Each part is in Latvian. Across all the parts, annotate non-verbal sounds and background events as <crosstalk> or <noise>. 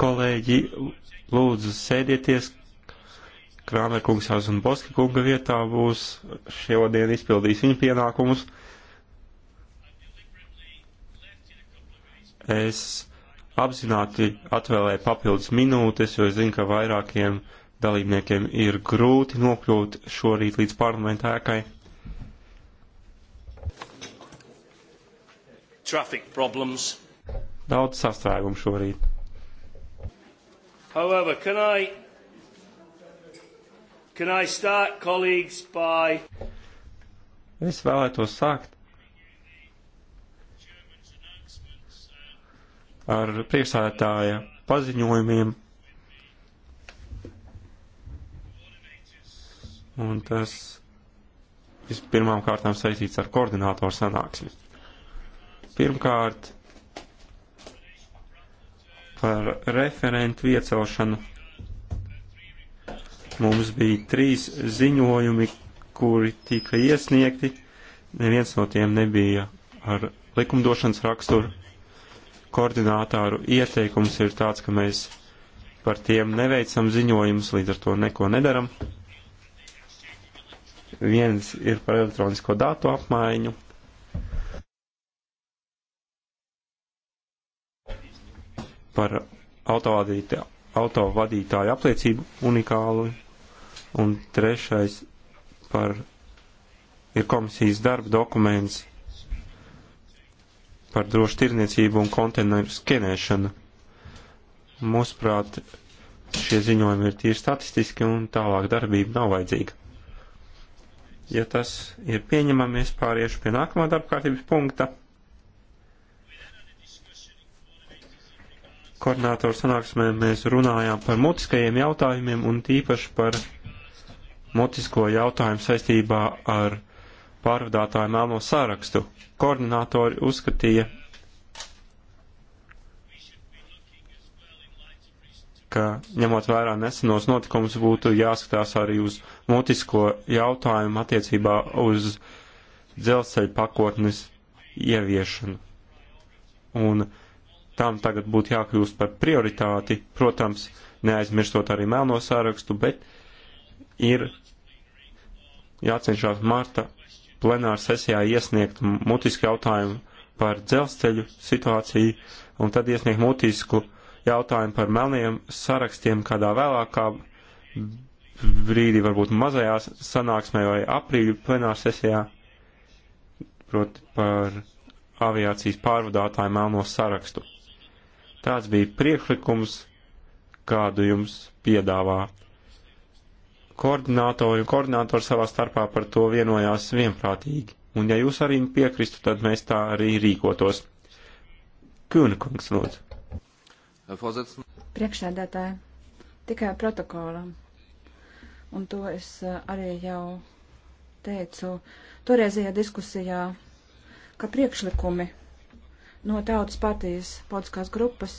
Kolēģi, lūdzu, sēdieties. Krāmer kungs un Boska kunga vietā būs šodien izpildīs viņa pienākumus. Es apzināti atvēlēju papildus minūtes, jo es zinu, ka vairākiem dalībniekiem ir grūti nokļūt šorīt līdz parlamenta ēkai. Traffic problems daudz sastrēgumu šorīt. However, can I, can I start, colleagues, by... Es vēlētos sākt ar priekšsēdētāja paziņojumiem. Un tas vispirmām kārtām saistīts ar koordinātoru sanāksmi. Pirmkārt, par referentu iecelšanu. Mums bija trīs ziņojumi, kuri tika iesniegti. Neviens no tiem nebija ar likumdošanas raksturu. Koordinātāru ieteikums ir tāds, ka mēs par tiem neveicam ziņojumus, līdz ar to neko nedaram. Viens ir par elektronisko datu apmaiņu, par autovadītāju apliecību unikālu, un trešais par ir komisijas darba dokuments par drošu tirniecību un konteineru skenēšanu. Mūsuprāt, šie ziņojumi ir tīri statistiski un tālāk darbība nav vajadzīga. Ja tas ir pieņemamies, pāriešu pie nākamā darba kārtības punkta. koordinātoru sanāksmē mēs runājām par mutiskajiem jautājumiem un tīpaši par mutisko jautājumu saistībā ar pārvadātāju melno sārakstu. Koordinātori uzskatīja, ka ņemot vērā nesenos notikumus būtu jāskatās arī uz mutisko jautājumu attiecībā uz dzelzceļa pakotnes ieviešanu. Un tam tagad būtu jākļūst par prioritāti, protams, neaizmirstot arī melno sārakstu, bet ir jācenšās marta plenāra sesijā iesniegt mutisku jautājumu par dzelzceļu situāciju un tad iesniegt mutisku jautājumu par melniem sarakstiem kādā vēlākā brīdī, varbūt mazajā sanāksmē vai aprīļu plenāra sesijā, proti par aviācijas pārvadātāju melno sarakstu. Tāds bija priekšlikums, kādu jums piedāvā. Koordinātori un koordinātori savā starpā par to vienojās vienprātīgi, un ja jūs arī piekristu, tad mēs tā arī rīkotos. Kūnkungs, lūdzu. Priekšēdētāji, tikai protokolam. Un to es eh, arī jau teicu toreizajā diskusijā, ka priekšlikumi no Tautas partijas politiskās grupas.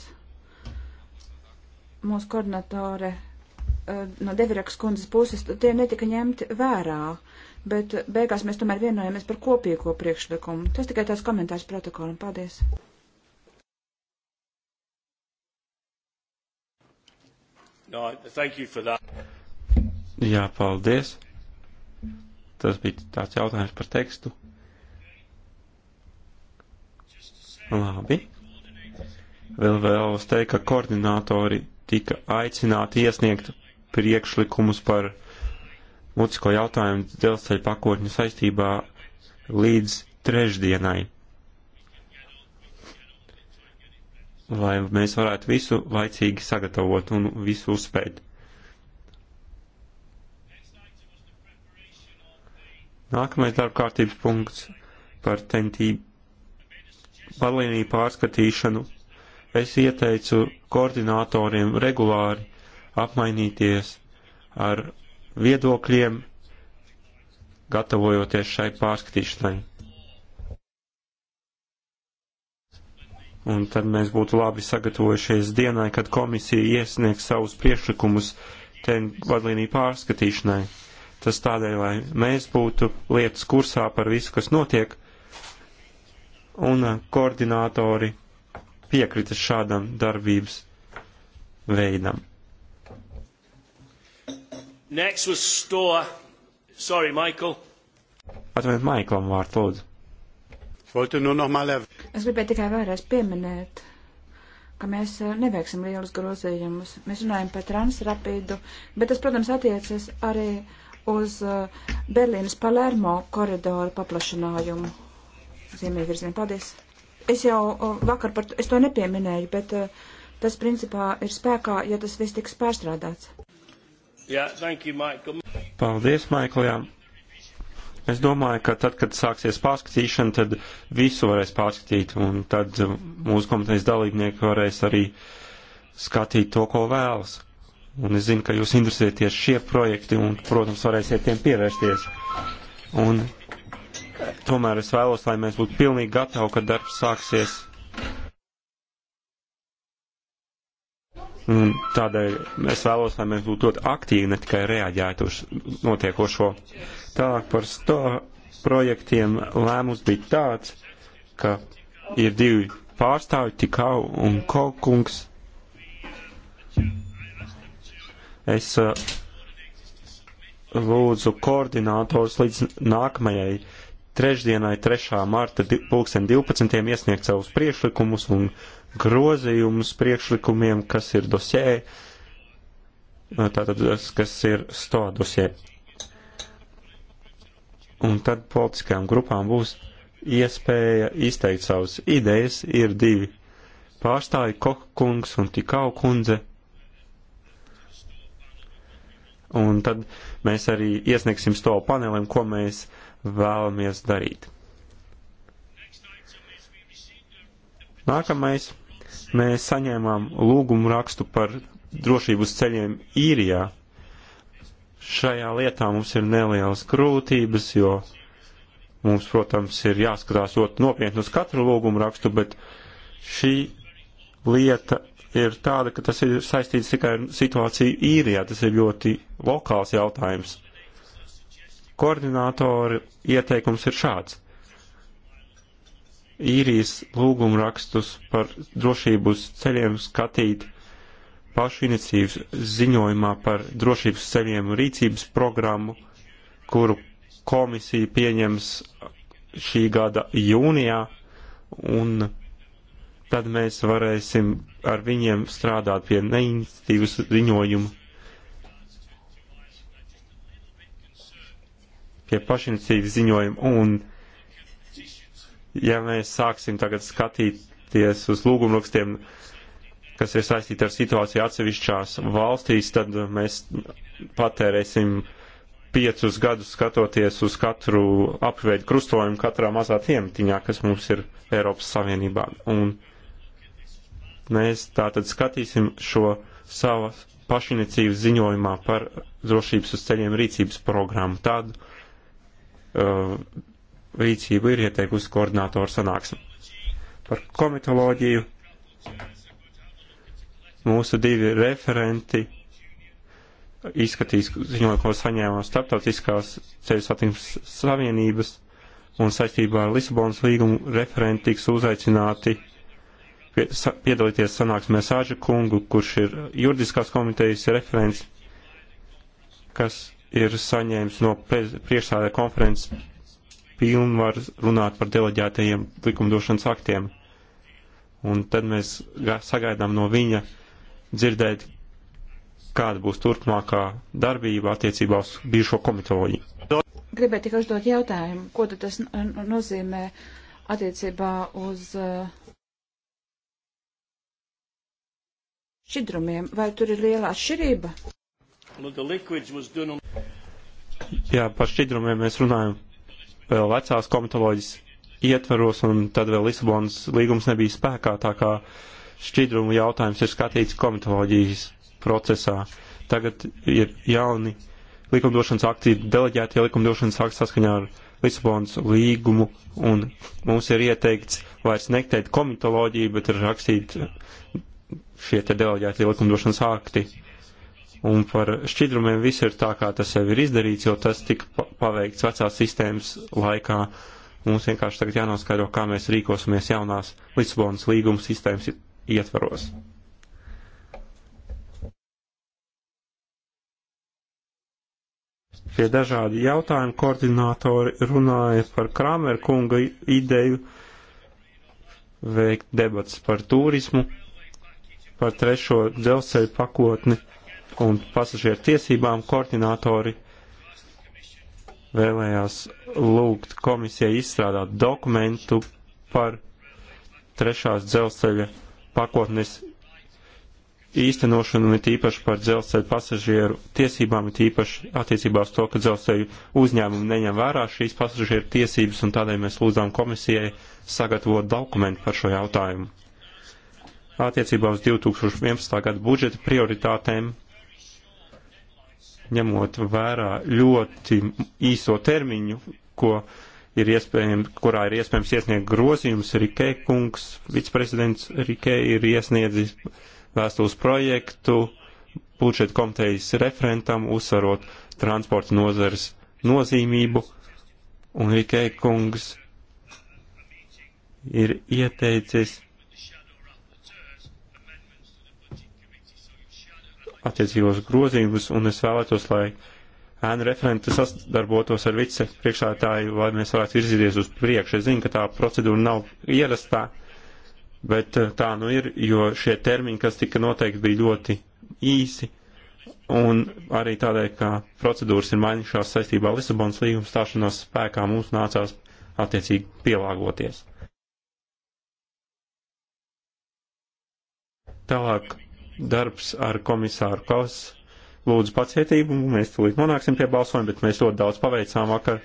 Mūsu koordinatore eh, no Devirakas kundzes puses tie netika ņemti vērā, bet beigās mēs tomēr vienojamies par kopīgo priekšlikumu. Tas tikai tāds komentārs protokolam. Paldies! No, thank you for that. Jā, paldies. Tas bija tāds jautājums par tekstu. Labi. Vēl vēlos teikt, ka koordinātori tika aicināti iesniegt priekšlikumus par mutisko jautājumu dzelzceļa pakotņu saistībā līdz trešdienai. Lai mēs varētu visu laicīgi sagatavot un visu uzspēt. Nākamais darbkārtības punkts par tentību vadlīniju pārskatīšanu, es ieteicu koordinatoriem regulāri apmainīties ar viedokļiem, gatavojoties šai pārskatīšanai. Un tad mēs būtu labi sagatavojušies dienai, kad komisija iesniegs savus priekšlikumus ten vadlīniju pārskatīšanai. Tas tādēļ, lai mēs būtu lietas kursā par visu, kas notiek, un uh, koordinātori piekrita šādam darbības veidam. Next was Stoa. Sorry, Michael. Atvainojiet, Maiklam vārds, lūdzu. Nu es gribēju tikai vēlreiz pieminēt, ka mēs uh, neveiksim lielus grozījumus. Mēs runājam par transrapidu, bet tas, protams, attiecas arī uz uh, Berlīnas Palermo koridoru paplašinājumu ziemeļvirzienā. Paldies! Es jau vakar par to, es to nepieminēju, bet uh, tas principā ir spēkā, ja tas viss tiks pārstrādāts. Yeah, thank you, Michael. Paldies, Maikl, jā. Es domāju, ka tad, kad sāksies pārskatīšana, tad visu varēs pārskatīt, un tad mūsu komitejas dalībnieki varēs arī skatīt to, ko vēlas. Un es zinu, ka jūs interesēties šie projekti, un, protams, varēsiet tiem pievērsties. Un Tomēr es vēlos, lai mēs būtu pilnīgi gatavi, kad darbs sāksies. Un tādēļ es vēlos, lai mēs būtu ļoti aktīvi, ne tikai reaģētu uz notiekošo. Tālāk par sto projektiem lēmums bija tāds, ka ir divi pārstāvi, Tikau un Kokungs. Es uh, lūdzu koordinātors līdz nākamajai trešdienai 3. marta 2012. iesniegt savus priekšlikumus un grozījumus priekšlikumiem, kas ir dosē, tātad, kas ir sto dosē. Un tad politiskajām grupām būs iespēja izteikt savas idejas, ir divi pārstāvi Kokkungs un Tikau kundze. Un tad mēs arī iesniegsim to panelim, ko mēs uh, vēlamies darīt. Nākamais. Mēs saņēmām lūgumu rakstu par drošības ceļiem īrijā. Šajā lietā mums ir nelielas grūtības, jo mums, protams, ir jāskatās ļoti nopietni uz katru lūgumu rakstu, bet šī lieta ir tāda, ka tas ir saistīts tikai ar situāciju īrijā. Tas ir ļoti lokāls jautājums. Koordinātori ieteikums ir šāds. Īrijas lūgumu rakstus par drošību uz ceļiem skatīt pašu inicīvas ziņojumā par drošības ceļiem rīcības programmu, kuru komisija pieņems šī gada jūnijā, un tad mēs varēsim ar viņiem strādāt pie neinicitīvas ziņojuma pie pašinicīgas ziņojuma, un ja mēs sāksim tagad skatīties uz lūgumrakstiem, kas ir saistīti ar situāciju atsevišķās valstīs, tad mēs patērēsim piecus gadus skatoties uz katru apveidu krustojumu katrā mazā ciematiņā, kas mums ir Eiropas Savienībā. Un mēs tātad skatīsim šo savu pašinicību ziņojumā par drošības uz ceļiem rīcības programmu. Tādu Uh, rīcību ir ieteikusi koordinātoru sanāksmi. Par komitoloģiju mūsu divi referenti izskatīs ziņojumu, ko saņēma starptautiskās ceļu satiksmes savienības un saistībā ar Lisabonas līgumu referenti tiks uzaicināti piedalīties sanāksmē Sāža kungu, kurš ir juridiskās komitejas referents, kas ir saņēmis no priekšsādā konferences pilnvaru runāt par deleģētajiem likumdošanas aktiem. Un tad mēs sagaidām no viņa dzirdēt, kāda būs turpmākā darbība attiecībā uz bijušo komitoloģiju. Gribēju tikai uzdot jautājumu, ko tad tas nozīmē attiecībā uz uh, šķidrumiem? Vai tur ir lielā šķirība? Nu, Jā, par šķidrumiem mēs runājam vēl vecās komitoloģijas ietvaros, un tad vēl Lisabonas līgums nebija spēkā, tā kā šķidrumu jautājums ir skatīts komitoloģijas procesā. Tagad ir jauni likumdošanas akti, deleģētie likumdošanas akti saskaņā ar Lisabonas līgumu, un mums ir ieteikts vairs neteikt komitoloģiju, bet ir rakstīt šie te deleģētie likumdošanas akti un par šķidrumiem viss ir tā, kā tas jau ir izdarīts, jo tas tika paveikts vecās sistēmas laikā. Mums vienkārši tagad jānoskaidro, kā mēs rīkosimies jaunās Lisabonas līguma sistēmas ietvaros. Pie dažādi jautājumi koordinātori runāja par Kramer kunga ideju veikt debats par turismu, par trešo dzelzceļu pakotni un pasažieru tiesībām koordinātori vēlējās lūgt komisijai izstrādāt dokumentu par trešās dzelzceļa pakotnes īstenošanu, ir īpaši par dzelzceļa pasažieru tiesībām, ir īpaši attiecībā uz to, ka dzelzceļu uzņēmumi neņem vērā šīs pasažieru tiesības, un tādēļ mēs lūdzām komisijai sagatavot dokumentu par šo jautājumu. Attiecībā uz 2011. gada budžeta prioritātēm ņemot vērā ļoti īso termiņu, ko ir iespējams, kurā ir iespējams iesniegt grozījums. Rikē kungs, viceprezidents Rikē ir iesniedzis vēstules projektu budžeta komitejas referentam, uzsvarot transporta nozares nozīmību, un Rikē kungs ir ieteicis attiecīgos grozījumus, un es vēlētos, lai ēnu referenti sadarbotos ar vice priekšētāju, lai mēs varētu virzīties uz priekšu. Es zinu, ka tā procedūra nav ierastā, bet eh, tā nu ir, jo šie termiņi, kas tika noteikti, bija ļoti īsi, un arī tādēļ, ka procedūras ir mainījušās saistībā ar Lisabonas līgumu stāšanos spēkā, mums nācās attiecīgi pielāgoties. Tālāk darbs ar komisāru Kaus. Lūdzu pacietību, mēs tulīt nonāksim pie balsojuma, bet mēs ļoti daudz paveicām vakar.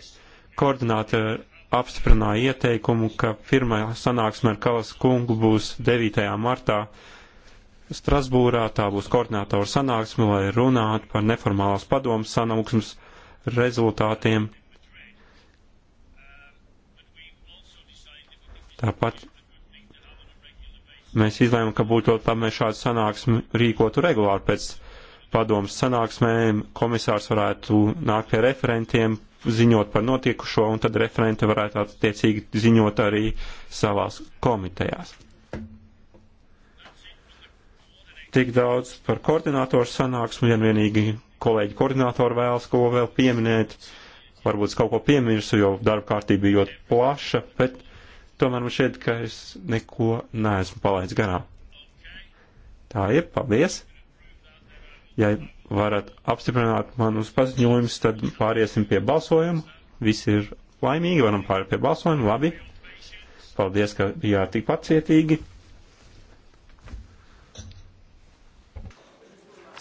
Koordinātori apstiprināja ieteikumu, ka pirmā sanāksme ar Kalas kungu būs 9. martā Strasbūrā. Tā būs koordinātora sanāksme, lai runātu par neformālās padomas sanāksmes rezultātiem. Tāpat mēs izlēmām, ka būtu ļoti labi, mēs šādu sanāksmi rīkotu regulāri pēc padomas sanāksmēm, komisārs varētu nākt pie referentiem, ziņot par notiekušo, un tad referenti varētu attiecīgi ziņot arī savās komitejās. Tik daudz par koordinātoru sanāksmu, vien vienīgi kolēģi koordinātori vēlas ko vēl pieminēt, varbūt es kaut ko piemirsu, jo darba kārtība bija ļoti plaša, bet Tomēr man šķiet, ka es neko neesmu palaidis garām. Tā ir, paldies! Ja varat apstiprināt manus paziņojumus, tad pāriesim pie balsojuma. Visi ir laimīgi, varam pāriet pie balsojuma, labi. Paldies, ka bijāt tik pacietīgi.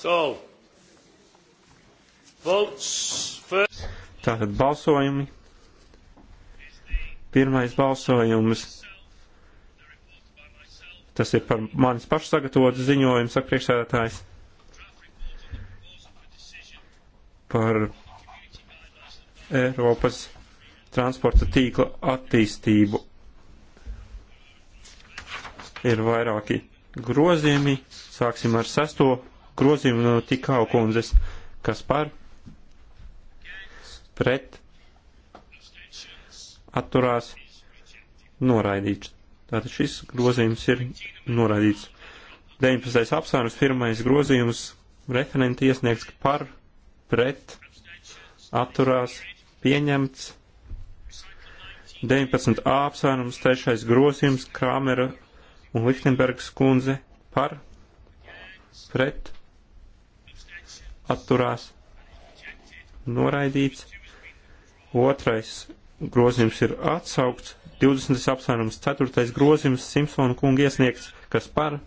So, votes first. Tātad balsojumi Pirmais balsojums. Tas ir par manis pašu sagatavotu ziņojumu, saka priekšsēdētājs. Par Eiropas transporta tīkla attīstību. Ir vairāki grozījumi. Sāksim ar sesto grozījumu no tikau kundzes, kas par pret atturās noraidīts. Tātad šis grozījums ir noraidīts. 19. apsvērums, pirmais grozījums, referenti iesniegts par, pret, atturās, pieņemts. 19. apsvērums, trešais grozījums, Krāmera un Lichtenbergs kundze par, pret, atturās, noraidīts. Otrais grozījums ir atsaukts, 20. apsvērums 4. grozījums Simpsona kunga iesniegts, kas par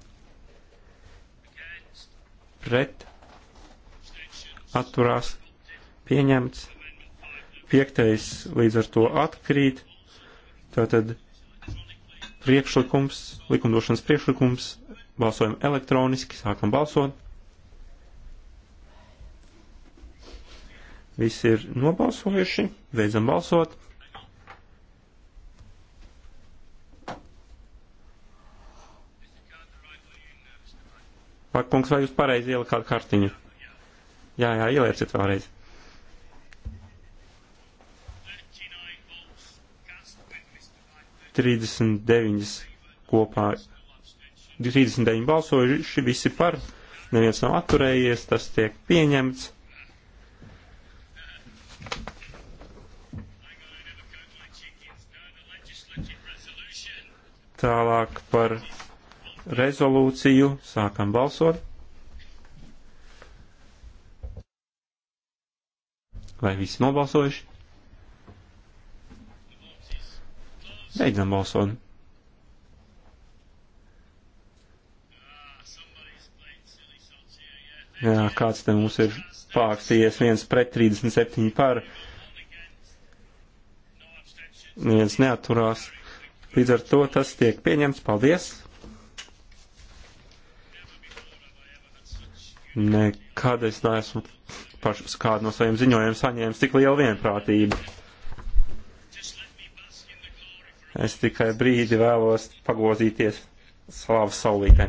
pret atturās pieņemts, 5. līdz ar to atkrīt, tātad priekšlikums, likumdošanas priekšlikums, balsojam elektroniski, sākam balsot. Visi ir nobalsojuši, beidzam balsot. Pakungs, vai jūs pareizi ielikāt kartiņu? Jā, jā, ielieciet vēlreiz. Trīsdesmit deviņas kopā, trīsdesmit deviņi balsojuši, visi par, neviens nav atturējies, tas tiek pieņemts. Tālāk par rezolūciju. Sākam balsot. Vai visi nobalsojuši? Beidzam balsot. Jā, kāds te mums ir pārstījies viens pret 37 par. Neviens neaturās. Līdz ar to tas tiek pieņemts. Paldies! Nekad es neesmu par kādu no saviem ziņojumiem saņēmis tik lielu vienprātību. Es tikai brīdi vēlos pagozīties slavas saulītē.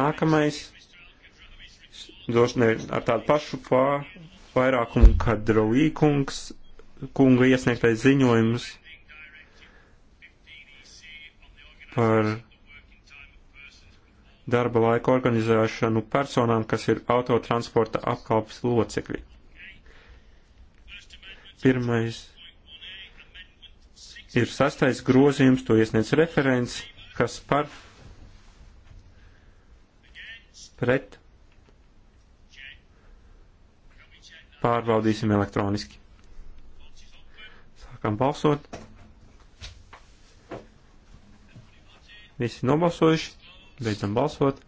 Nākamais došu ne ar tādu pašu pā, vairākumu, kad Rolī kungs, kunga iesniegtais ziņojums par darba laika organizēšanu personām, kas ir autotransporta apkalpes locekļi. Pirmais ir sastais grozījums, to iesniedz referents, kas par pret pārbaudīsim elektroniski. Sākam balsot. Visi nobalsojuši. Beidzam balsot.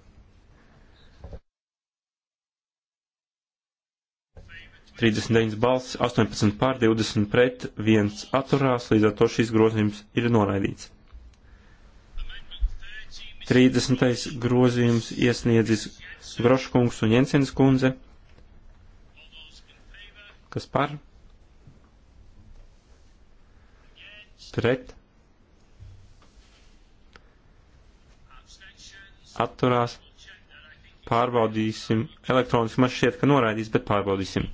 Trīsdesmit deviņas balss, astoņpadsmit pār, divdesmit pret, viens atturās, līdz ar to šis grozījums ir noraidīts. Trīsdesmitais grozījums iesniedzis Groškungs un Jensens kundze. Kas par? Pret atturās, pārbaudīsim, elektroniski man šķiet, ka noraidīs, bet pārbaudīsim.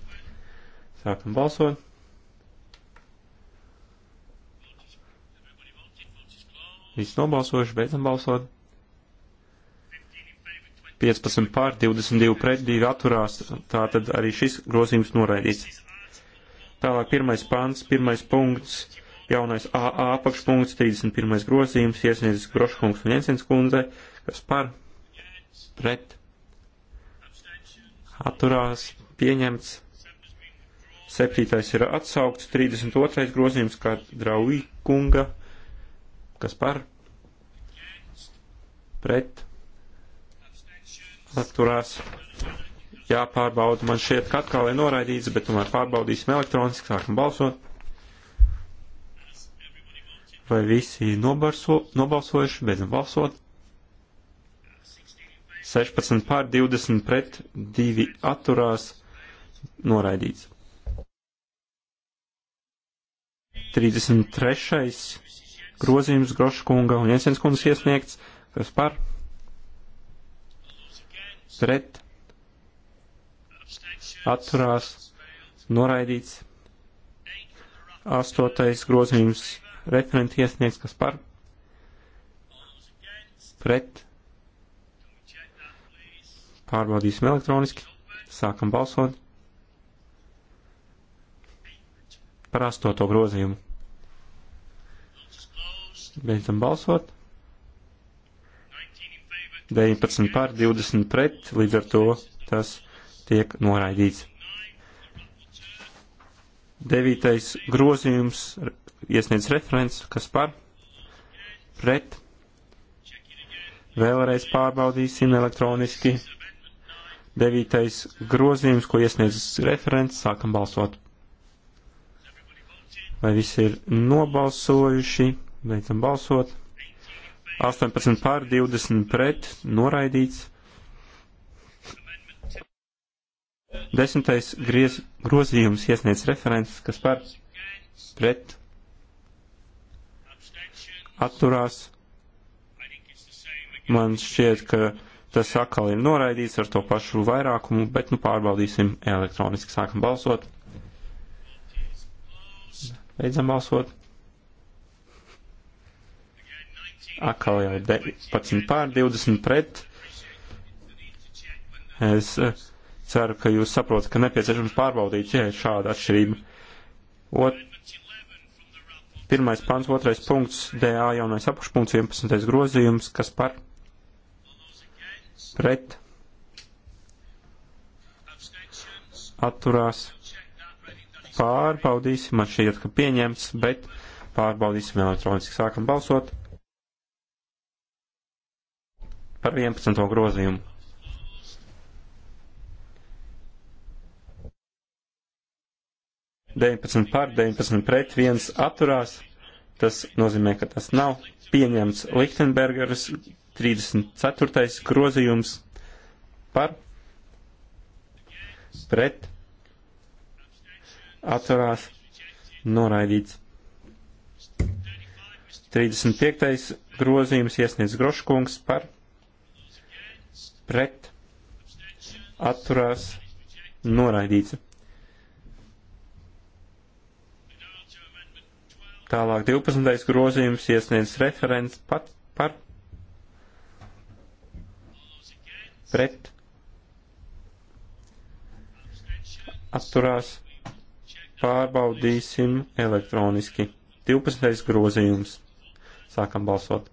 Sākam balsot. Viss nobalsojuši, beidzam balsot. 15 pār, 22 pret, 2 atturās, tā tad arī šis grozījums noraidīts. Tālāk pirmais pants, pirmais punkts, jaunais AA apakšpunkts, 31 grozījums, iesniedzis Groškungs un Jensens kundze, kas par, pret, atturās, pieņemts. Septītais ir atsaukts, 32. grozījums kā draui kunga, kas par, pret, atturās. Jāpārbauda, man šķiet, ka atkal ir noraidīts, bet tomēr pārbaudīsim elektroniski, sākam balsot. Vai visi nobarso, nobalsojuši, beidzam balsot? 16 pār 20 pret 2 atturās noraidīts. 33. grozījums Groškunga un Jensenskundas iesniegts, kas par pret atturās noraidīts. 8. grozījums referenti iesniegts, kas par pret atturās Pārbaudīsim elektroniski. Sākam balsot par astoto grozījumu. Beidzam balsot. 19 pār 20 pret, līdz ar to tas tiek noraidīts. Devītais grozījums iesniedz referents, kas par pret. Vēlreiz pārbaudīsim elektroniski Devītais grozījums, ko iesniedzis referents, sākam balsot. Vai visi ir nobalsojuši? Beidzam balsot. 18 pār 20 pret, noraidīts. Desmitais griez, grozījums iesniedz referents, kas par pret atturās. Man šķiet, ka Tas atkal ir noraidīts ar to pašu vairākumu, bet nu pārbaudīsim elektroniski. Sākam balsot. Beidzam balsot. Atkal jau 19 pār 20 pret. Es eh, ceru, ka jūs saprotat, ka nepieciešams pārbaudīt, ja ir šāda atšķirība. Ot, pirmais pants, otrais punkts, DA jaunais apakšpunkts, 11. grozījums, kas par pret, atturās, pārbaudīsim, man šķiet, ka pieņemts, bet pārbaudīsim elektroniski, sākam balsot par 11. grozījumu. Deviņpadsmit pār, deviņpadsmit pret, viens atturās. Tas nozīmē, ka tas nav pieņemts Lichtenbergeris 34. grozījums par pret atvarās noraidīts. 35. grozījums iesniedz Groškungs par pret atturās noraidīts. Tālāk 12. grozījums iesniedz referents pat par pret atturās pārbaudīsim elektroniski. 12. grozījums. Sākam balsot.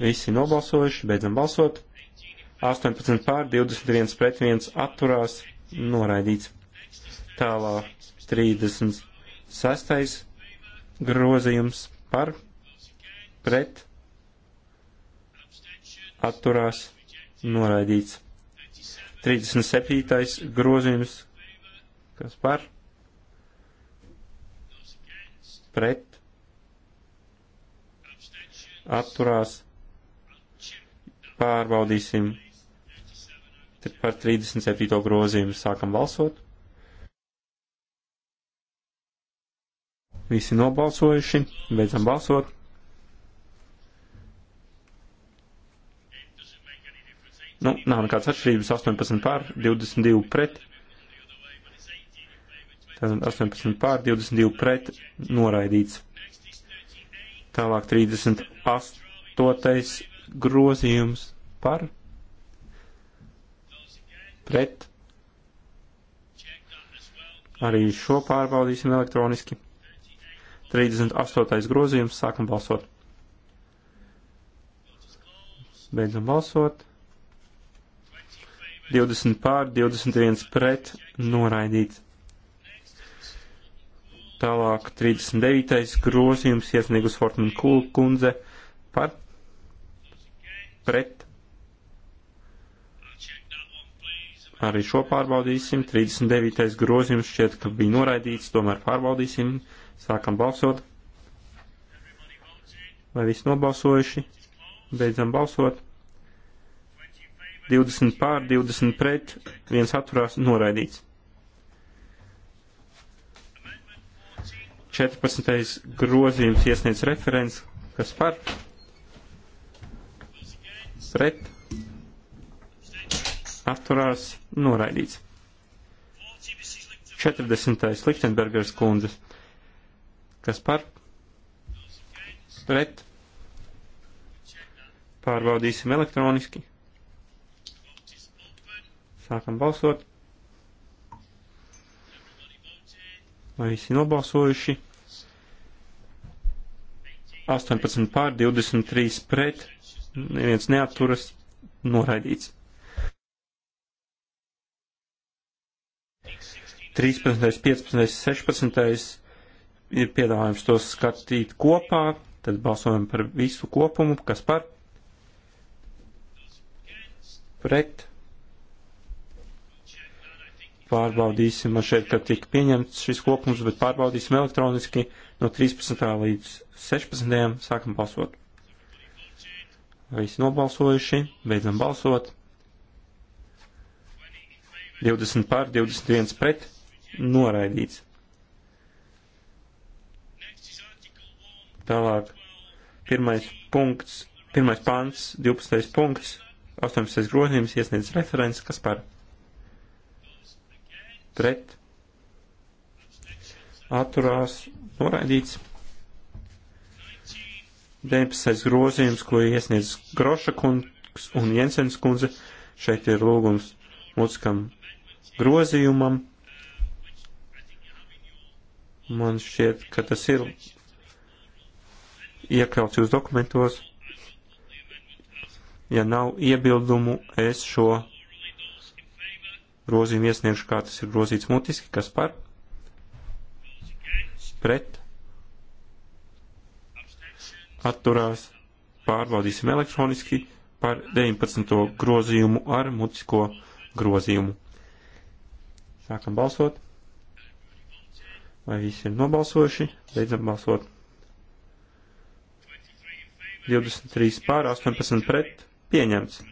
Visi nobalsojuši, beidzam balsot. 18 pār, 21 pret 1 atturās, noraidīts. Tālāk 36. grozījums par pret, atturās, noraidīts. 37. grozījums, kas par, pret, atturās, pārbaudīsim par 37. grozījumu, sākam balsot. Visi nobalsojuši, beidzam balsot. Nu, nav nekādas atšķirības 18 pār 22 pret. Tātad 18 pār 22 pret noraidīts. Tālāk 38. grozījums par pret. Arī šo pārbaudīsim elektroniski. 38. grozījums, sākam balsot. Beidzam balsot. 20 pār, 21 pret, noraidīts. Tālāk 39. grozījums iesniegus Fortman kundze par pret. Arī šo pārbaudīsim. 39. grozījums šķiet, ka bija noraidīts, tomēr pārbaudīsim. Sākam balsot. Vai viss nobalsojuši? Beidzam balsot. 20 pār, 20 pret, viens atturās noraidīts. 14. grozījums iesniedz referents, kas par pret atturās noraidīts. 40. Lichtenbergers kundzes, kas par pret pārbaudīsim elektroniski. Sākam balsot. Vai visi nobalsojuši? 18 pār 23 pret, neviens neaturas, noraidīts. 13, 15, 16 ir piedāvājums tos skatīt kopā, tad balsojam par visu kopumu, kas par pret pārbaudīsim, man šeit, ka tika pieņemts šis kopums, bet pārbaudīsim elektroniski no 13. līdz 16. sākam balsot. Visi nobalsojuši, beidzam balsot. 20 pār, 21 pret, noraidīts. Tālāk, pirmais punkts, pirmais pants, 12. punkts, 18. grozījums iesniedz referents, kas par pret atturās noraidīts. 19. grozījums, ko iesniedz Groša kungs un Jensens kundze, šeit ir lūgums mutiskam grozījumam. Man šķiet, ka tas ir iekļauts jūs dokumentos. Ja nav iebildumu, es šo grozījumu iesniegšu, kā tas ir grozīts mutiski, kas par pret atturās pārbaudīsim elektroniski par 19. grozījumu ar mutisko grozījumu. Sākam balsot. Vai visi ir nobalsojuši? Beidzam balsot. 23 pār 18 pret pieņemts.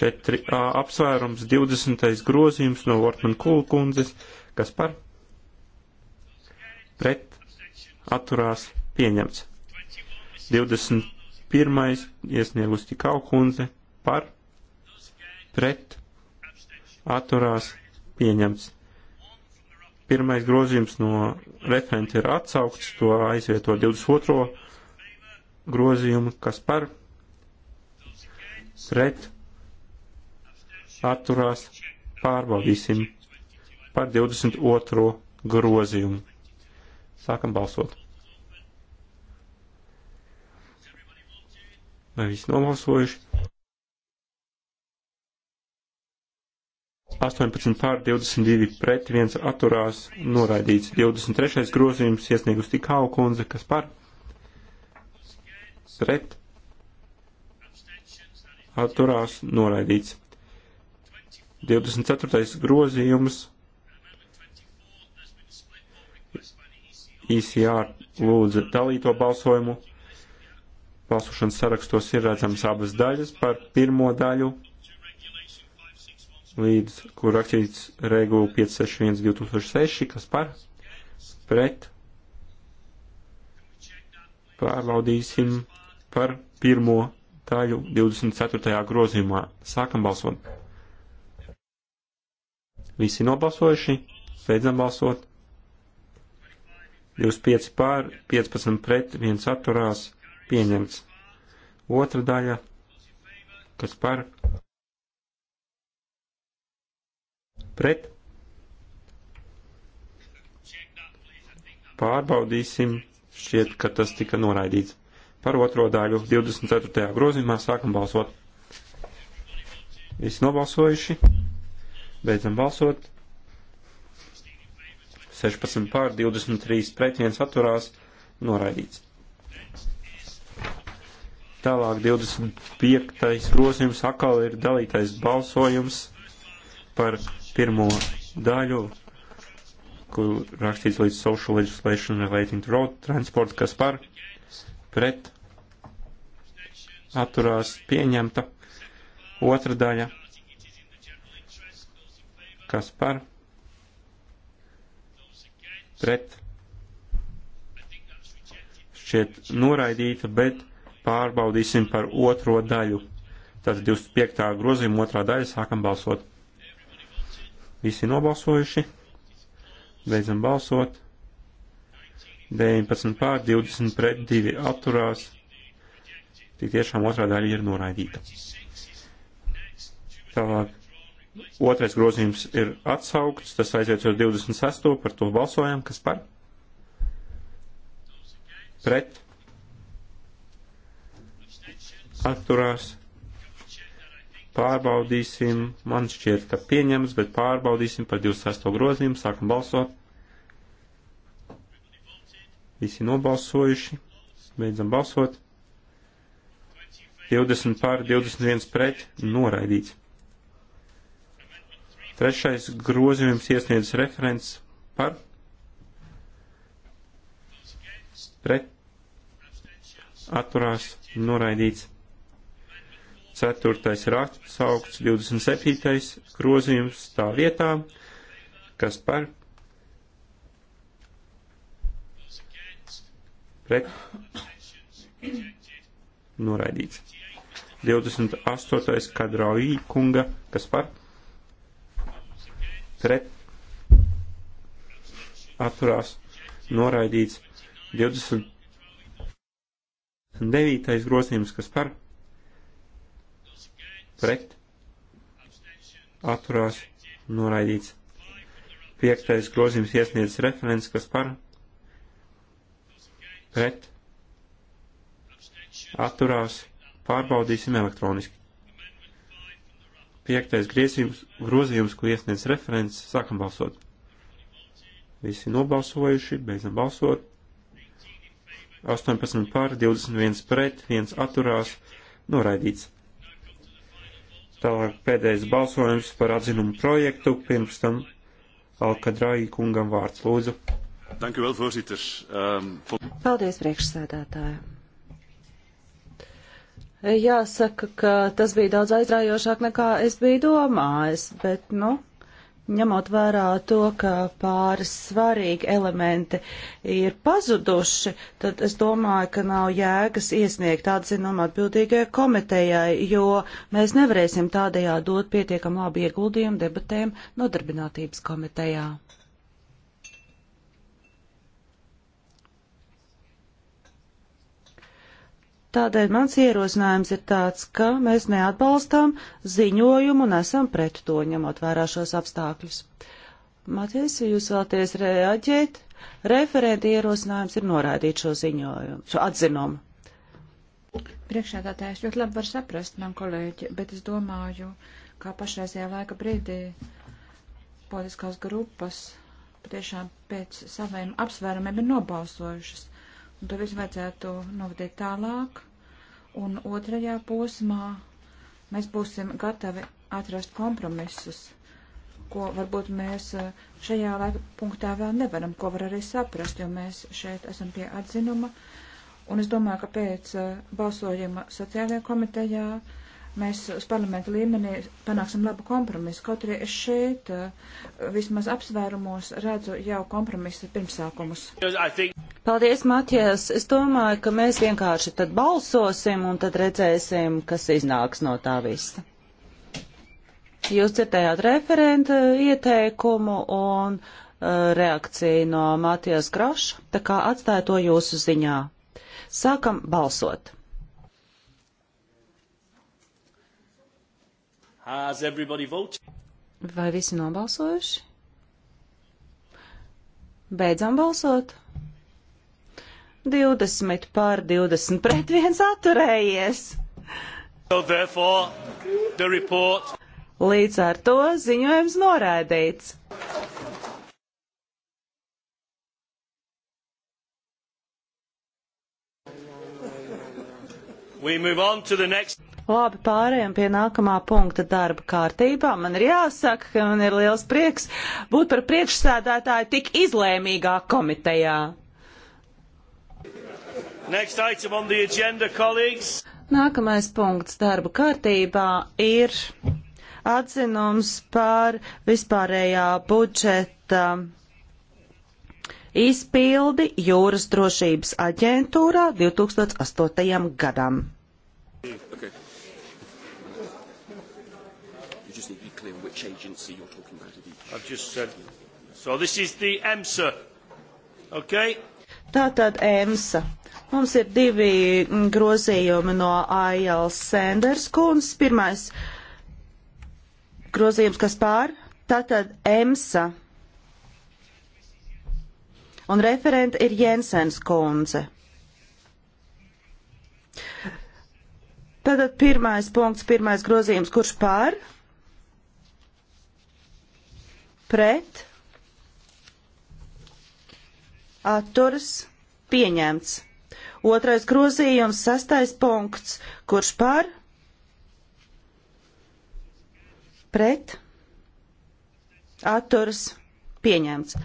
4a apsvērums, 20. grozījums no Vortman Kulkundzes, kas par pret atturās pieņemts. 21. iesniegus Tikau kundze par pret atturās pieņemts. Pirmais grozījums no referenta ir atsaukts, to aizvieto 22. grozījumu, kas par pret atturās, pārbaudīsim par 22. grozījumu. Sākam balsot. Vai visi nobalsojuši? 18 pār 22 pret 1 atturās noraidīts. 23. grozījums iesniegus tik hau kundze, kas par pret atturās noraidīts. 24. grozījums ICR lūdza dalīto balsojumu. Balsošanas sarakstos ir redzams abas daļas par pirmo daļu, līdz kur rakstīts regula 561-2006, kas par pret pārbaudīsim par pirmo daļu 24. grozījumā. Sākam balsot! Visi nobalsojuši, beidzam balsot. 25 pār, 15 pret, 1 atturās, pieņemts. Otra daļa, kas par pret. Pārbaudīsim, šķiet, ka tas tika noraidīts. Par otro daļu 24. grozījumā sākam balsot. Visi nobalsojuši, Beidzam balsot. 16 pār 23 pret 1 atturās noraidīts. Tālāk 25. grozījums atkal ir dalītais balsojums par pirmo daļu, kur rakstīts līdz social legislation relating to road transport, kas par pret atturās pieņemta. Otra daļa Kas par? Pret. Šķiet noraidīta, bet pārbaudīsim par otro daļu. Tātad 25. grozījuma otrā daļa sākam balsot. Visi nobalsojuši. Beidzam balsot. 19 pār 20 pret 2 atturās. Tik tiešām otrā daļa ir noraidīta. Tālāk Otrais grozījums ir atsaukts, tas aiziet uz 26. par to balsojam, kas par? Pret? Atturās? Pārbaudīsim, man šķiet, ka pieņems, bet pārbaudīsim par 26. grozījumu, sākam balsot. Visi nobalsojuši, beidzam balsot. 20 pār, 21 pret, noraidīts. Trešais grozījums iesniedz referents par pret atturās noraidīts. Ceturtais raksts augsts 27. grozījums tā vietā, kas par pret noraidīts. 28. kadraujī kunga, kas par pret pret atturās noraidīts 29. grozījums, kas par pret atturās noraidīts. 5. grozījums iesniedz referents, kas par pret atturās pārbaudīsim elektroniski piektais griezījums, grozījums, ko iesniedz referents, sākam balsot. Visi nobalsojuši, beidzam balsot. 18 pār, 21 pret, 1 atturās, noraidīts. Tālāk pēdējais balsojums par atzinumu projektu, pirms tam Alkadrāji kungam vārds lūdzu. Ehm, Paldies, priekšsēdētāji. Jāsaka, ka tas bija daudz aizraujošāk nekā es biju domājis, bet, nu, ņemot vērā to, ka pāris svarīgi elementi ir pazuduši, tad es domāju, ka nav jēgas iesniegt atzinumu atbildīgajai komitejai, jo mēs nevarēsim tādējā dot pietiekam labu ieguldījumu debatēm nodarbinātības komitejā. Tādēļ mans ierosinājums ir tāds, ka mēs neatbalstām ziņojumu un esam pret to, ņemot vērā šos apstākļus. Matīs, jūs vēlaties reaģēt? Referenti ierosinājums ir noraidīt šo ziņojumu, šo atzinumu. Priekšādātājs ļoti labi var saprast, man kolēģi, bet es domāju, kā pašreizajā laika brīdī politiskās grupas patiešām pēc saviem apsvērumiem ir nobalsojušas. Un to visu vajadzētu novadīt tālāk. Un otrajā posmā mēs būsim gatavi atrast kompromisus, ko varbūt mēs eh, šajā laika punktā vēl nevaram, ko var arī saprast, jo mēs šeit esam pie atzinuma. Un es domāju, ka pēc eh, balsojuma sociālajā komitejā uh, mēs uz parlamentu līmenī panāksim labu kompromisu. Kaut arī es šeit eh, vismaz apsvērumos redzu jau kompromisa pirmsākumus. Paldies, Matijas. Es domāju, ka mēs vienkārši tad balsosim un tad redzēsim, kas iznāks no tā visa. Jūs citējāt referenta ieteikumu un uh, reakciju no Matijas Graša, tā kā atstāja to jūsu ziņā. Sākam balsot! Vai visi nobalsojuši? Beidzam balsot. 20 pār 20 pret 1 atturējies. So the report... Līdz ar to ziņojums norādīts. Next... Labi, pārējām pie nākamā punkta darba kārtībā. Man ir jāsaka, ka man ir liels prieks būt par priekšsēdētāju tik izlēmīgā komitejā. Agenda, Nākamais punkts darba kārtībā ir atzinums par vispārējā budžeta izpildi jūras drošības aģentūrā 2008. gadam. Okay. which agency you're talking about. I've just said. So this is the EMSA. Okay? Tātad EMSA. Mums ir divi mm, grozījumi no A.L. Sanders kundzes. Pirmais grozījums, kas pār, tātad EMSA. Un referenta ir Jensens kundze. Tātad pirmais punkts, pirmais grozījums, kurš pār? pret, atturas, pieņemts. Otrais grozījums, sastais punkts, kurš par, pret, atturas, pieņemts.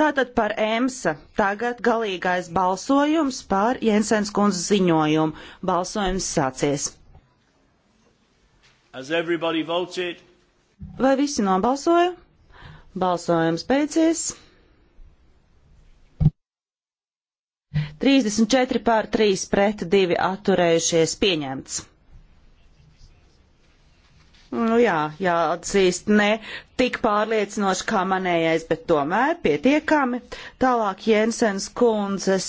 Tātad par EMSA. Tagad galīgais balsojums par Jensens kundzes ziņojumu. Balsojums sācies. Vai visi nobalsoja? Balsojums beidzies. 34 pār 3 pret 2 atturējušies pieņemts. Nu jā, jāatzīst, ne tik pārliecinoši kā manējais, bet tomēr pietiekami. Tālāk Jensens kundzes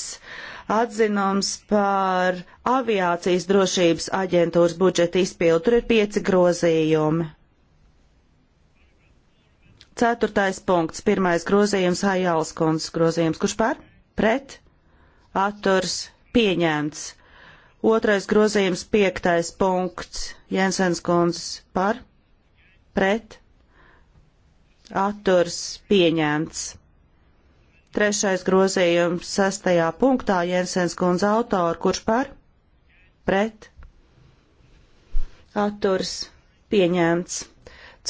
atzinums par aviācijas drošības aģentūras budžeta izpildu. Tur ir pieci grozījumi. Ceturtais punkts, pirmais grozījums, Hajāls kundzes grozījums. Kurš par? Pret? Atturs? Pieņemts. Otrais grozījums, piektais punkts, Jensens kundzes par, pret, atturs pieņemts. Trešais grozījums, sestajā punktā, Jensens kundze autora, kurš par, pret, atturs pieņemts.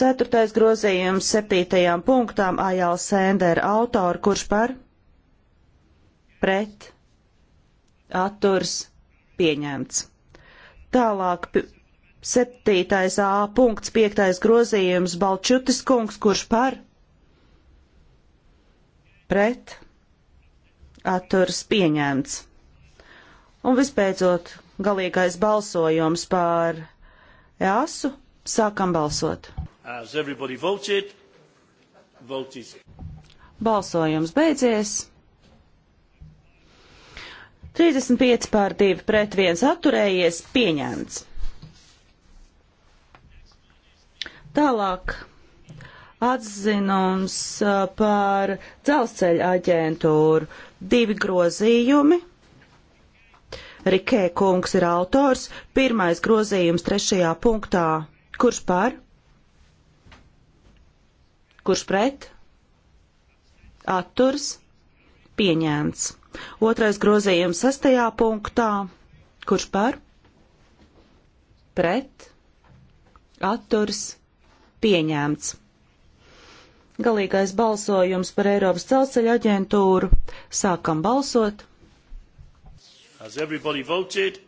Ceturtais grozījums, septītajām punktām, Ajāls Sēndera autora, kurš par, pret, atturs pieņemts pieņemts. Tālāk 7. A punkts 5. grozījums Balčutis kungs, kurš par pret atturas pieņemts. Un vispēcot galīgais balsojums par EASu, sākam balsot. Voted, voted. Balsojums beidzies. 35 pār 2 pret 1 atturējies pieņemts. Tālāk atzinums uh, par dzelzceļa aģentūru. Divi grozījumi. Rikē kungs ir autors. Pirmais grozījums trešajā punktā. Kurš par? Kurš pret? Atturs. Pieņēmts. Otrais grozījums sastajā punktā. Kurš par? Pret. Atturs. Pieņēmts. Galīgais balsojums par Eiropas celceļa aģentūru. Sākam balsot. Voted?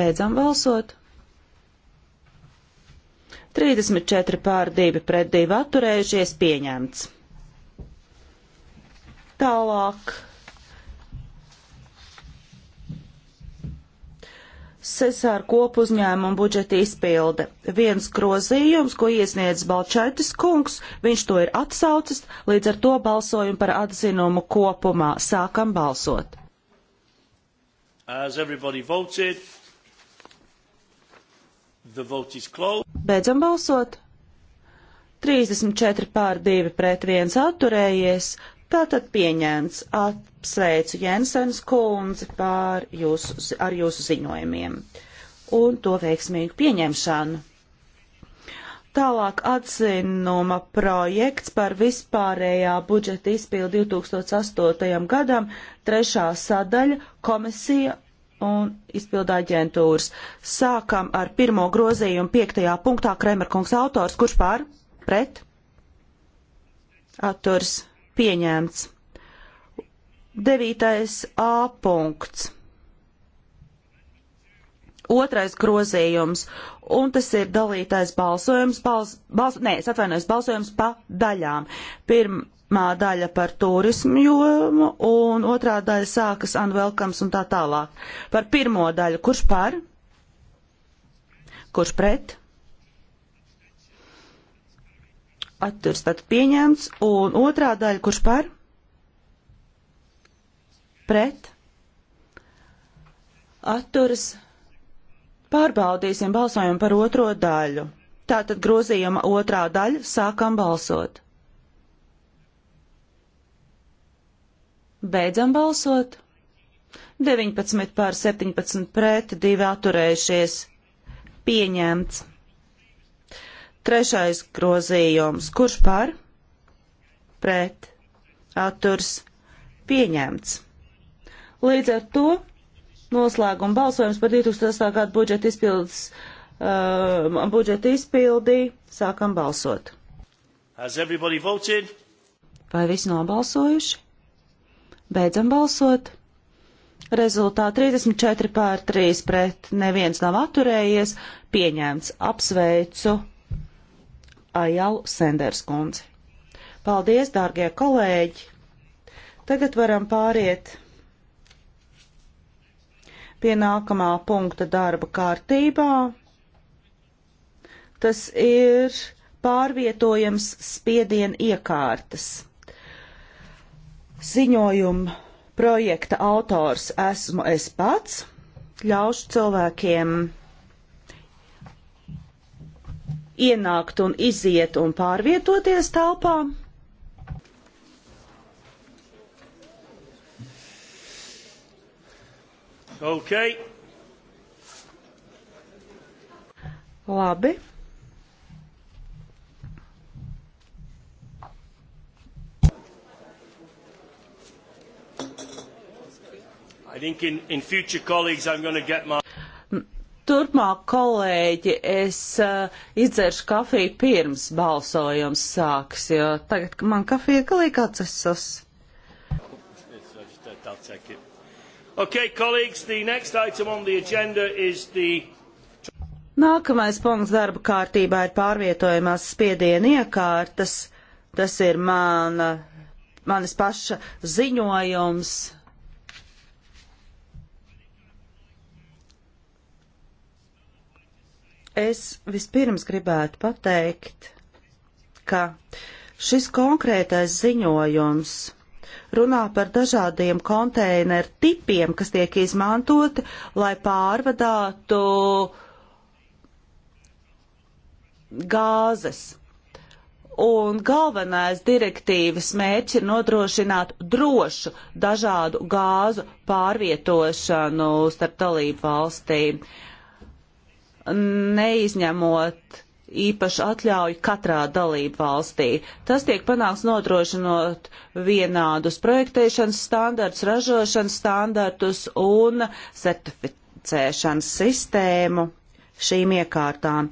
Beidzam balsot. 34 pār 2 pret 2 atturējušies pieņemts. Tālāk. Sesāra kopu uzņēmuma budžeta izpilde. Viens grozījums, ko iesniedz Balčaitis kungs, viņš to ir atsaucis, līdz ar to balsojumu par atzinumu kopumā. Sākam balsot. Voted, Beidzam balsot. 34 pār 2 pret 1 atturējies, Tātad pieņemts apsveicu Jensens kundzi pār jūsu, ar jūsu ziņojumiem un to veiksmīgu pieņemšanu. Tālāk atzinuma projekts par vispārējā budžeta izpildu 2008. gadam, trešā sadaļa komisija un izpilda aģentūras. Sākam ar pirmo grozījumu piektajā punktā Kremerkungs autors, kurš pār? Pret? Atturs pieņemts. 9. A punkts. Otrais grozījums, un tas ir dalītais balsojums, bals, bals, nē, es atvainojos, balsojums pa daļām. Pirmā daļa par turismu jomu, un otrā daļa sākas unwelcomes un tā tālāk. Par pirmo daļu, kurš par? Kurš pret? atturs tad pieņemts, un otrā daļa, kurš par? Pret. Atturs. Pārbaudīsim balsojumu par otro daļu. Tātad grozījuma otrā daļa sākam balsot. Beidzam balsot. 19 pār 17 pret, 2 atturējušies. Pieņemts. Trešais grozījums. Kurš par? Pret. Atturs. Pieņemts. Līdz ar to noslēguma balsojums par 2008. gadu budžeta izpildes, uh, budžeta izpildi. Sākam balsot. Vai visi nobalsojuši? Beidzam balsot. Rezultāti 34 pār 3 pret neviens nav atturējies. Pieņemts. Apsveicu Ajalu Senders kundzi. Paldies, dārgie kolēģi! Tagad varam pāriet pie nākamā punkta darba kārtībā. Tas ir pārvietojams spiedienu iekārtas. Ziņojuma projekta autors esmu es pats. Ļaušu cilvēkiem ienākt un iziet un pārvietoties telpā? Okay. Labi. In, in future, my... Turpmāk, kolēģi, es uh, izdzeršu kafiju pirms balsojums sāks, jo tagad man kafija ir galīgi atcesas. Okay, colleagues, the next item on the agenda is the Nākamais punkts darba kārtībā ir pārvietojamās spiedienu iekārtas. Tas ir mana, manis paša ziņojums Es vispirms gribētu pateikt, ka šis konkrētais ziņojums runā par dažādiem konteineru tipiem, kas tiek izmantoti, lai pārvadātu gāzes. Un galvenais direktīvas mērķis ir nodrošināt drošu dažādu gāzu pārvietošanu starp dalību valstīm. Uh, neizņemot īpašu atļauju katrā dalību valstī. Tas tiek panāks nodrošinot vienādus projektēšanas standartus, ražošanas standartus un certificēšanas sistēmu šīm iekārtām.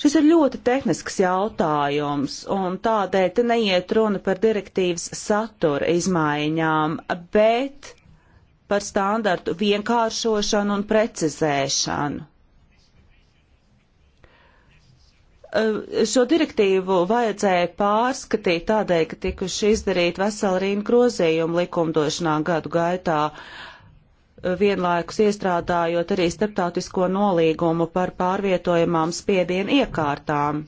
Šis ir ļoti tehnisks jautājums, un tādēļ te neiet runa par direktīvas satura izmaiņām, bet par standartu vienkāršošanu un precizēšanu. Eh, šo direktīvu vajadzēja pārskatīt tādēļ, ka tikuši izdarīt veseli rīnu grozījumu likumdošanā gadu gaitā, eh, vienlaikus iestrādājot arī starptautisko nolīgumu par pārvietojamām spiedienu iekārtām.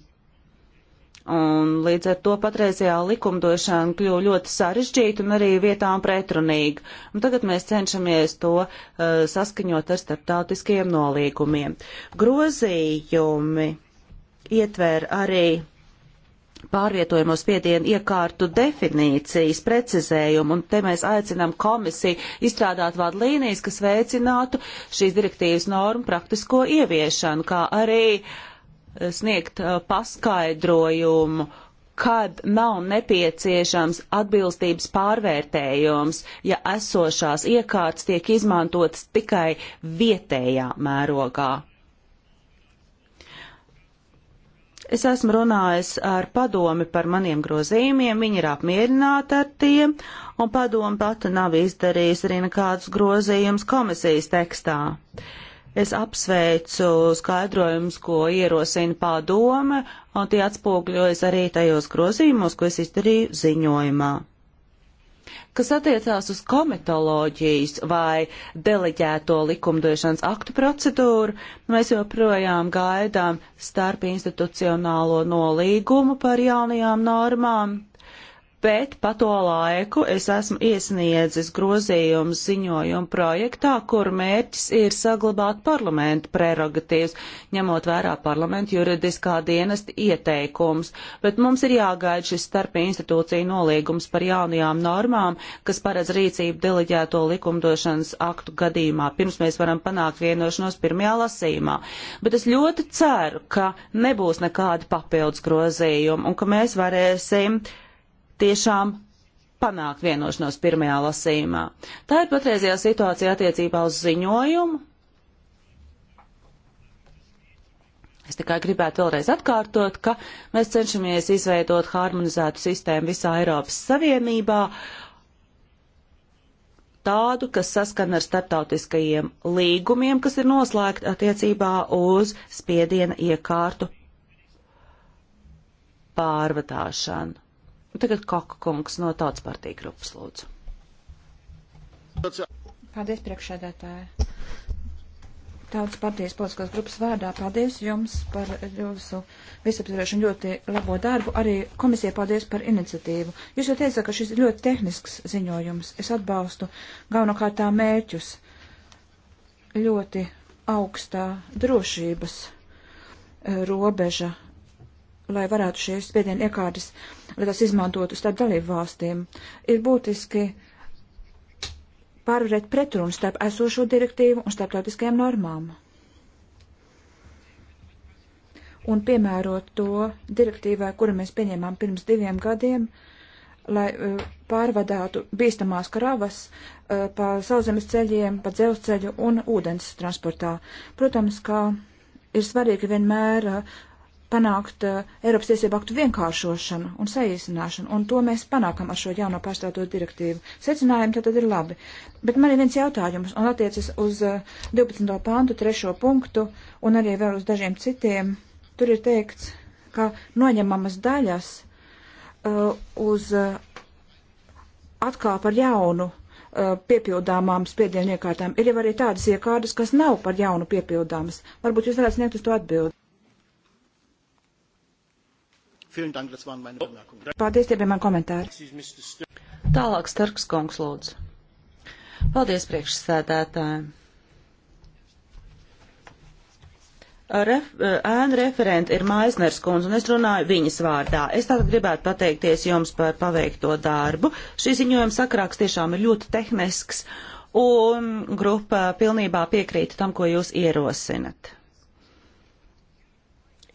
Un līdz ar to patreizajā likumdošana kļuva ļoti sarežģīta un arī vietām pretrunīga. Un tagad mēs cenšamies to uh, saskaņot ar starptautiskiem nolīgumiem. Grozījumi ietver arī pārvietojamo spiedienu iekārtu definīcijas precizējumu, un te mēs aicinām komisiju izstrādāt vadlīnijas, kas veicinātu šīs direktīvas normu praktisko ieviešanu, kā arī eh, sniegt eh, paskaidrojumu, kad nav nepieciešams atbilstības pārvērtējums, ja esošās iekārtas tiek izmantotas tikai vietējā mērogā. Es esmu runājis ar padomi par maniem grozījumiem, viņi ir apmierināti ar tiem, un padomi pati nav izdarījis arī nekādus grozījumus komisijas tekstā. Es apsveicu skaidrojumus, ko ierosina padome, un tie atspūgļojas arī tajos grozījumos, ko es izdarīju ziņojumā. Kas attiecās uz komitoloģijas vai deleģēto likumdošanas aktu procedūru, mēs joprojām gaidām starp institucionālo nolīgumu par jaunajām normām bet pa to laiku es esmu iesniedzis grozījumu ziņojumu projektā, kur mērķis ir saglabāt parlamentu prerogatīvas, ņemot vērā parlamentu juridiskā dienesta ieteikums, bet mums ir jāgaida šis starp institūciju nolīgums par jaunajām normām, kas paredz rīcību deleģēto likumdošanas aktu gadījumā, pirms mēs varam panākt vienošanos pirmajā lasījumā. Bet es ļoti ceru, ka nebūs nekādi papildus grozījumi un ka mēs varēsim uh, tiešām panākt vienošanos pirmajā lasījumā. Tā ir patreizajā situācija attiecībā uz ziņojumu. Es tikai gribētu vēlreiz atkārtot, ka mēs cenšamies izveidot harmonizētu sistēmu visā Eiropas Savienībā, tādu, kas saskana ar starptautiskajiem līgumiem, kas ir noslēgti attiecībā uz spiediena iekārtu pārvadāšanu. Tagad Koka kungs no Tautas partija grupas lūdzu. Paldies, priekšsēdētāji. Tautas partijas politiskās grupas vārdā paldies jums par jūsu visaptvarošanu ļoti labo darbu. Arī komisija paldies par iniciatīvu. Jūs jau teicāt, ka šis ir ļoti tehnisks ziņojums. Es atbalstu galvenokārt tā mērķus ļoti augstā drošības eh, robeža lai varētu šīs spiedienu iekārtas, lai tās izmantotu starp dalību valstīm, ir būtiski pārvarēt pretrunu starp esošo direktīvu un starptautiskajām normām. Un piemērot to direktīvai, kuru mēs pieņēmām pirms diviem gadiem, lai eh, pārvadātu bīstamās kravas eh, pa sauzemes ceļiem, pa dzelzceļu un ūdens transportā. Protams, ka ir svarīgi vienmēr eh, panākt uh, Eiropas tiesību aktu vienkāršošanu un saīsināšanu, un to mēs panākam ar šo jauno pārstāvto direktīvu. Secinājumi tad, tad ir labi. Bet man ir viens jautājums, un attiecas uz uh, 12. pāntu, 3. punktu, un arī vēl uz dažiem citiem. Tur ir teikts, ka noņemamas daļas uh, uz eh, atkal par jaunu piepildāmām spiedienu iekārtām. Ir jau arī tādas iekārtas, kas nav par jaunu piepildāmas. Varbūt jūs varētu sniegt uz to atbildi. Vielen Dank, das waren meine Bemerkungen. Paldies, tie bija mani komentāri. Tālāk Starks kungs lūdzu. Paldies priekšsēdētājiem. Ref, ēnu referente ir Maisners kundze, un es runāju viņas vārdā. Es tātad gribētu pateikties jums par paveikto darbu. Šī ziņojuma sakrāks tiešām ir ļoti tehnisks, un grupa pilnībā piekrīt tam, ko jūs ierosinat.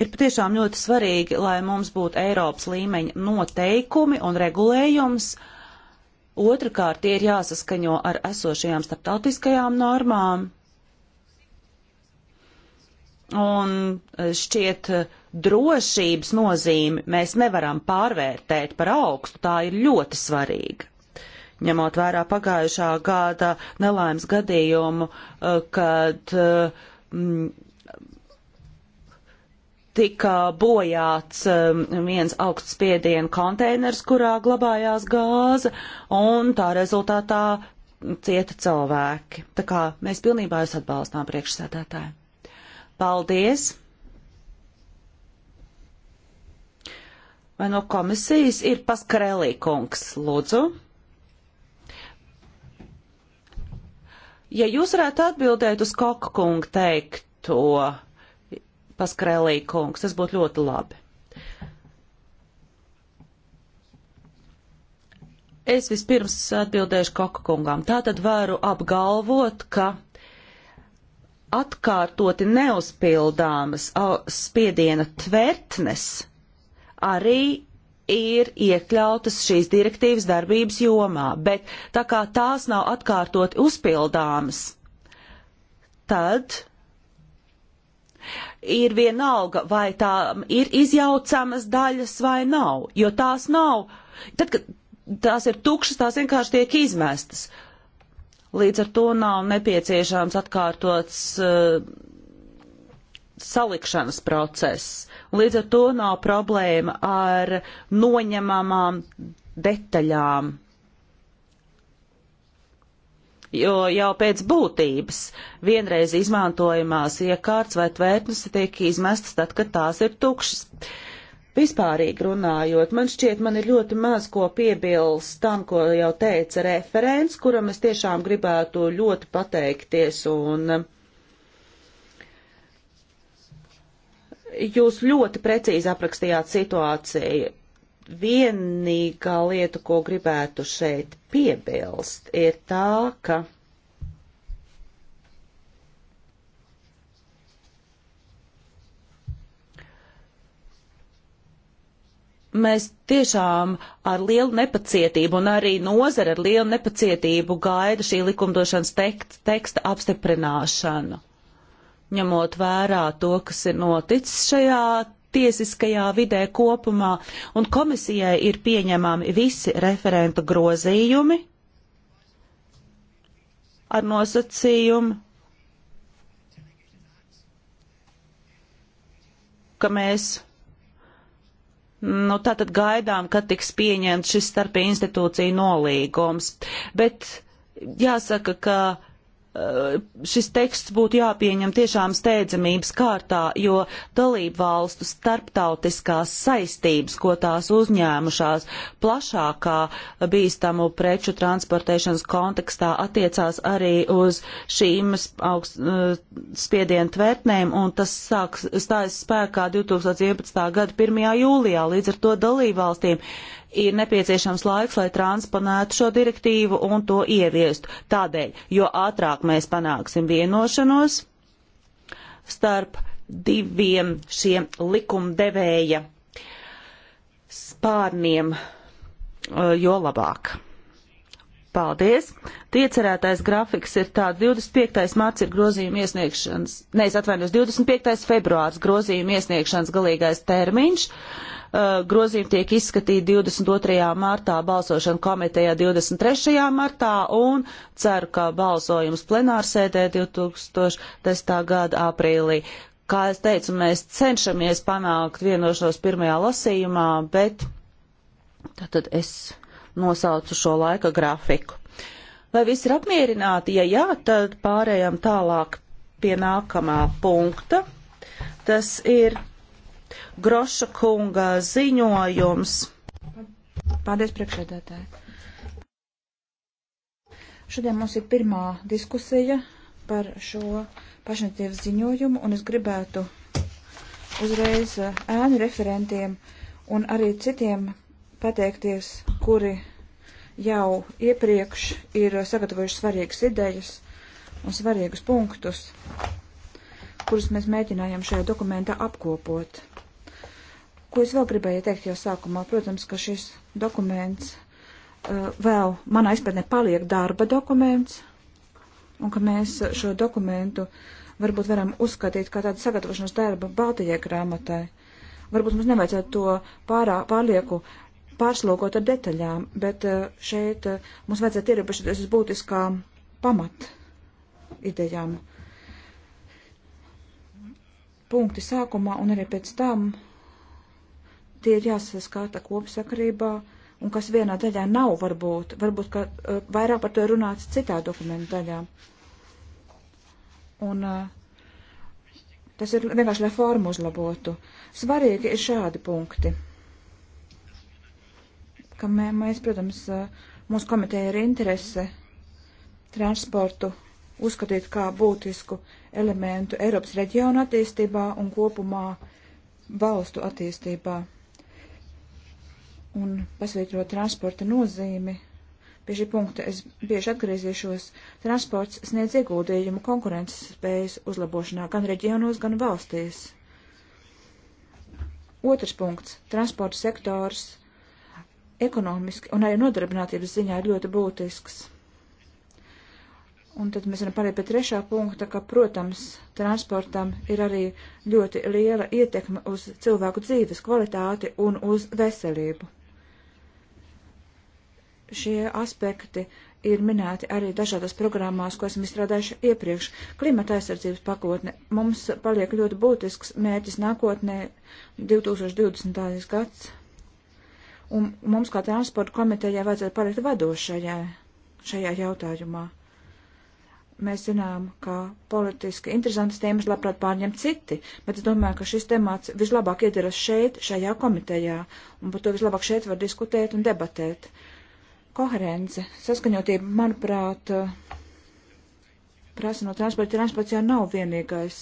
Ir patiešām ļoti svarīgi, lai mums būtu Eiropas līmeņa noteikumi un regulējums. Otrakārt, tie ir jāsaskaņo ar esošajām starptautiskajām normām. Un šķiet, drošības nozīmi mēs nevaram pārvērtēt par augstu, tā ir ļoti svarīga ņemot vērā pagājušā gada nelaimes gadījumu, eh, kad eh, tika bojāts um, viens augsts spiedienu konteiners, kurā glabājās gāze, un tā rezultātā cieta cilvēki. Tā kā mēs pilnībā jūs atbalstām priekšsēdētāju. Paldies! Vai no komisijas ir Paskarelī kungs, lūdzu? Ja jūs varētu atbildēt uz Koka kunga teikto, Paskrēlī kungs. Tas būtu ļoti labi. Es vispirms atbildēšu Koka kungām. Tā tad varu apgalvot, ka atkārtoti neuzpildāmas spiediena tvertnes arī ir iekļautas šīs direktīvas darbības jomā, bet tā kā tās nav atkārtoti uzpildāmas, tad ir vienalga, vai tām ir izjaucamas daļas vai nav, jo tās nav. Tad, kad tās ir tukšas, tās vienkārši tiek izmestas. Līdz ar to nav nepieciešams atkārtots uh, salikšanas process. Līdz ar to nav problēma ar noņemamām detaļām jo jau pēc būtības vienreiz izmantojamās iekārts vai tvērtnes tiek izmestas tad, kad tās ir tukšas. Vispārīgi runājot, man šķiet, man ir ļoti maz ko piebilst tam, ko jau teica referents, kuram es tiešām gribētu ļoti pateikties un jūs ļoti precīzi aprakstījāt situāciju vienīgā lieta, ko gribētu šeit piebilst, ir tā, ka mēs tiešām ar lielu nepacietību un arī nozara ar lielu nepacietību gaida šī likumdošanas teksta, teksta apstiprināšanu. Ņemot vērā to, kas ir noticis šajā tiesiskajā vidē kopumā, un komisijai ir pieņemami visi referenta grozījumi ar nosacījumu, ka mēs nu, tātad gaidām, kad tiks pieņemts šis starp institūciju nolīgums. Bet jāsaka, ka Eh, šis teksts būtu jāpieņem tiešām steidzamības kārtā, jo dalību valstu starptautiskās saistības, ko tās uzņēmušās plašākā bīstamu preču transportēšanas kontekstā, attiecās arī uz šīm augst, eh, spiedienu tvertnēm, un tas sāks stājas spēkā 2011. gada 1. jūlijā. Līdz ar to dalību valstīm ir nepieciešams laiks, lai transponētu šo direktīvu un to ieviestu. Tādēļ, jo ātrāk mēs panāksim vienošanos starp diviem šiem likumdevēja spārniem, eh, jo labāk. Paldies! Tiecerētais grafiks ir tā, 25. marts ir grozījuma iesniegšanas, ne, es atvainojos, 25. februārs grozījuma iesniegšanas galīgais termiņš. Uh, grozījumi tiek izskatīti 22. martā, balsošana komitejā 23. martā un ceru, ka balsojums plenārsēdē 2010. gada aprīlī. Kā es teicu, mēs cenšamies panākt vienošanos pirmajā lasījumā, bet tad es nosaucu šo laika grafiku. Vai viss ir apmierināti? Ja jā, tad pārējām tālāk pie nākamā punkta. Tas ir Groša kunga ziņojums. Paldies, priekšsēdētāji. Šodien mums ir pirmā diskusija par šo pašnatīvu ziņojumu, un es gribētu uzreiz eh, ēnu referentiem un arī citiem pateikties, kuri jau iepriekš ir sagatavojuši svarīgas idejas un svarīgus punktus, kurus mēs mēģinājām šajā dokumentā apkopot. Ko es vēl gribēju teikt jau sākumā? Protams, ka šis dokuments uh, vēl manā izpratnē paliek darba dokuments, un ka mēs šo dokumentu varbūt varam uzskatīt kā tādu sagatavošanos darbu Baltijai grāmatai. Varbūt mums nevajadzētu to pārā, pārlieku pārslūgot ar detaļām, bet eh, šeit eh, mums vajadzētu ierobežoties uz būtiskām pamat idejām. Punkti sākumā un arī pēc tam tie ir jāsaskata kopsakarībā, un kas vienā daļā nav varbūt, varbūt, ka uh, vairāk par to ir runāts citā dokumentu daļā. Un uh, tas ir vienkārši, lai formu uzlabotu. Svarīgi ir šādi punkti ka mē, mēs, protams, mūsu komiteja ir interese transportu uzskatīt kā būtisku elementu Eiropas reģionu attīstībā un kopumā valstu attīstībā. Un pasvītrot transporta nozīmi, pie šī punkta es bieži atgriezīšos, transports sniedz ieguldījumu konkurences spējas uzlabošanā gan reģionos, gan valstīs. Otrs punkts - transporta sektors ekonomiski un arī nodarbinātības ziņā ir ļoti būtisks. Un tad mēs varam pārēt pie trešā punkta, ka, protams, transportam ir arī ļoti liela ietekme uz cilvēku dzīves kvalitāti un uz veselību. Šie aspekti ir minēti arī dažādās programmās, ko esam izstrādājuši iepriekš. Klimata aizsardzības pakotne mums paliek ļoti būtisks mērķis nākotnē 2020. gads un mums kā transporta komitejai vajadzētu palikt vadošajai šajā jautājumā. Mēs zinām, ka politiski interesantas tēmas labprāt pārņem citi, bet es domāju, ka šis temats vislabāk iederas šeit, šajā komitejā, un par to vislabāk šeit var diskutēt un debatēt. Koherence, saskaņotība, manuprāt, prasa no transporta. Transports jau nav vienīgais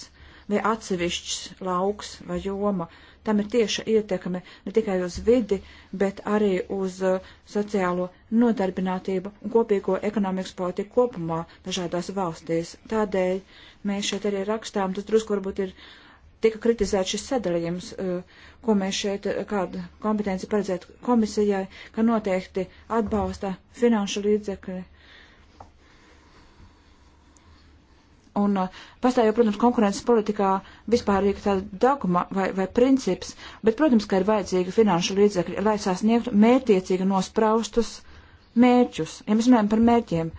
vai atsevišķs lauks vai joma. Uh, tam ir tieša ietekme ne tikai uz vidi, bet arī uz uh, sociālo nodarbinātību un kopīgo ekonomikas politiku kopumā dažādās valstīs. Tādēļ mēs šeit arī rakstām, tas drusku varbūt ir tika kritizēts šis sadalījums, uh, ko mēs šeit, uh, kādu kompetenci paredzētu komisijai, ka noteikti atbalsta finanšu līdzekļi Un uh, pastāv jau, protams, konkurences politikā vispār ir tāda dogma vai, vai princips, bet, protams, ka ir vajadzīga finanšu līdzekļi, lai sasniegtu mērķiecīgi nospraustus mērķus. Ja mēs runājam par mērķiem,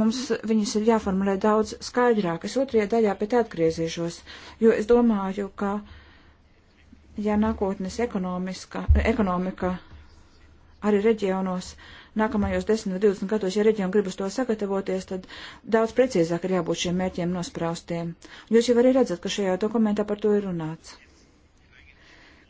mums viņas ir jāformulē daudz skaidrāk. Es otrajā daļā pie tā atgriezīšos, jo es domāju, ka, ja nākotnes ekonomiska, ekonomika arī reģionos uh, nākamajos 10 vai 20 gados, ja reģionu gribas to sagatavoties, tad daudz precīzāk ir jābūt šiem mērķiem nospraustiem. Jūs jau arī redzat, ka šajā dokumentā par to ir runāts.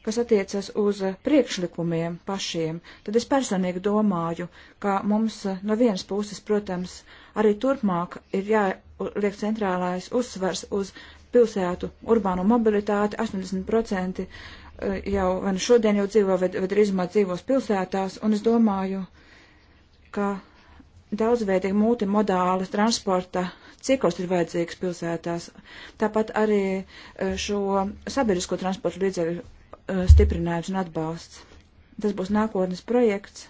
Kas attiecas uz priekšlikumiem pašiem, tad es personīgi domāju, ka mums no vienas puses, protams, arī turpmāk ir jāliek centrālais uzsvers uz pilsētu urbānu mobilitāti 80% eh, jau vai nu šodien jau dzīvo, vai, vai drīzumā dzīvos pilsētās, un es domāju, ka daudzveidīgi multimodāla transporta cikls ir vajadzīgs pilsētās. Tāpat arī e, šo sabiedrisko transportu līdzekļu e, stiprinājums un atbalsts. Tas būs nākotnes projekts.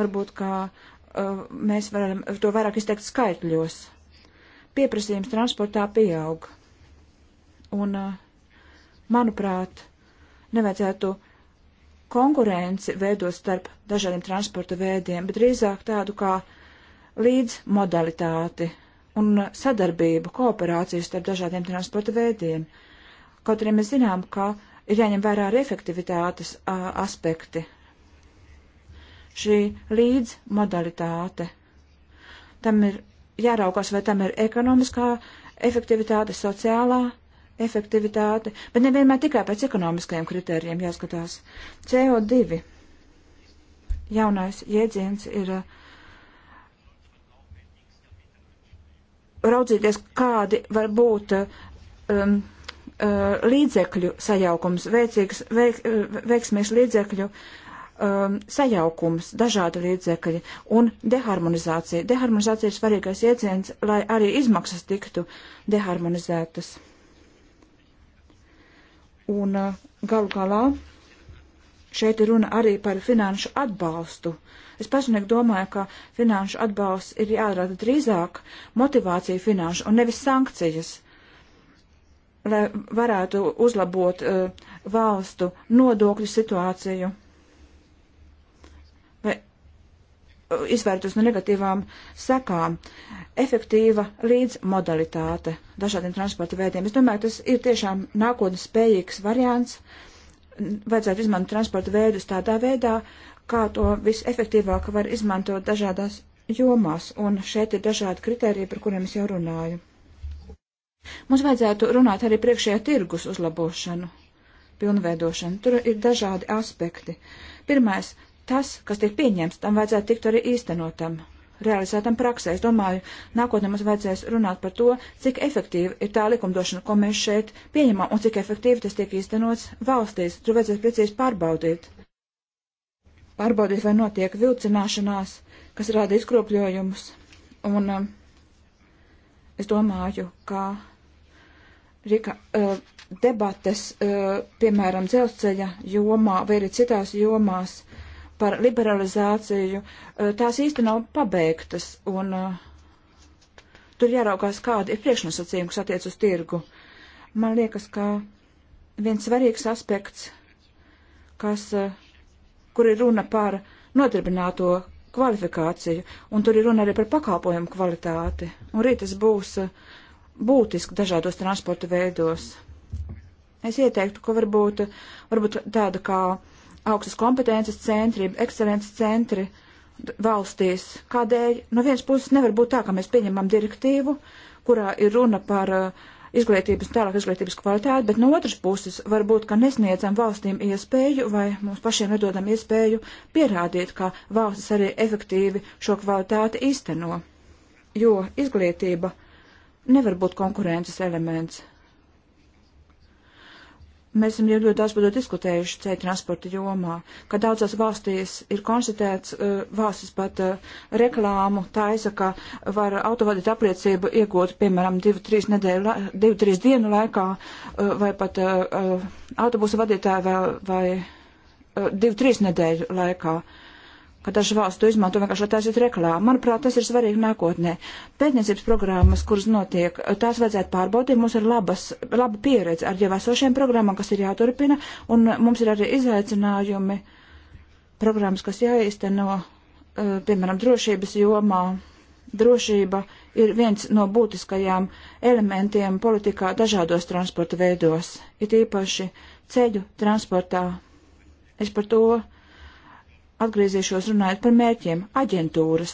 Varbūt, ka e, mēs varam to vairāk izteikt skaitļos. Pieprasījums transportā pieaug. Un, manuprāt, nevajadzētu konkurenci veidos starp dažādiem transporta veidiem, bet drīzāk tādu kā līdzmodalitāti un sadarbību, kooperāciju starp dažādiem transporta veidiem. Kaut arī mēs zinām, ka ir jāņem vērā arī efektivitātes a, aspekti. Šī līdzmodalitāte. Tam ir jāraukās, vai tam ir ekonomiskā efektivitāte, sociālā efektivitāte, bet nevienmēr tikai pēc ekonomiskajiem kritērijiem jāskatās. CO2 jaunais jēdziens ir uh, raudzīties, kādi var būt uh, um, uh, līdzekļu sajaukums, veicīgs, veik, veiksmīgs līdzekļu um, sajaukums, dažādi līdzekļi un deharmonizācija. Deharmonizācija ir svarīgais jēdziens, lai arī izmaksas tiktu deharmonizētas. Un uh, galu galā šeit ir runa arī par finanšu atbalstu. Es personīgi domāju, ka finanšu atbalsts ir jārada drīzāk motivācija finanšu un nevis sankcijas, lai varētu uzlabot uh, valstu nodokļu situāciju. izvairītos no negatīvām sekām. Efektīva līdzmodalitāte dažādiem transporta veidiem. Es domāju, tas ir tiešām nākotnes spējīgs variants. Vajadzētu izmantot transporta veidus tādā veidā, kā to visefektīvāk var izmantot dažādās jomās. Un šeit ir dažādi kriteriji, par kuriem es jau runāju. Mums vajadzētu runāt arī priekšējā tirgus uzlabošanu, pilnveidošanu. Tur ir dažādi aspekti. Pirmais tas, kas tiek pieņemts, tam vajadzētu tikt arī īstenotam, realizētam praksē. Es domāju, nākotnē mums vajadzēs runāt par to, cik efektīva ir tā likumdošana, ko mēs šeit pieņemam, un cik efektīvi tas tiek īstenots valstīs. Tur vajadzēs precīzi pārbaudīt. Pārbaudīt, vai notiek vilcināšanās, kas rada izkropļojumus. Un um, es domāju, ka Rika, uh, debates, uh, piemēram, dzelzceļa jomā vai arī citās jomās, par liberalizāciju, eh, tās īsti nav pabeigtas, un eh, tur jāraugās, kādi ir priekšnosacījumi, kas attiec uz tirgu. Man liekas, ka viens svarīgs aspekts, kas, eh, kur ir runa par nodarbināto kvalifikāciju, un tur ir runa arī par pakāpojumu kvalitāti, un rīt tas būs būtiski dažādos transporta veidos. Es ieteiktu, ka varbūt, varbūt tāda kā uh, augstas kompetences centri, ekscelences centri valstīs. Kādēļ? No vienas puses nevar būt tā, ka mēs pieņemam direktīvu, kurā ir runa par uh, izglītības, tālāk izglītības kvalitāti, bet no otras puses varbūt, ka nesniedzam valstīm iespēju vai mums pašiem nedodam iespēju pierādīt, ka valstis arī efektīvi šo kvalitāti īsteno. Jo izglītība nevar būt konkurences elements. Mēs esam jau ļoti daudz par to diskutējuši ceļu transporta jomā, ka daudzās valstīs ir konstatēts, uh, valstis pat uh, reklāmu taisa, ka var autovadīt apliecību iegūt, piemēram, 2-3 nedēļu, 2-3 dienu laikā, uh, vai pat autobusu vadītāju vai, vai 2-3 nedēļu laikā. Uh, ka dažu valstu izmanto vienkārši, lai tās ir reklāma. Manuprāt, tas ir svarīgi nākotnē. Pētniecības programmas, kuras notiek, tās vajadzētu pārbaudīt. Mums ir labas, laba pieredze ar jau esošiem programmām, kas ir jāturpina, un mums ir arī izaicinājumi programmas, kas jāīsteno, eh, piemēram, drošības jomā. Drošība ir viens no būtiskajām elementiem politikā dažādos transporta veidos, it īpaši ceļu transportā. Es par to atgriezīšos runājot par mērķiem - aģentūras.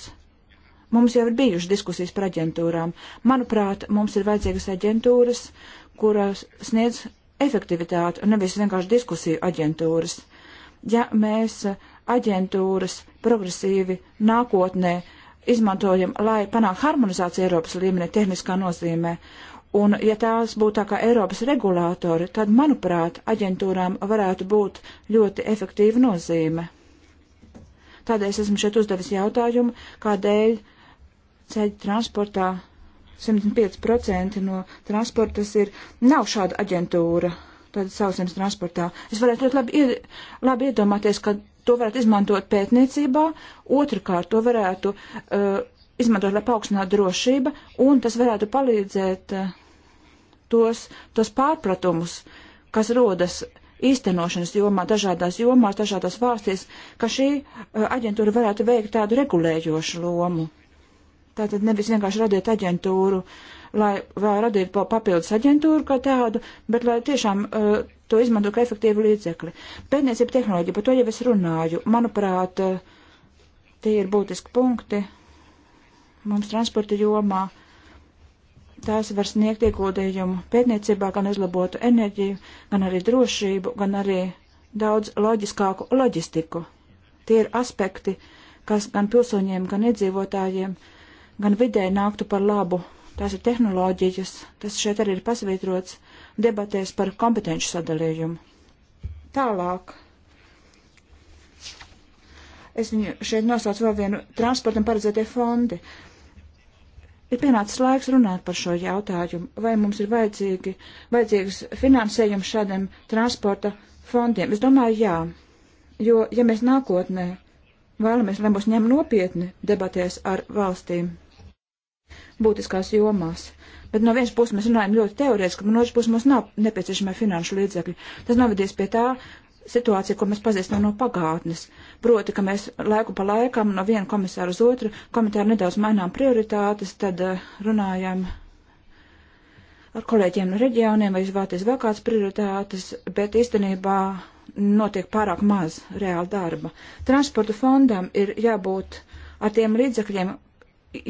Mums jau ir bijušas diskusijas par aģentūrām. Manuprāt, mums ir vajadzīgas aģentūras, kuras sniedz efektivitāti un nevis vienkārši diskusiju aģentūras. Ja mēs eh, aģentūras progresīvi nākotnē izmantojam, lai panāktu harmonizāciju Eiropas līmenī tehniskā nozīmē, un ja tās būtu tā kā Eiropas regulātori, tad, manuprāt, aģentūrām varētu būt ļoti efektīva nozīme. Tādēļ es esmu šeit uzdevis jautājumu, kādēļ ceļu transportā 75% no transportas ir, nav šāda aģentūra, tāda sauszemes transportā. Es varētu ļoti labi, ied, labi iedomāties, ka to varētu izmantot pētniecībā, otrkārt to varētu uh, izmantot, lai paaugstinātu drošība, un tas varētu palīdzēt uh, tos, tos pārpratumus, kas rodas uh, īstenošanas jomā, dažādās jomās, dažādās valstīs, ka šī uh, aģentūra varētu veikt tādu regulējošu lomu. Tātad nevis vienkārši radīt aģentūru, lai vēl radītu papildus aģentūru kā tādu, bet lai tiešām uh, to izmanto kā efektīvu līdzekli. Pētniecība tehnoloģija, par to jau es runāju. Manuprāt, uh, tie ir būtiski punkti mums transporta jomā. Uh, tās var sniegt ieguldījumu pētniecībā, gan uzlabotu enerģiju, gan arī drošību, gan arī daudz loģiskāku loģistiku. Tie ir aspekti, kas gan pilsoņiem, gan iedzīvotājiem, gan vidē nāktu par labu. Tās ir tehnoloģijas, tas šeit arī ir pasvītrots debatēs par kompetenci sadalījumu. Tālāk. Es viņu šeit nosaucu vēl vienu transportam paredzētie fondi. Uh, ir pienācis laiks runāt par šo jautājumu, vai mums ir vajadzīgi, vajadzīgs finansējums šādiem transporta fondiem. Es domāju, jā, jo, ja mēs nākotnē vēlamies, lai mūs ņem nopietni debatēs ar valstīm būtiskās jomās, bet no vienas puses mēs runājam ļoti teorētiski, un no otras puses mums nav nepieciešamie finanšu līdzekļi. Tas novedīs pie tā, situācija, ko mēs pazīstam no pagātnes. Proti, ka mēs laiku pa laikam no viena komisāra uz otru komitāru nedaudz mainām prioritātes, tad eh, runājam ar kolēģiem no reģioniem, vai izvēlēties vēl kādas prioritātes, bet īstenībā notiek pārāk maz reāla darba. Transporta fondam ir jābūt ar tiem līdzekļiem,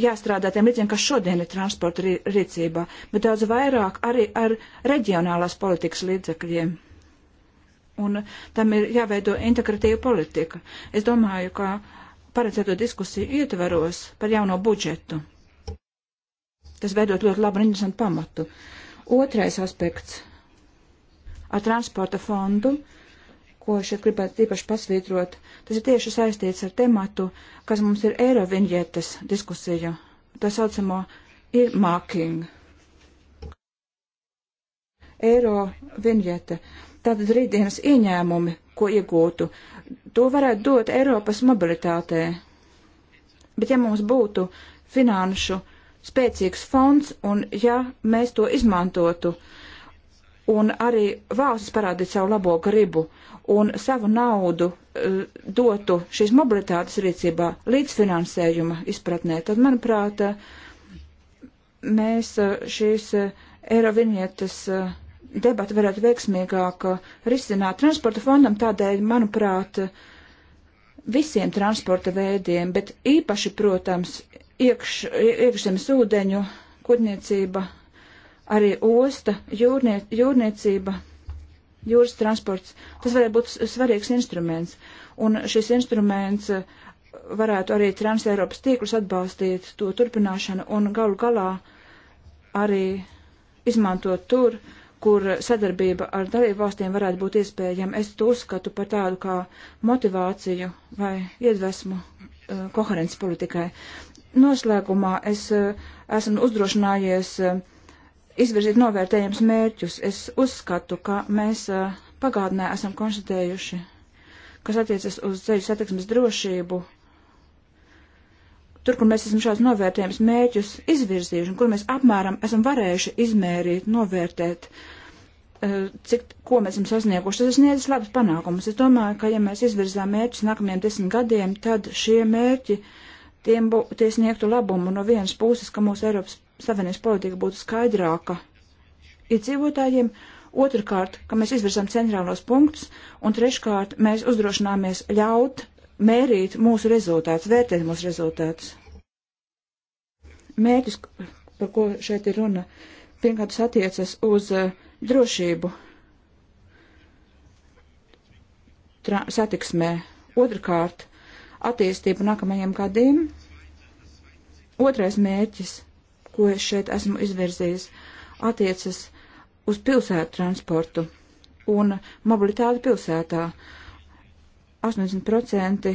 jāstrādā tiem līdzekļiem, kas šodien ir transporta rīcībā, bet daudz vairāk arī ar reģionālās politikas līdzekļiem un tam ir jāveido integratīva politika. Es domāju, ka paredzēto diskusiju ietveros par jauno budžetu. Tas veidot ļoti labu un interesantu pamatu. Otrais aspekts ar transporta fondu, ko šeit gribētu īpaši pasvītrot, tas ir tieši saistīts ar tematu, kas mums ir Eiroviņietes diskusija, tā saucamo earmarking. Eiro viņiete. Tātad rītdienas ieņēmumi, ko iegūtu, to varētu dot Eiropas mobilitātē. Bet ja mums būtu finanšu spēcīgs fonds un ja mēs to izmantotu un arī valsts parādītu savu labo gribu un savu naudu uh, dotu šīs mobilitātes rīcībā līdzfinansējuma izpratnē, tad, manuprāt, eh, mēs eh, šīs Eirovinietas uh, debatu varētu veiksmīgāk uh, risināt. Transporta fondam tādēļ, manuprāt, uh, visiem transporta veidiem, bet īpaši, protams, iekš, iekšzemes ūdeņu, kutniecība, arī osta, jūrnie, jūrniecība, jūras transports, tas varētu būt svarīgs instruments. Un šis instruments uh, varētu arī Transeiropas tīklus atbalstīt to turpināšanu un galu galā arī izmantot tur uh, kur sadarbība ar dalību valstīm varētu būt iespējama. Es to uzskatu par tādu kā motivāciju vai iedvesmu uh, koherences politikai. Noslēgumā es uh, esmu uzdrošinājies uh, izvirzīt novērtējums mērķus. Es uzskatu, ka mēs uh, pagātnē esam konstatējuši, kas attiecas uz ceļu satiksmes drošību. Tur, kur mēs esam šādus novērtējums mērķus izvirzījuši un kur mēs apmēram esam varējuši izmērīt, novērtēt uh, Eh, cik, ko mēs esam sasnieguši. Tas ir sniedzis labus panākumus. Es domāju, ka ja mēs izvirzām mērķus nākamajiem desmit gadiem, tad šie mērķi tiem bū, tie sniegtu labumu no vienas puses, ka mūsu Eiropas Savienības politika būtu skaidrāka iedzīvotājiem, otrkārt, ka mēs izvirzām centrālos punktus, un treškārt, mēs uzdrošināmies ļaut mērīt mūsu rezultātus, vērtēt mūsu rezultātus. Mērķis, par ko šeit ir runa, pirmkārt, attiecas uz uh, drošību tra, satiksmē. Otrakārt, attīstību nākamajiem gadiem. Otrais mērķis, ko es šeit esmu izvirzījis, attiecas uz pilsētu transportu un mobilitāti pilsētā. 80%,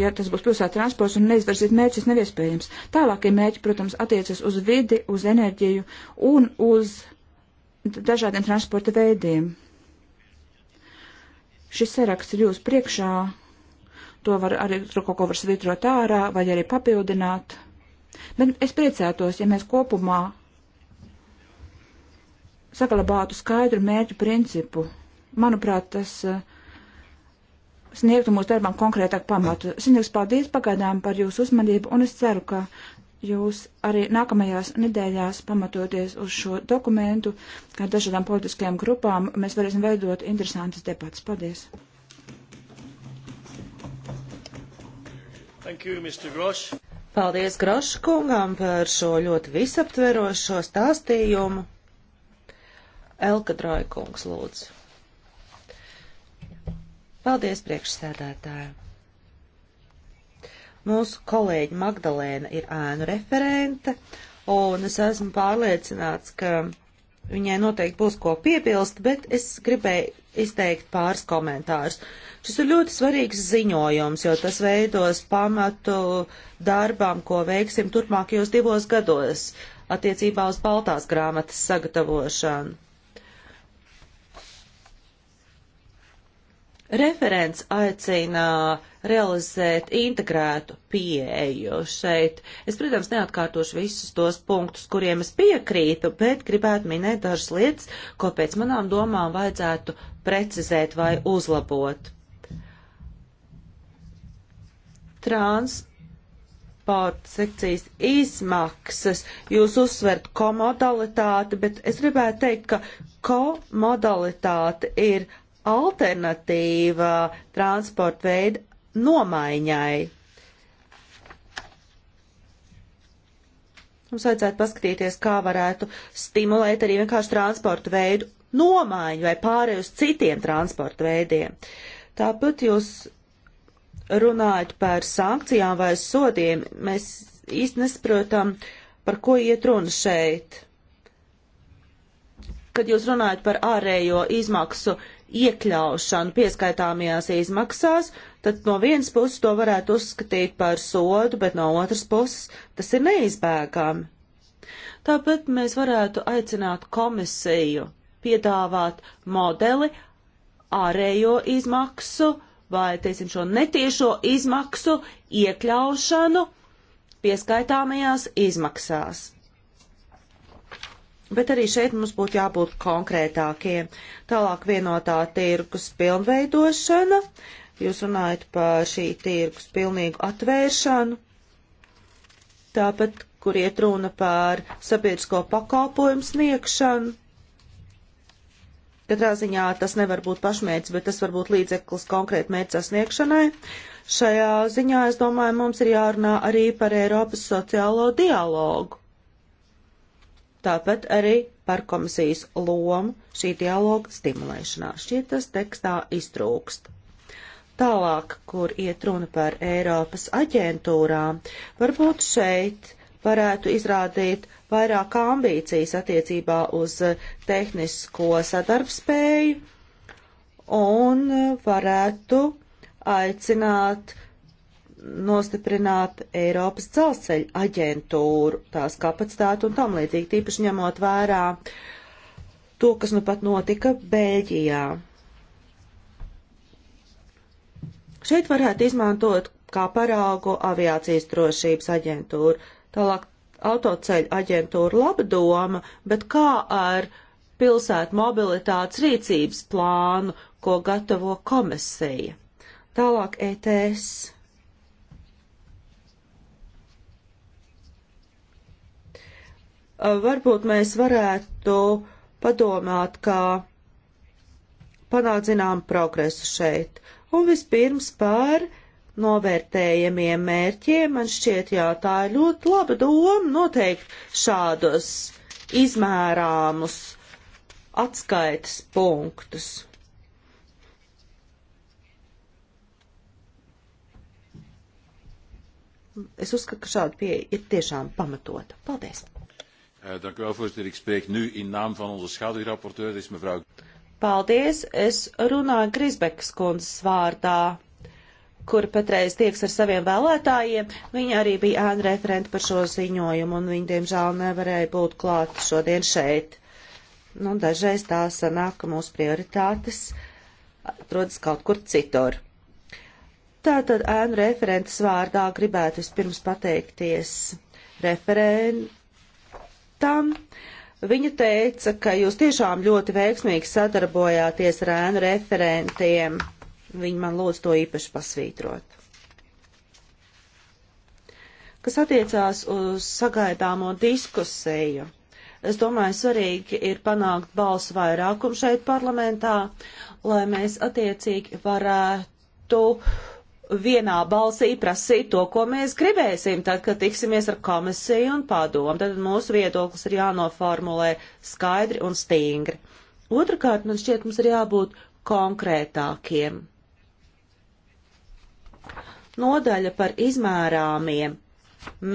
ja tas būs pilsētu transports un neizvirzīt mērķis, neviespējams. Tālākie mērķi, protams, attiecas uz vidi, uz enerģiju un uz dažādiem transporta veidiem. Šis saraksts ir jūs priekšā. To var arī tur kaut ko var svitrot ārā vai arī papildināt. Bet es priecētos, ja mēs kopumā saglabātu skaidru mērķu principu. Manuprāt, tas eh, sniegtu mūsu darbām konkrētāk pamatu. Sniegs paldies pagaidām par jūsu uzmanību, un es ceru, ka jūs arī nākamajās nedēļās, pamatoties uz šo dokumentu, kā dažādām politiskajām grupām, mēs varēsim veidot interesantas debatas. Paldies! Thank you, Mr. Grosh. Paldies Groša kungam par šo ļoti visaptverošo stāstījumu. Elka Drojkungs lūdzu. Paldies priekšsēdētājiem! Mūsu kolēģi Magdalēna ir ēnu referente, un es esmu pārliecināts, ka viņai noteikti būs ko piebilst, bet es gribēju izteikt pāris komentārus. Šis ir ļoti svarīgs ziņojums, jo tas veidos pamatu darbām, ko veiksim turpmākajos divos gados attiecībā uz Baltās grāmatas sagatavošanu. Referents aicina realizēt integrētu pieeju šeit. Es, protams, neatkārtošu visus tos punktus, kuriem es piekrītu, bet gribētu minēt dažas lietas, ko pēc manām domām vajadzētu precizēt vai uzlabot. Transporta sekcijas izmaksas. Jūs uzsvert komodalitāti, bet es gribētu teikt, ka komodalitāte ir alternatīva transporta veida nomaiņai. Mums vajadzētu paskatīties, kā varētu stimulēt arī vienkārši transporta veidu nomaiņu vai pārēju uz citiem transporta veidiem. Tāpat jūs runājat par sankcijām vai sodiem. Mēs īsti nesaprotam, par ko iet runa šeit. Kad jūs runājat par ārējo izmaksu iekļaušanu pieskaitāmajās izmaksās, tad no vienas puses to varētu uzskatīt par sodu, bet no otras puses tas ir neizbēgami. Tāpat mēs varētu aicināt komisiju piedāvāt modeli ārējo izmaksu vai, teiksim, šo netiešo izmaksu iekļaušanu pieskaitāmajās izmaksās. Bet arī šeit mums būtu jābūt konkrētākiem. Tālāk vienotā tirgus pilnveidošana. Jūs runājat par šī tirgus pilnīgu atvēršanu. Tāpat, kur iet runa par sabiedrisko pakalpojumu sniegšanu. Katrā ziņā tas nevar būt pašmērķis, bet tas var būt līdzeklis konkrēti mērķa sasniegšanai. Šajā ziņā, es domāju, mums ir jārunā arī par Eiropas sociālo dialogu. Tāpat arī par komisijas lomu šī dialoga stimulēšanā. Šķiet tas tekstā iztrūkst. Tālāk, kur iet runa par Eiropas aģentūrām, varbūt šeit varētu izrādīt vairāk ambīcijas attiecībā uz tehnisko sadarbspēju un varētu aicināt nostiprināt Eiropas dzelzceļa aģentūru, tās kapacitāti un tam līdzīgi, tīpaši ņemot vērā to, kas nu pat notika Bēļģijā. Šeit varētu izmantot kā paraugu aviācijas drošības aģentūru, tālāk autoceļu aģentūru laba doma, bet kā ar pilsētu mobilitātes rīcības plānu, ko gatavo komisija. Tālāk ETS. Uh, varbūt mēs varētu padomāt, kā panākt zinām progresu šeit. Un vispirms par novērtējamiem mērķiem, man šķiet, jā, tā ir ļoti laba doma noteikti šādus izmērāmus atskaites punktus. Es uzskatu, ka šāda pieeja ir tiešām pamatota. Paldies! Eh, dank u wel, voorzitter. Ik spreek nu in naam van onze schaduwrapporteur, dat is mevrouw. Paldies, es runāju Grisbekas kundzes vārdā, kur patreiz tieks ar saviem vēlētājiem. Viņa arī bija ēna referenta par šo ziņojumu, un viņa, diemžēl, nevarēja būt klāt šodien šeit. Nu, dažreiz tā sanāk, ka mūsu prioritātes atrodas kaut kur citur. Tātad ēnu referentes vārdā gribētu vispirms pateikties referen tam viņa teica, ka jūs tiešām ļoti veiksmīgi sadarbojāties ar ēnu referentiem. Viņa man lūdz to īpaši pasvītrot. Kas attiecās uz sagaidāmo diskusiju, es domāju, svarīgi ir panākt balsu vairākumu šeit parlamentā, lai mēs attiecīgi varētu uh, vienā balsī prasīt to, ko mēs gribēsim, tad, kad tiksimies ar komisiju un padomu. Tad mūsu viedoklis ir jānoformulē skaidri un stingri. Otrakārt, man šķiet, mums ir jābūt konkrētākiem. Nodaļa par izmērāmiem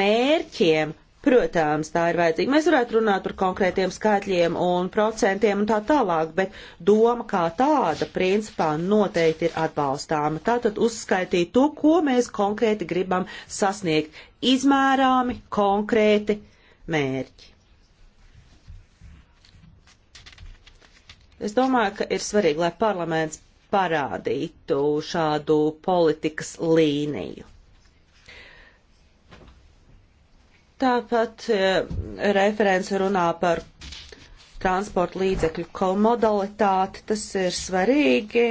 mērķiem Protams, tā ir vajadzīga. Mēs varētu runāt par konkrētiem skaitļiem un procentiem un tā tālāk, bet doma kā tāda principā noteikti ir atbalstāma. Tātad uzskaitīt to, ko mēs konkrēti gribam sasniegt. Izmērāmi, konkrēti mērķi. Es domāju, ka ir svarīgi, lai parlaments parādītu šādu politikas līniju. Tāpat e, referents runā par transporta līdzekļu komodalitāti, tas ir svarīgi.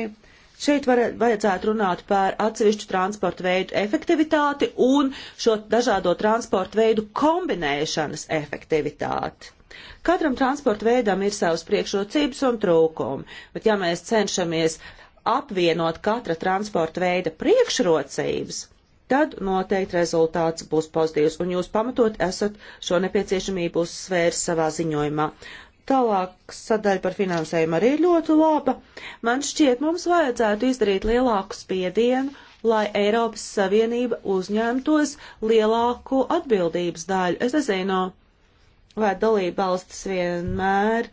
Šeit var, vajadzētu runāt par atsevišķu transporta veidu efektivitāti un šo dažādo transporta veidu kombinēšanas efektivitāti. Katram transporta veidam ir savas priekšrocības un trūkumi, bet ja mēs cenšamies apvienot katra transporta veida priekšrocības, tad noteikti rezultāts būs pozitīvs, un jūs pamatot esat šo nepieciešamību uzsvērs savā ziņojumā. Tālāk sadaļa par finansējumu arī ļoti laba. Man šķiet, mums vajadzētu izdarīt lielāku spiedienu, lai Eiropas Savienība uzņemtos lielāku atbildības daļu. Es nezinu, vai dalība valstis vienmēr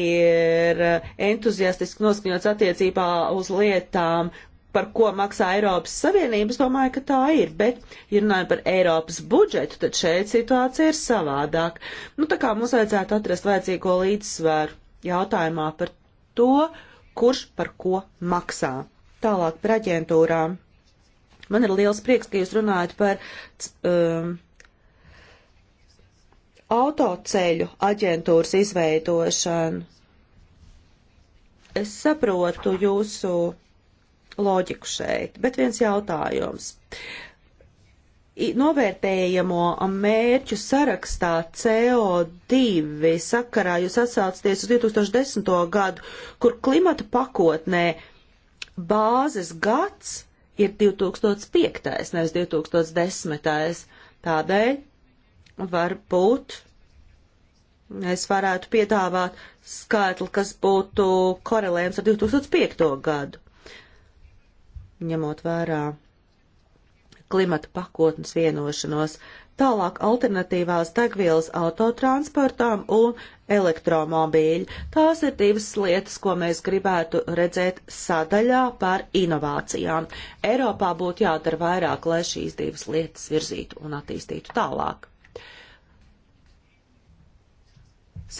ir entuziastiski noskaņots attiecībā uz lietām, par ko maksā Eiropas Savienība, es domāju, ka tā ir, bet, ja runājam par Eiropas budžetu, tad šeit situācija ir savādāk. Nu, tā kā mums vajadzētu atrast vajadzīgo līdzsvaru jautājumā par to, kurš par ko maksā. Tālāk par aģentūrām. Man ir liels prieks, ka jūs runājat par um, autoceļu aģentūras izveidošanu. Es saprotu jūsu loģiku šeit, bet viens jautājums. Novērtējamo mērķu sarakstā CO2 sakarā jūs atsaucaties uz 2010. gadu, kur klimata pakotnē bāzes gads ir 2005. nevis 2010. Tādēļ varbūt es varētu piedāvāt skaitli, kas būtu korelējams ar 2005. gadu ņemot vērā klimata pakotnes vienošanos, tālāk alternatīvās degvielas autotransportām un elektromobīļi. Tās ir divas lietas, ko mēs gribētu redzēt sadaļā par inovācijām. Eiropā būtu jādara vairāk, lai šīs divas lietas virzītu un attīstītu tālāk.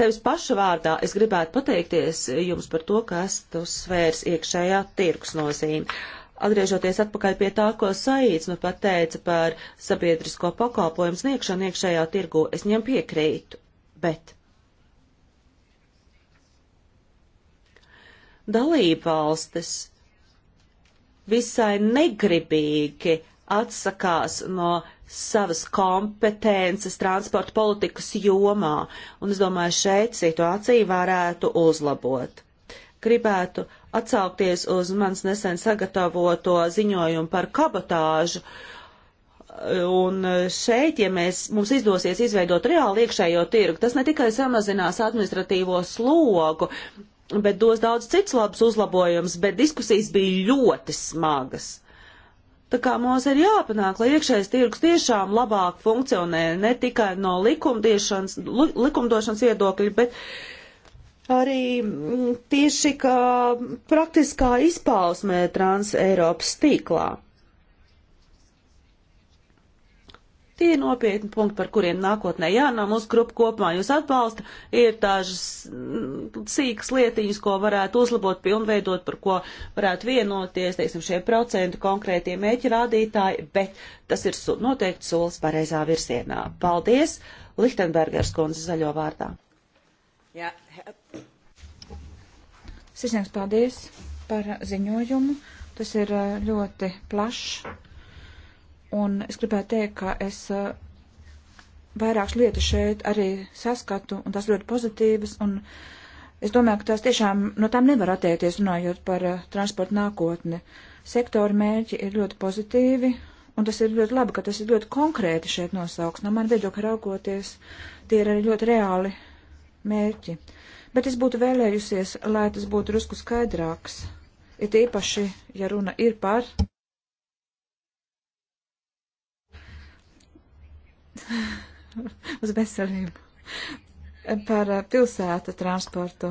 Sevis paša vārdā es gribētu pateikties jums par to, ka esat uzsvērs iekšējā tirkus nozīmi. Uh, Atgriežoties atpakaļ pie tā, ko Saīts nu pat teica par sabiedrisko pakalpojumu sniegšanu iekšējā tirgu, es ņem piekrītu, bet dalībvalstis visai negribīgi atsakās no savas kompetences transporta politikas jomā, un es domāju, šeit situāciju varētu uzlabot. Gribētu atsaukties uz mans nesen sagatavoto ziņojumu par kabotāžu. Un šeit, ja mēs, mums izdosies izveidot reāli iekšējo tirgu, tas ne tikai samazinās administratīvo slogu, bet dos daudz cits labs uzlabojums, bet diskusijas bija ļoti smagas. Tā kā mums ir jāpanāk, lai iekšējais tirgus tiešām labāk funkcionē ne tikai no likumdošanas viedokļa, bet arī mm, tieši kā praktiskā izpausmē trans Eiropas tīklā. Tie ir nopietni punkti, par kuriem nākotnē jānāk. Mūsu grupa kopumā jūs atbalsta. Ir dažas mm, sīkas lietiņas, ko varētu uzlabot, pilnveidot, par ko varētu vienoties, teiksim, šie procentu konkrētie mēķi rādītāji, bet tas ir su, noteikti solis pareizā virsienā. Paldies, Lichtenbergers kundze zaļo vārdā. Jā, ja. Sisnieks, paldies par ziņojumu. Tas ir eh, ļoti plašs. Un es gribētu teikt, ka es eh, vairākas lietas šeit arī saskatu, un tās ļoti pozitīvas. Un es domāju, ka tās tiešām no tām nevar atteikties, runājot par eh, transportu nākotni. Sektora mērķi ir ļoti pozitīvi, Un tas ir ļoti labi, ka tas ir ļoti konkrēti šeit nosauks. No man viedokļa raugoties, tie ir arī ļoti reāli mērķi bet es būtu vēlējusies, lai tas būtu drusku skaidrāks, it īpaši, ja runa ir par. <laughs> uz veselību, par eh, pilsētu transportu,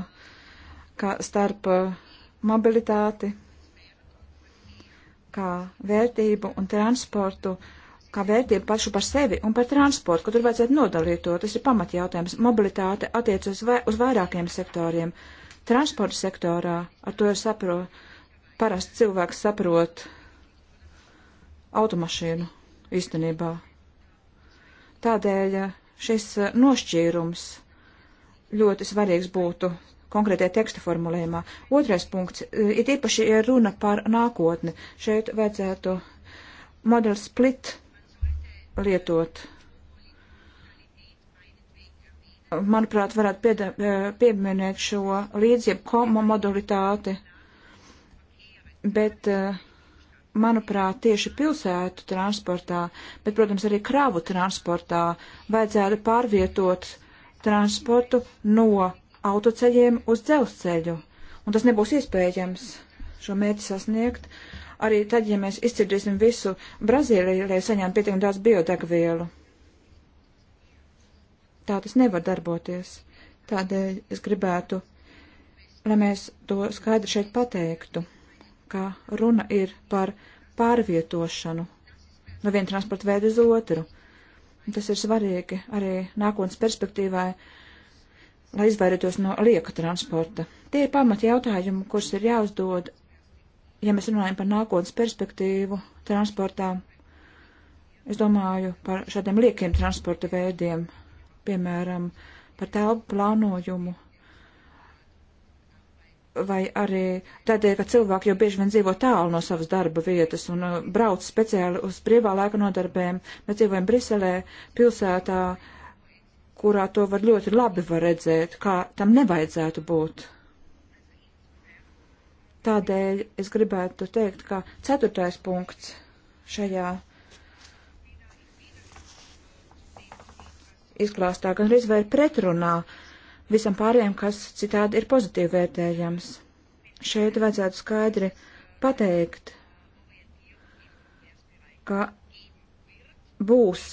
kā starp eh, mobilitāti, kā vērtību un transportu. Uh, kā vērtību pašu par sevi un par transportu, ka tur vajadzētu nodalīt to. Tas ir pamatjautājums. Mobilitāte attiec uz, vai, uz vairākiem sektoriem. Transporta sektorā, ar to ir saprot, parasti cilvēks saprot automašīnu īstenībā. Tādēļ eh, šis eh, nošķīrums ļoti svarīgs būtu konkrētajā teksta formulējumā. Otrais punkts, eh, it īpaši ir runa par nākotni. Šeit vajadzētu modeli split lietot. Manuprāt, varētu pieda, eh, pieminēt šo līdzjeb komodalitāti, bet, eh, manuprāt, tieši pilsētu transportā, bet, protams, arī kravu transportā vajadzētu pārvietot transportu no autoceļiem uz dzelzceļu, un tas nebūs iespējams šo mērķi sasniegt. Uh, arī tad, ja mēs izcirdīsim visu Brazīliju, lai saņemtu pietiekami daudz biodegvielu. Tā tas nevar darboties. Tādēļ es gribētu, lai mēs to skaidri šeit pateiktu, ka runa ir par pārvietošanu no viena transporta veida uz otru. Un tas ir svarīgi arī nākotnes perspektīvai, lai izvairītos no lieka transporta. Tie ir pamati jautājumi, kurus ir jāuzdod ja mēs runājam par nākotnes perspektīvu transportā, es domāju par šādiem liekiem transporta veidiem, piemēram, par telpu plānojumu. Vai arī tādēļ, ka cilvēki jau bieži vien dzīvo tālu no savas darba vietas un uh, brauc speciāli uz brīvā laika nodarbēm. Mēs dzīvojam Briselē, pilsētā, kurā to var ļoti labi var redzēt, kā tam nevajadzētu būt Tādēļ es gribētu teikt, ka ceturtais punkts šajā izklāstā gan arī vai pretrunā visam pārējiem, kas citādi ir pozitīvi vērtējams. Šeit vajadzētu skaidri pateikt, ka būs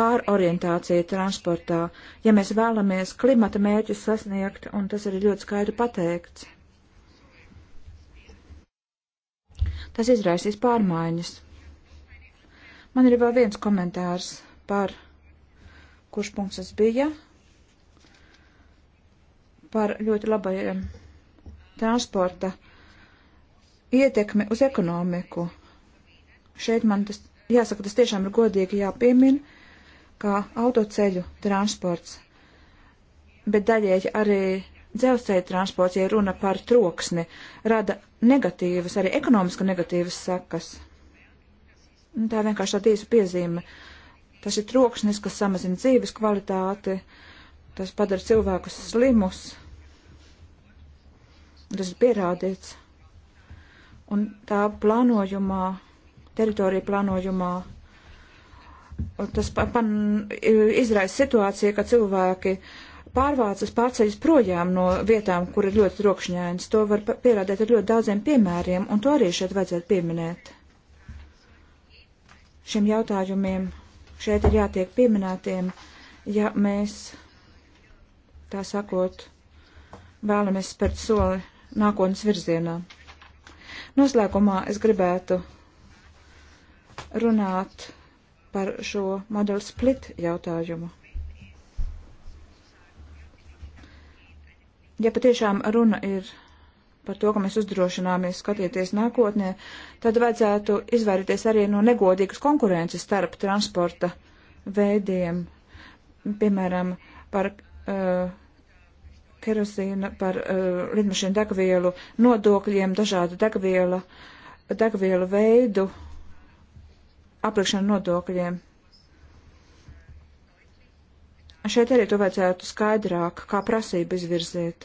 pārorientācija transportā, ja mēs vēlamies klimata mērķus sasniegt, un tas arī ļoti skaidri pateikts. Tas izraisīs pārmaiņas. Man ir vēl viens komentārs par, kurš punkts tas bija, par ļoti labajiem transporta ietekmi uz ekonomiku. Šeit man tas, jāsaka, tas tiešām ir godīgi jāpiemina, kā autoceļu transports, bet daļēji arī dzelzceļa transports, ja runa par troksni, rada negatīvas, arī ekonomiski negatīvas sekas. Un tā vienkārši tāda īsa piezīme. Tas ir troksnis, kas samazina dzīves kvalitāti, tas padara cilvēkus slimus. Tas ir pierādīts. Un tā plānojumā, teritorija plānojumā, tas pan, izraisa situāciju, ka cilvēki uh, pārvācas, pārceļas projām no vietām, kur ir ļoti rokšņēns. To var pierādīt ar ļoti daudziem piemēriem, un to arī šeit vajadzētu pieminēt. Šiem jautājumiem šeit ir jātiek pieminētiem, ja mēs, tā sakot, vēlamies spērt soli nākotnes virzienā. Noslēgumā es gribētu runāt par šo modeļu split jautājumu. ja patiešām runa ir par to, ka mēs uzdrošināmies skatīties nākotnē, tad vajadzētu izvairīties arī no negodīgas konkurences starp transporta veidiem, piemēram, par uh, eh, kerosīnu, par uh, lidmašīnu degvielu, nodokļiem, dažādu degvielu, degvielu veidu, aplikšanu nodokļiem. Šeit arī to vajadzētu skaidrāk, kā prasību izvirzīt.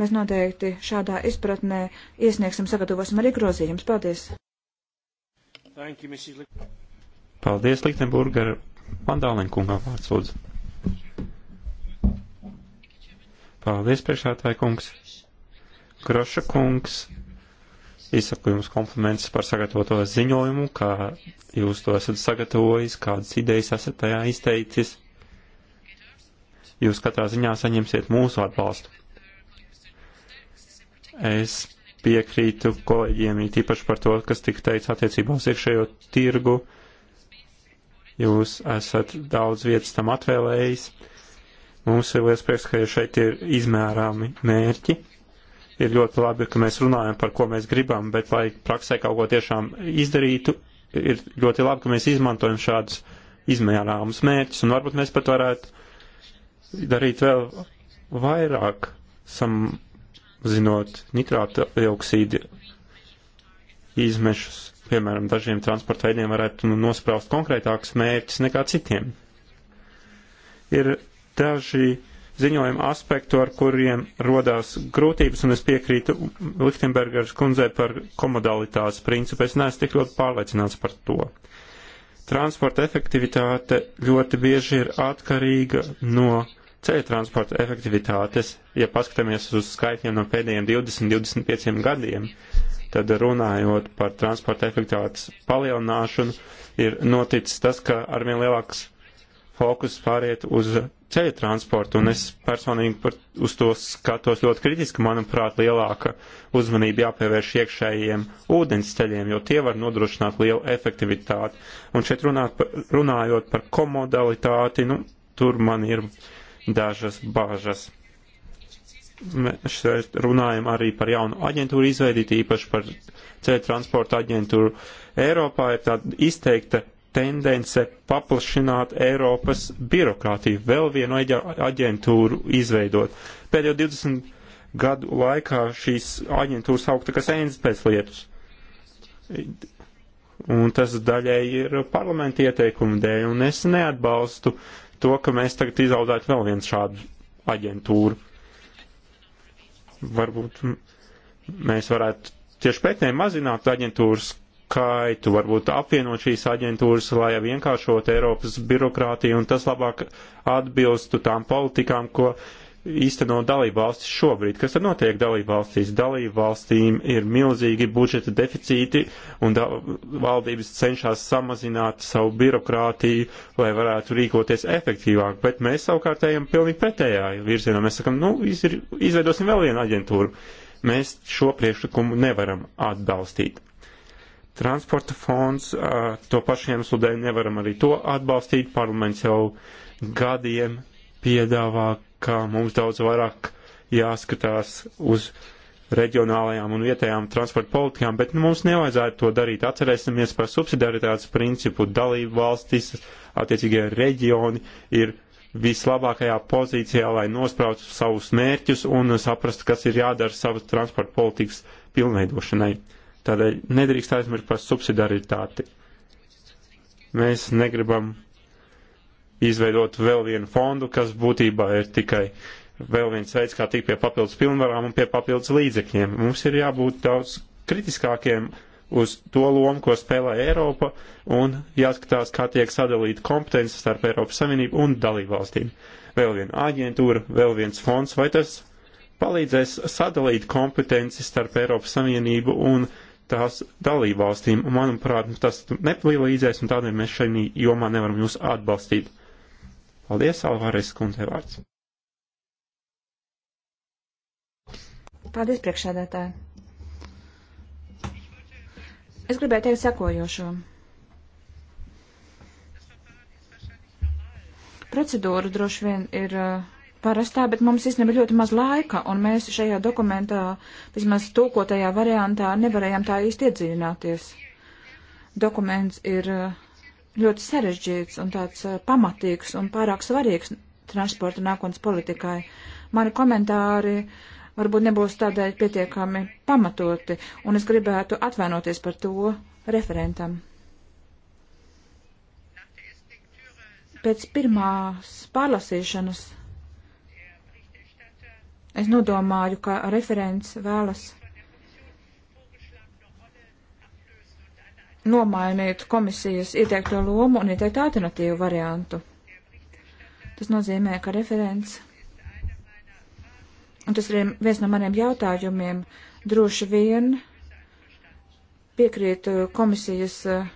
Mēs noteikti šādā izpratnē iesniegsim, sagatavosim arī grozījumus. Paldies! You, Paldies, Liktenburger! Mandālinkungam vārds lūdzu. Paldies, priekšētāji kungs! Groša kungs! Izsaku jums kompliments par sagatavoto ziņojumu, kā jūs to esat sagatavojis, kādas idejas esat tajā izteicis. Jūs katrā ziņā saņemsiet mūsu atbalstu. Es piekrītu kolēģiem it īpaši par to, kas tika teica attiecībā uz iekšējo tirgu. Jūs esat daudz vietas tam atvēlējis. Mums ir liels prieks, ka šeit ir izmērāmi mērķi. Ir ļoti labi, ka mēs runājam par ko mēs gribam, bet lai praksē kaut ko tiešām izdarītu, ir ļoti labi, ka mēs izmantojam šādus izmērāmus mērķus, un varbūt mēs pat varētu darīt vēl vairāk, samazinot nitrāta dioksīdu izmešus. Piemēram, dažiem transporta veidiem varētu nu, nospraust konkrētākus mērķus nekā citiem. Ir daži ziņojuma aspektu, ar kuriem rodās grūtības, un es piekrītu Lichtenbergers kundzē par komodalitātes principu. Es neesmu tik ļoti pārliecināts par to. Transporta efektivitāte ļoti bieži ir atkarīga no Ceļu transporta efektivitātes, ja paskatāmies uz skaitļiem no pēdējiem 20-25 gadiem, tad runājot par transporta efektivitātes palielināšanu, ir noticis tas, ka arvien lielāks fokus pāriet uz ceļu transportu, un es personīgi par, uz to skatos ļoti kritiski. Manuprāt, lielāka uzmanība jāpievērš iekšējiem ūdens ceļiem, jo tie var nodrošināt lielu efektivitāti. Un šeit runāt, runājot par komodalitāti, nu, tur man ir dažas bažas. Mēs šeit runājam arī par jaunu aģentūru izveidīt, īpaši par ceļu transporta aģentūru. Eiropā ir tāda izteikta tendence paplašināt Eiropas birokrātiju, vēl vienu aģentūru izveidot. Pēdējo 20 gadu laikā šīs aģentūras augta kā sēnes pēc lietas. Un tas daļai ir parlamenta ieteikumu dēļ, un es neatbalstu uh, to, ka mēs tagad izaudētu vēl vienu šādu aģentūru. Varbūt mēs varētu tieši pretēji mazināt aģentūru skaitu, varbūt apvienot šīs aģentūras, lai vienkāršot Eiropas birokrātiju, un tas labāk atbilstu tām politikām, ko īsteno dalību valstis šobrīd. Kas tad notiek dalību valstīs? Dalību valstīm ir milzīgi budžeta deficīti un valdības cenšas samazināt savu birokrātiju, lai varētu rīkoties efektīvāk, bet mēs savukārt ejam pilnīgi pretējā virzienā. Mēs sakam, nu, izir, izveidosim vēl vienu aģentūru. Mēs šo priekšlikumu nevaram atbalstīt. Transporta fonds, to pašu iemeslu dēļ nevaram arī to atbalstīt. Parlaments jau gadiem piedāvā ka mums daudz vairāk jāskatās uz reģionālajām un vietējām transporta politikām, bet nu, mums nevajadzētu to darīt. Atcerēsimies par subsidiaritātes principu. Dalību valstis, attiecīgie reģioni ir vislabākajā pozīcijā, lai nospraustu savus mērķus un saprastu, kas ir jādara savas transporta politikas pilnveidošanai. Tādēļ nedrīkst aizmirst par subsidiaritāti. Mēs negribam izveidot vēl vienu fondu, kas būtībā ir tikai vēl viens veids, kā tikt pie papildus pilnvarām un pie papildus līdzekļiem. Mums ir jābūt daudz kritiskākiem uz to lomu, ko spēlē Eiropa, un jāskatās, kā tiek sadalīta kompetence starp Eiropas Savienību un dalībvalstīm. Vēl viena aģentūra, vēl viens fonds, vai tas palīdzēs sadalīt kompetenci starp Eiropas Savienību un tās dalībvalstīm. Manuprāt, tas nepalīdzēs, un tādēļ mēs šajā jomā nevaram jūs atbalstīt. Paldies, Alvarez kundze vārds. Paldies, priekšsēdētāji. Es gribēju teikt sekojošo. Procedūra droši vien ir eh, parastā, bet mums īstenībā ļoti maz laika, un mēs šajā dokumentā, vismaz tūkotajā variantā, nevarējām tā īsti iedzīvināties. Dokuments ir uh, ļoti sarežģīts un tāds eh, pamatīgs un pārāk svarīgs transporta nākotnes politikai. Mani komentāri varbūt nebūs tādēļ pietiekami pamatoti, un es gribētu atvainoties par to referentam. Pēc pirmās pārlasīšanas es nodomāju, ka referents vēlas nomainītu komisijas ieteikto lomu un ieteiktu alternatīvu variantu. Tas nozīmē, ka referents, un tas ir viens no maniem jautājumiem, droši vien piekrīt uh, komisijas uh,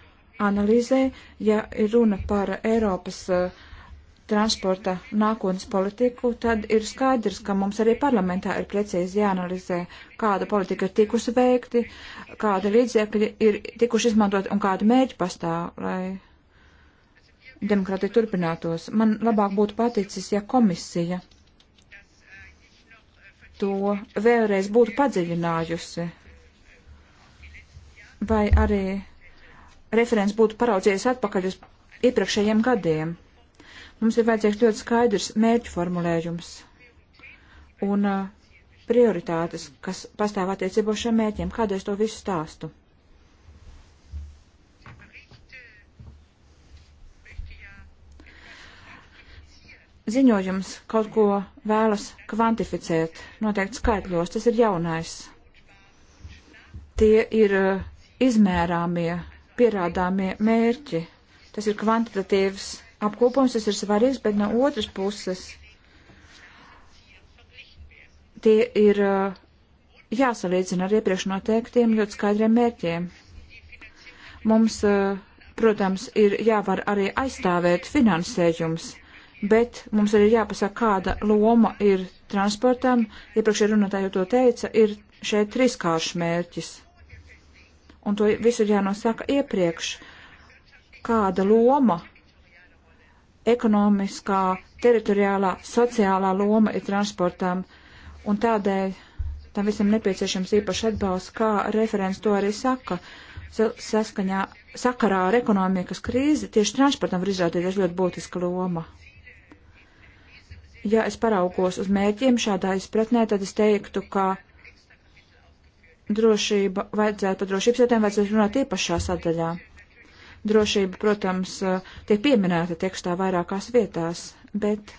analīzē, ja ir runa par Eiropas uh, transporta nākotnes politiku, tad ir skaidrs, ka mums arī parlamentā ir precīzi jāanalizē, kāda politika ir tikusi veikti, kāda līdzekļi ir tikuši izmantot un kāda mērķi pastāv, lai demokrātija turpinātos. Man labāk būtu paticis, ja komisija to vēlreiz būtu padziļinājusi, vai arī referents būtu paraudzies atpakaļ uz iepriekšējiem gadiem Mums ir vajadzīgs ļoti skaidrs mērķu formulējums un uh, prioritātes, kas pastāv attiecībā šiem mērķiem. Kādēļ to visu stāstu? Ziņojums kaut ko vēlas kvantificēt, noteikti skaitļos, tas ir jaunais. Tie ir uh, izmērāmie, pierādāmie mērķi, tas ir kvantitatīvs apkopojums tas ir svarīgs, bet no otras puses tie ir jāsalīdzina ar iepriekš noteiktiem ļoti skaidriem mērķiem. Mums, protams, ir jāvar arī aizstāvēt finansējums, bet mums arī jāpasaka, kāda loma ir transportam, iepriekšējā runātāja jau to teica, ir šeit trīskāršs mērķis. Un to visu ir jānosaka iepriekš, kāda loma ekonomiskā, teritoriālā, sociālā loma ir transportam, un tādēļ tam visam nepieciešams īpaši atbalsts, kā referents to arī saka, saskaņā, sakarā ar ekonomikas krīzi, tieši transportam var izrādīties ļoti būtiska loma. Ja es paraugos uz mērķiem šādā izpratnē, tad es teiktu, ka drošība vajadzētu, par drošības jautājumu vajadzētu runāt īpašā sadaļā. Drošība, protams, eh, tiek pieminēta tekstā vairākās vietās, bet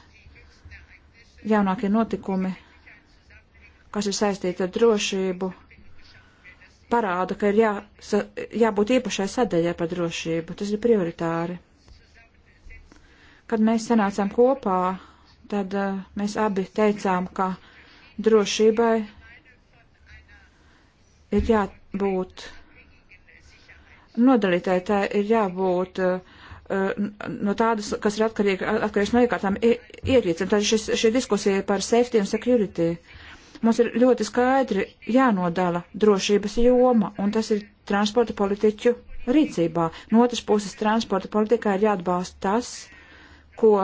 jaunākie notikumi, kas ir saistīti ar drošību, parāda, ka ir jā, sa, jābūt īpašai sadaļai par drošību. Tas ir prioritāri. Kad mēs sanācām kopā, tad uh, mēs abi teicām, ka drošībai ir jābūt nodalītai tā ir jābūt uh, no tādas, kas ir atkarīga, atkarīgs no iekārtām ierīcēm. Tad šis, šī diskusija par safety un security. Mums ir ļoti skaidri jānodala drošības joma, un tas ir transporta politiķu rīcībā. No otras puses, transporta politikā ir jāatbalsta tas, ko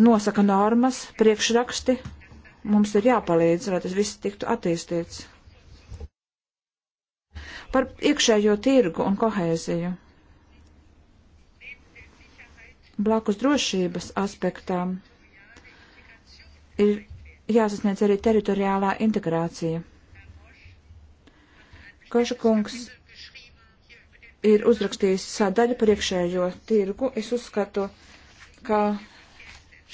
nosaka normas, priekšraksti. Mums ir jāpalīdz, lai tas viss tiktu attīstīts. Par iekšējo tirgu un kohēziju. Blakus drošības aspektām ir jāsasniedz arī teritoriālā integrācija. Košakungs ir uzrakstījis sadaļu par iekšējo tirgu. Es uzskatu, ka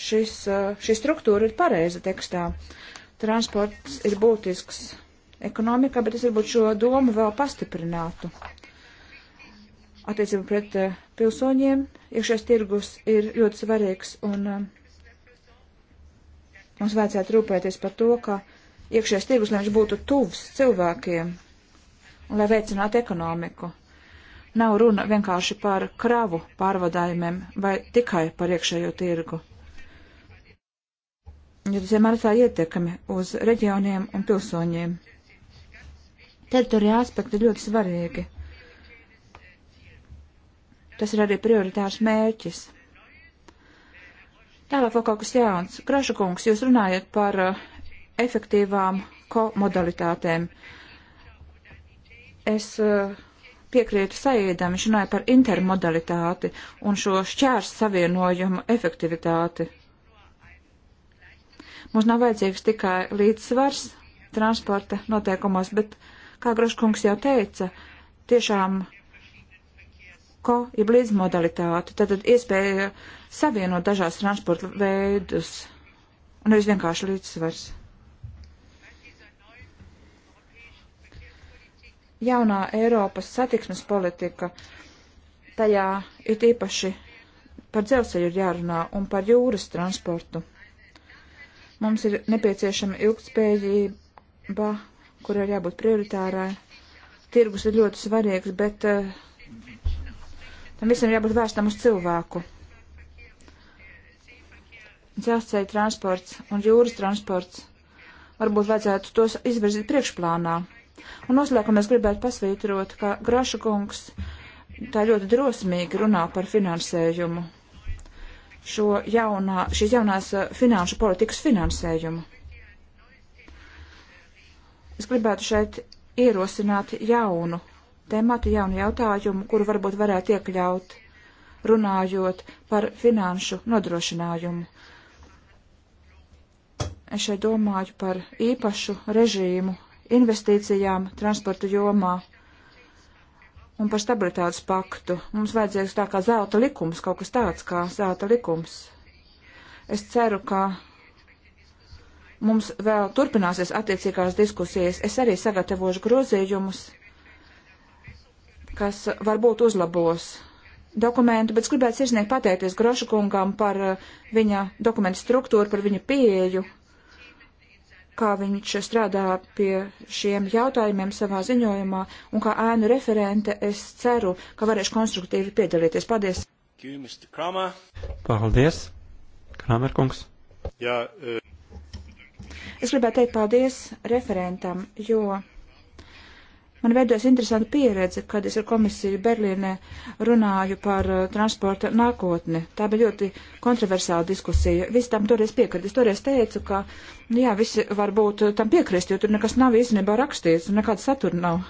šis, uh, šī struktūra ir pareiza tekstā. Transports ir būtisks ekonomikā, bet es varbūt šo domu vēl pastiprinātu. Attiecībā pret uh, pilsoņiem iekšējais tirgus ir ļoti svarīgs un uh, mums vajadzētu rūpēties par to, ka iekšējais tirgus, lai viņš būtu tuvs cilvēkiem un lai veicinātu ekonomiku. Nav runa vienkārši par kravu pārvadājumiem vai tikai par iekšējo tirgu. Jo tas vienmēr tā ietekmi uz reģioniem un pilsoņiem. Teritorijā aspekti ir ļoti svarīgi. Tas ir arī prioritārs mērķis. Tālāk vēl kaut kas jauns. Krašakungs, jūs runājat par uh, efektīvām komodalitātēm. Es uh, piekrītu saīdam, viņš runāja par intermodalitāti un šo šķērs savienojumu efektivitāti. Mums nav vajadzīgs tikai līdzsvars transporta noteikumos, bet uh, Kā Groškungs jau teica, tiešām ko, jeb līdzmodalitāti, tad iespēja savienot dažās transporta veidus un nevis vienkārši līdzsvars. Jaunā Eiropas satiksmes politika, tajā ir īpaši par dzelzceļu jārunā un par jūras transportu. Mums ir nepieciešama ilgspējība kur ir jābūt prioritārai. Tirgus ir ļoti svarīgs, bet uh, tam visam ir jābūt vērstam uz cilvēku. Dzelzceļa transports un jūras transports varbūt vajadzētu tos izvirzīt priekšplānā. Un noslēgumā es gribētu pasvītrot, ka Graša kungs tā ļoti drosmīgi runā par finansējumu, šo jaunā, šīs jaunās eh, finanšu politikas finansējumu. Es gribētu šeit ierosināt jaunu tematu, jaunu jautājumu, kuru varbūt varētu iekļaut runājot par finanšu nodrošinājumu. Es šeit domāju par īpašu režīmu investīcijām transporta jomā un par stabilitātes paktu. Mums vajadzēs tā kā zelta likums, kaut kas tāds kā zelta likums. Es ceru, ka Mums vēl turpināsies attiecīgās diskusijas. Es arī sagatavošu grozījumus, kas varbūt uzlabos dokumentu, bet gribētu sirsnīgi pateikties Groša kungam par uh, viņa dokumentu struktūru, par viņa pieeju, kā viņš strādā pie šiem jautājumiem savā ziņojumā, un kā ēnu referente es ceru, ka varēšu konstruktīvi piedalīties. Paldies! Paldies, Kramer kungs! Jā, uh... Es gribētu teikt paldies referentam, jo man veidojas interesanta pieredze, kad es ar komisiju Berlīnē runāju par uh, transporta nākotni. Tā bija ļoti kontroversāla diskusija. Visi tam toreiz piekrita. Es toreiz teicu, ka, nu jā, visi varbūt uh, tam piekrist, jo tur nekas nav īstenībā rakstīts un nekāda satura nav.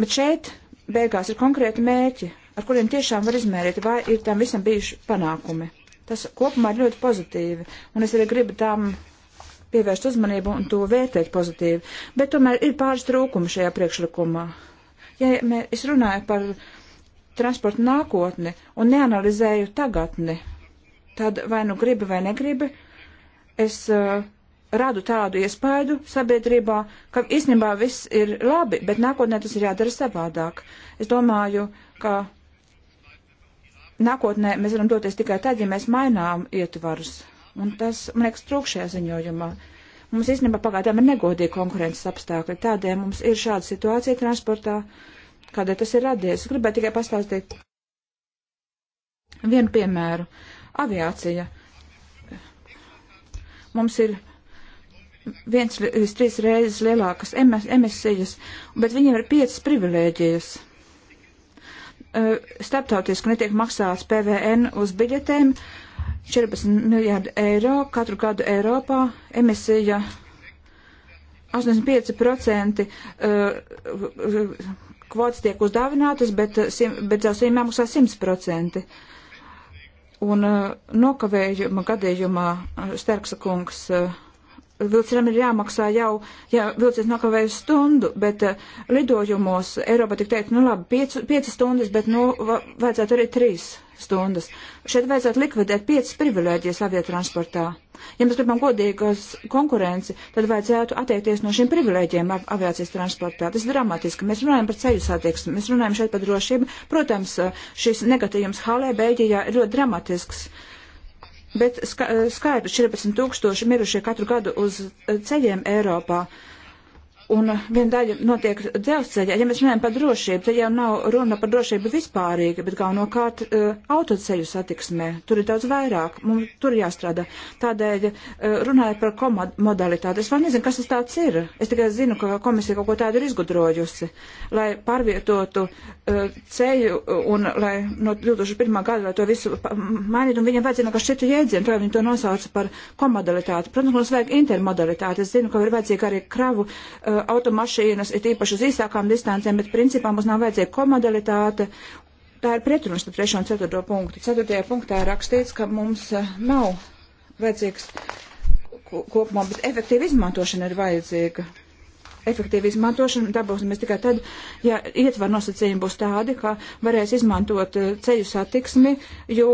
Bet šeit beigās ir konkrēti mērķi, ar kuriem tiešām var izmērīt, vai ir tam visam bijuši panākumi. Tas kopumā ir ļoti pozitīvi, un es arī gribu tām pievērst uzmanību un to vērtēt pozitīvi. Bet tomēr ir pāris trūkumi šajā priekšlikumā. Ja mē, es runāju par transporta nākotni un neanalizēju tagadni, tad vai nu gribi vai negribi, es uh, radu tādu iespaidu sabiedrībā, ka īstenībā viss ir labi, bet nākotnē tas ir jādara savādāk. Es domāju, ka nākotnē mēs varam doties tikai tad, ja mēs mainām ietvarus. Un tas, man liekas, trūkšajā ziņojumā. Mums īstenībā pagaidām ir negodīgi konkurences apstākļi. Tādēļ mums ir šāda situācija transportā, kādēļ tas ir radies. Es gribētu tikai pastāstīt vienu piemēru. Aviācija. Mums ir viens līdz trīs reizes lielākas emisijas, bet viņiem ir piecas privilēģijas Eh, starptautiski netiek maksāts PVN uz biļetēm 14 miljārdu eiro katru gadu Eiropā emisija 85% eh, kvotas tiek uzdāvinātas, bet, eh, bet dzelzceļiem jāmaksā 100%. Un nokavējuma gadījumā Sterksa kungs uh, vilcienam ir jāmaksā jau, ja vilciens nokavējas stundu, bet uh, lidojumos Eiropa tik teikt, nu labi, 5 stundas, bet nu va, vajadzētu arī 3 stundas. Šeit vajadzētu likvidēt 5 privilēģijas aviatransportā. Ja mēs gribam godīgas konkurenci, tad vajadzētu attiekties no šiem privilēģiem av aviācijas transportā. Tas ir dramatiski. Mēs runājam par ceļu satieksmi, mēs runājam šeit par drošību. Protams, eh, šis negatījums Halē, Beļģijā ir ļoti dramatisks. Uh, bet ska, skaidrs 14 tūkstoši mirušie katru gadu uz ceļiem Eiropā. Uh, un viena daļa notiek dzelzceļā. Ja mēs runājam par drošību, tad jau nav runa par drošību vispārīgi, bet galvenokārt uh, autoceļu satiksmē. Tur ir daudz vairāk, mums tur jāstrādā. Tādēļ uh, eh, runāju par komodalitāti. Es vēl nezinu, kas tas tāds ir. Es tikai zinu, ka komisija kaut ko tādu ir izgudrojusi, lai pārvietotu uh, ceļu un lai no 2001. gada, lai to visu mainītu, un viņiem vajadzina, ka šķitu jēdzienu, tā viņi to nosauca par komodalitāti. Protams, mums vajag intermodalitāti. Es zinu, ka ir vajadzīga arī kravu. Uh, automašīnas, ir īpaši uz īsākām distancēm, bet principā mums nav vajadzīga komodalitāte. Tā ir pretrunas ar 3. un 4. punktu. 4. punktā ir rakstīts, ka mums eh, nav vajadzīgs kopumā, bet efektīva izmantošana ir vajadzīga. Efektīva izmantošana dabūsimies tikai tad, ja ietvar nosacījumi būs tādi, ka varēs izmantot eh, ceļu satiksmi, jo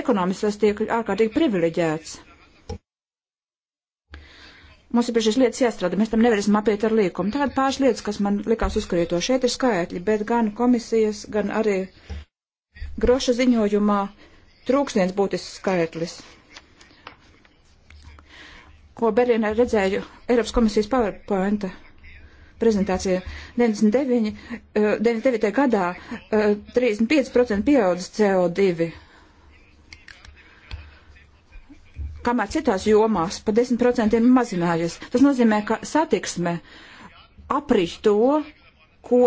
ekonomiskās tiek ārkārtīgi privileģēts. Mums ir pie šīs lietas jāstrādā, mēs tam nevarēsim apiet ar līkumu. Tagad pāris lietas, kas man likās uzkrīto. Šeit ir skaitļi, bet gan komisijas, gan arī groša ziņojumā trūks viens būtisks skaitlis, ko Berlīnē redzēju Eiropas komisijas PowerPoint prezentācijā. 99, 99. Eh, gadā 35% eh, pieaudzis CO2 kamēr citās jomās pa 10% mazinājies. Tas nozīmē, ka satiksme aprīš to, ko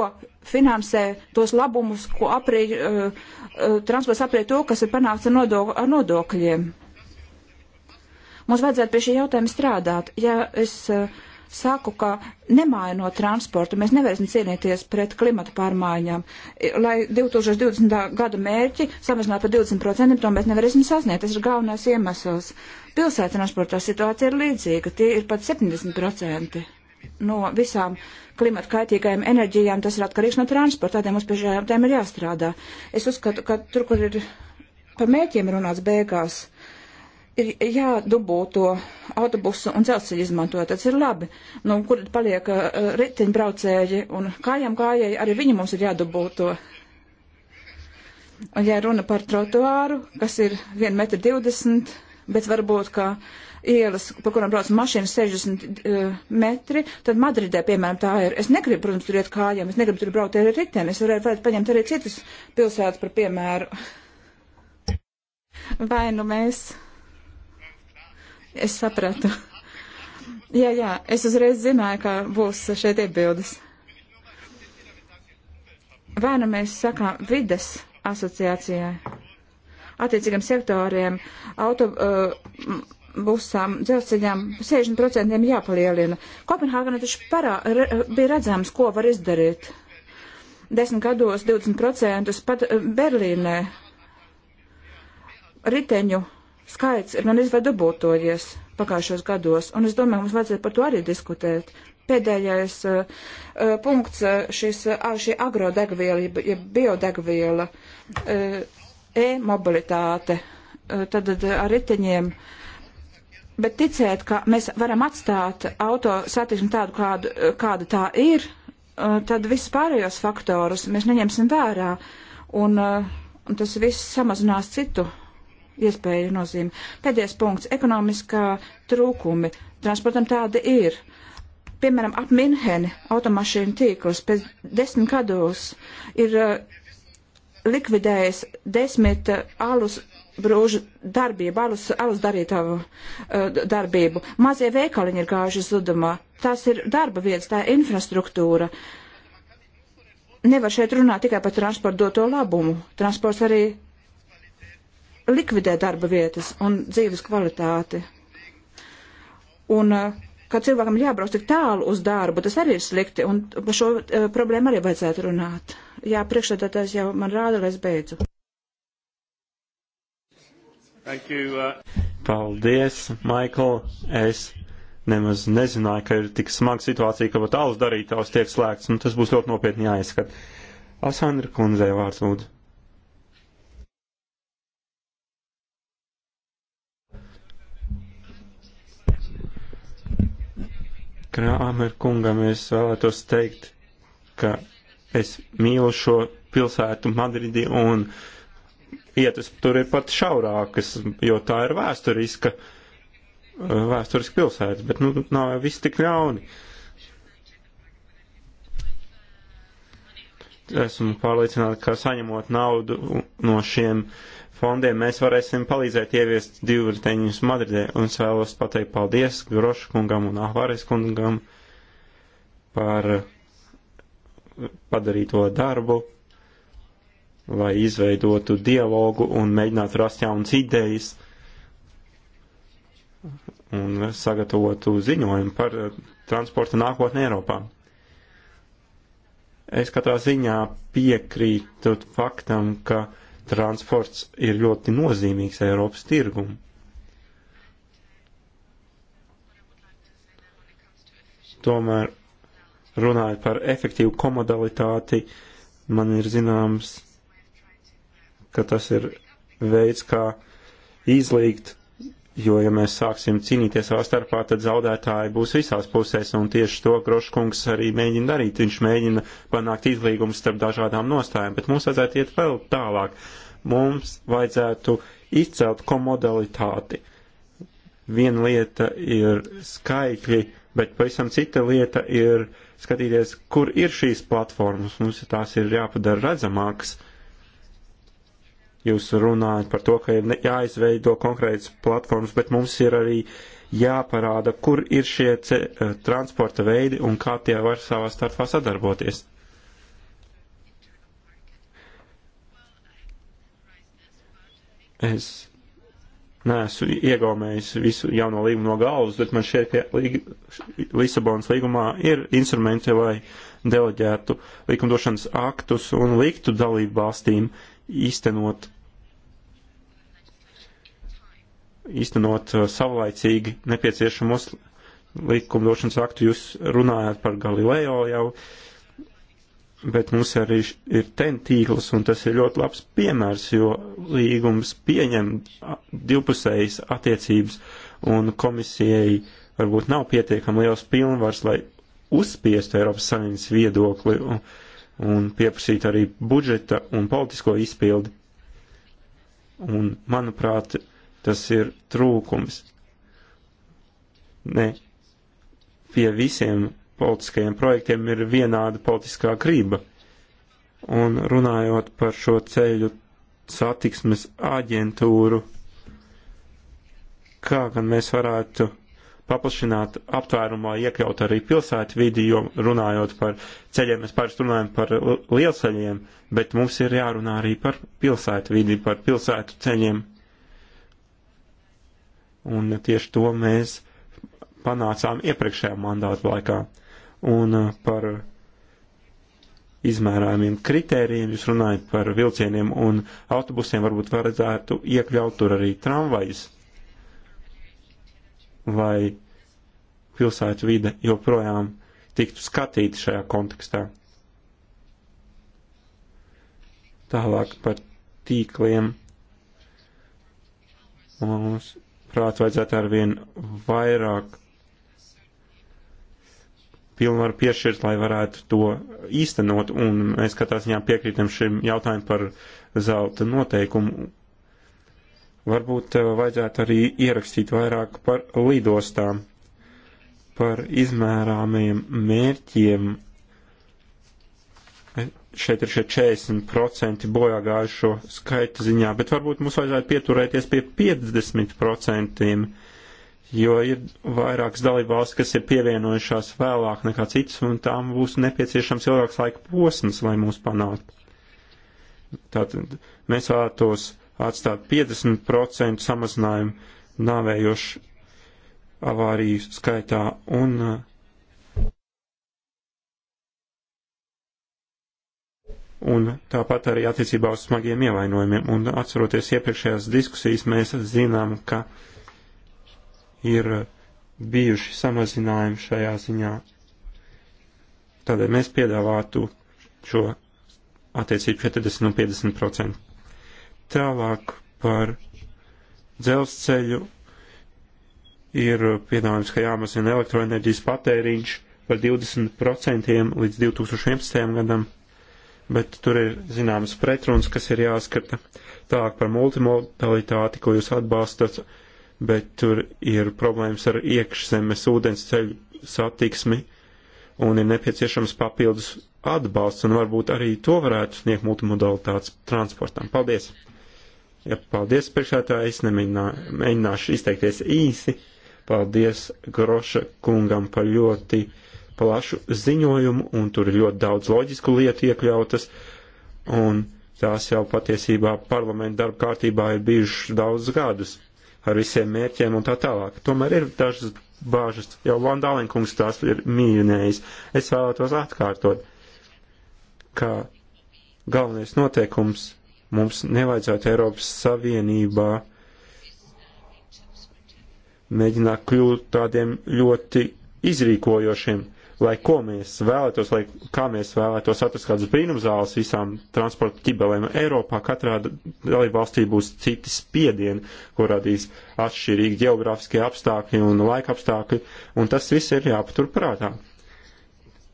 finansē tos labumus, ko aprīļ, uh, eh, uh, eh, transports aprīļ to, kas ir panākts ar, nodok ar nodokļiem. Mums vajadzētu pie šī jautājuma strādāt. Ja es uh, saku, ka nemainot transportu mēs nevarēsim cīnīties pret klimatu pārmaiņām. Lai 2020. gada mērķi samazinātu par 20%, to mēs nevarēsim sasniegt. Tas ir galvenais iemesls. Pilsētas transportā situācija ir līdzīga. Tie ir pat 70% no visām klimata kaitīgajām enerģijām. Tas ir atkarīgs no transporta. Tādēļ mums pie šiem tēmiem ir jāstrādā. Es uzskatu, ka tur, kur ir par mērķiem runāts beigās ir jādubūto autobusu un dzelzceļu izmantot, tas ir labi. Nu, kur paliek uh, riteņbraucēji un kājām kājai, arī viņi mums ir jādubūto. Un, ja runa par trotuāru, kas ir 1,20 m, bet varbūt, ka ielas, pa kurām brauc mašīnas 60 uh, metri, tad Madridē, piemēram, tā ir. Es negribu, protams, tur iet kājām, es negribu tur braukt ar riteni, es varētu, varētu paņemt arī citas pilsētas par piemēru. Vai nu mēs Es sapratu. Jā, jā, es uzreiz zināju, ka būs šeit iebildes. Vai nu mēs sakām vides asociācijai, attiecīgiem sektoriem, autobusām, uh, dzelzceļām 60% jāpalielina. Kopenhāgana taču parā, re, bija redzams, ko var izdarīt. Desmit gados 20% pat uh, Berlīnē riteņu skaits ir gan izvedubotojies pagājušos gados, un es domāju, mums vajadzētu par to arī diskutēt. Pēdējais uh, uh punkts uh, šis, uh, šī agrodegviela, ja biodegviela, uh, e-mobilitāte, uh, tad uh, ar riteņiem. Bet ticēt, ka mēs varam atstāt auto satiksmi tādu, kādu, kāda tā ir, uh, tad visus pārējos faktorus mēs neņemsim vērā, un, uh, un tas viss samazinās citu iespēju nozīme. Pēdējais punkts - ekonomiskā trūkumi. Transportam tāda ir. Piemēram, ap Minheni automašīnu tīklus pēc desmit gados ir uh, likvidējis desmit uh, alus brūžu darbību, alus, alus darītavu uh, darbību. Mazie veikaliņi ir gājuši zudumā. Tās ir darba vietas, tā ir infrastruktūra. Nevar šeit runāt tikai par transportu doto labumu. Transports arī likvidē darba vietas un dzīves kvalitāti. Un, eh, ka cilvēkam jābrauc tik tālu uz darbu, tas arī ir slikti, un par šo uh, problēmu arī vajadzētu runāt. Jā, priekšsēdētājs jau man rāda, lai es beidzu. You, uh... Paldies, Maikl. Es nemaz nezināju, ka ir tik smaga situācija, ka pat alus darītājs tiek slēgts, un tas būs ļoti nopietni jāizskat. Asandra kundzei vārds lūdzu. Krāmer kungam es vēlētos teikt, ka es mīlu šo pilsētu Madridi un ietas tur ir pat šaurākas, jo tā ir vēsturiska, vēsturiska pilsēta, bet nu nav viss tik ļauni. Uh, esmu pārliecināta, ka saņemot naudu no šiem fondiem, mēs varēsim palīdzēt ieviest divriteņus Madridē. Un es vēlos pateikt paldies Grošu kungam un Ahvares kungam par padarīto darbu, lai izveidotu dialogu un mēģinātu rast jaunas idejas un sagatavotu ziņojumu par transporta nākotni Eiropā. Es katrā ziņā piekrītu faktam, ka transports ir ļoti nozīmīgs Eiropas tirgumu. Tomēr runājot par efektīvu komodalitāti, man ir zināms, ka tas ir veids, kā izlīgt Jo, ja mēs sāksim cīnīties savā starpā, tad zaudētāji būs visās pusēs, un tieši to Groškungs arī mēģina darīt. Viņš mēģina panākt izlīgumu starp dažādām nostājām, bet mums vajadzētu iet vēl tālāk. Mums vajadzētu izcelt komodalitāti. Viena lieta ir skaitļi, bet pavisam cita lieta ir skatīties, kur ir šīs platformas. Mums tās ir jāpadara redzamākas. Uh, Jūs runājat par to, ka ir jāizveido konkrētas platformas, bet mums ir arī jāparāda, kur ir šie eh, transporta veidi un kā tie var savā starpā sadarboties. Es neesmu iegaumējis visu jauno līgumu no galvas, bet man šeit līg, Lisabonas līgumā ir instrumenti, lai deleģētu likumdošanas aktus un liktu dalību valstīm īstenot īstenot uh, savlaicīgi nepieciešamos likumdošanas aktu. Jūs runājāt par Galileo jau, bet mums arī ir ten tīkls, un tas ir ļoti labs piemērs, jo līgums pieņem divpusējas attiecības, un komisijai varbūt nav pietiekami liels pilnvars, lai uzspiestu Eiropas Savienības viedokli un, un pieprasītu arī budžeta un politisko izpildi. Un, manuprāt, Tas ir trūkums. Ne. Pie visiem politiskajiem projektiem ir vienāda politiskā grība. Un runājot par šo ceļu satiksmes aģentūru, kā gan mēs varētu paplašināt aptvērumā iekļaut arī pilsētu vidi, jo runājot par ceļiem, mēs pāris runājam par lielceļiem, bet mums ir jārunā arī par pilsētu vidi, par pilsētu ceļiem. Un tieši to mēs panācām iepriekšējā mandāta laikā. Un uh, par izmērājumiem kritērijiem, jūs runājat par vilcieniem un autobusiem, varbūt vajadzētu iekļaut tur arī tramvajus. Lai pilsētu vide joprojām tiktu skatīta šajā kontekstā. Tālāk par tīkliem. Mums Manuprāt, vajadzētu arvien vairāk pilnvaru piešķirt, lai varētu to īstenot, un mēs katrā ziņā piekrītam šim jautājumam par zelta noteikumu. Varbūt eh, vajadzētu arī ierakstīt vairāk par lidostām, par izmērāmiem mērķiem šeit ir šie 40% bojā gājušo skaita ziņā, bet varbūt mums vajadzētu pieturēties pie 50%, jo ir vairākas dalībvalstis, kas ir pievienojušās vēlāk nekā citas, un tām būs nepieciešams ilgāks laika posms, lai mūs panāktu. Tātad mēs vēlētos atstāt 50% samazinājumu nāvējošu avāriju skaitā un uh, un tāpat arī attiecībā uz smagiem ievainojumiem. Un atceroties iepriekšējās diskusijas, mēs zinām, ka ir bijuši samazinājumi šajā ziņā. Tādēļ mēs piedāvātu šo attiecību 40 un 50 procentu. Tālāk par dzelzceļu ir piedāvājums, ka jāmazina elektroenerģijas patēriņš par 20% līdz 2011. gadam bet tur ir zināmas pretrunas, kas ir jāskata tālāk par multimodalitāti, ko jūs atbalstat, bet tur ir problēmas ar iekšzemes ūdens ceļu satiksmi un ir nepieciešams papildus atbalsts, un varbūt arī to varētu sniegt multimodalitātes transportam. Paldies! Ja, paldies, priekšētāji, es nemēģināšu izteikties īsi. Paldies Groša kungam par ļoti plašu ziņojumu, un tur ir ļoti daudz loģisku lietu iekļautas, un tās jau patiesībā parlamenta darba kārtībā ir bijušas daudzus gadus ar visiem mērķiem un tā tālāk. Tomēr ir dažas bāžas, jau Vandālinkungs tās ir mīnējis. Es vēlētos atkārtot, ka galvenais noteikums mums nevajadzētu Eiropas Savienībā mēģināt kļūt tādiem ļoti izrīkojošiem lai ko mēs vēlētos, lai kā mēs vēlētos atrast kādas brīnumzāles visām transporta ķibelēm Eiropā, katrā dalībvalstī būs citi spiedieni, ko radīs atšķirīgi geogrāfiskie apstākļi un laika apstākļi, un tas viss ir jāpatur prātā.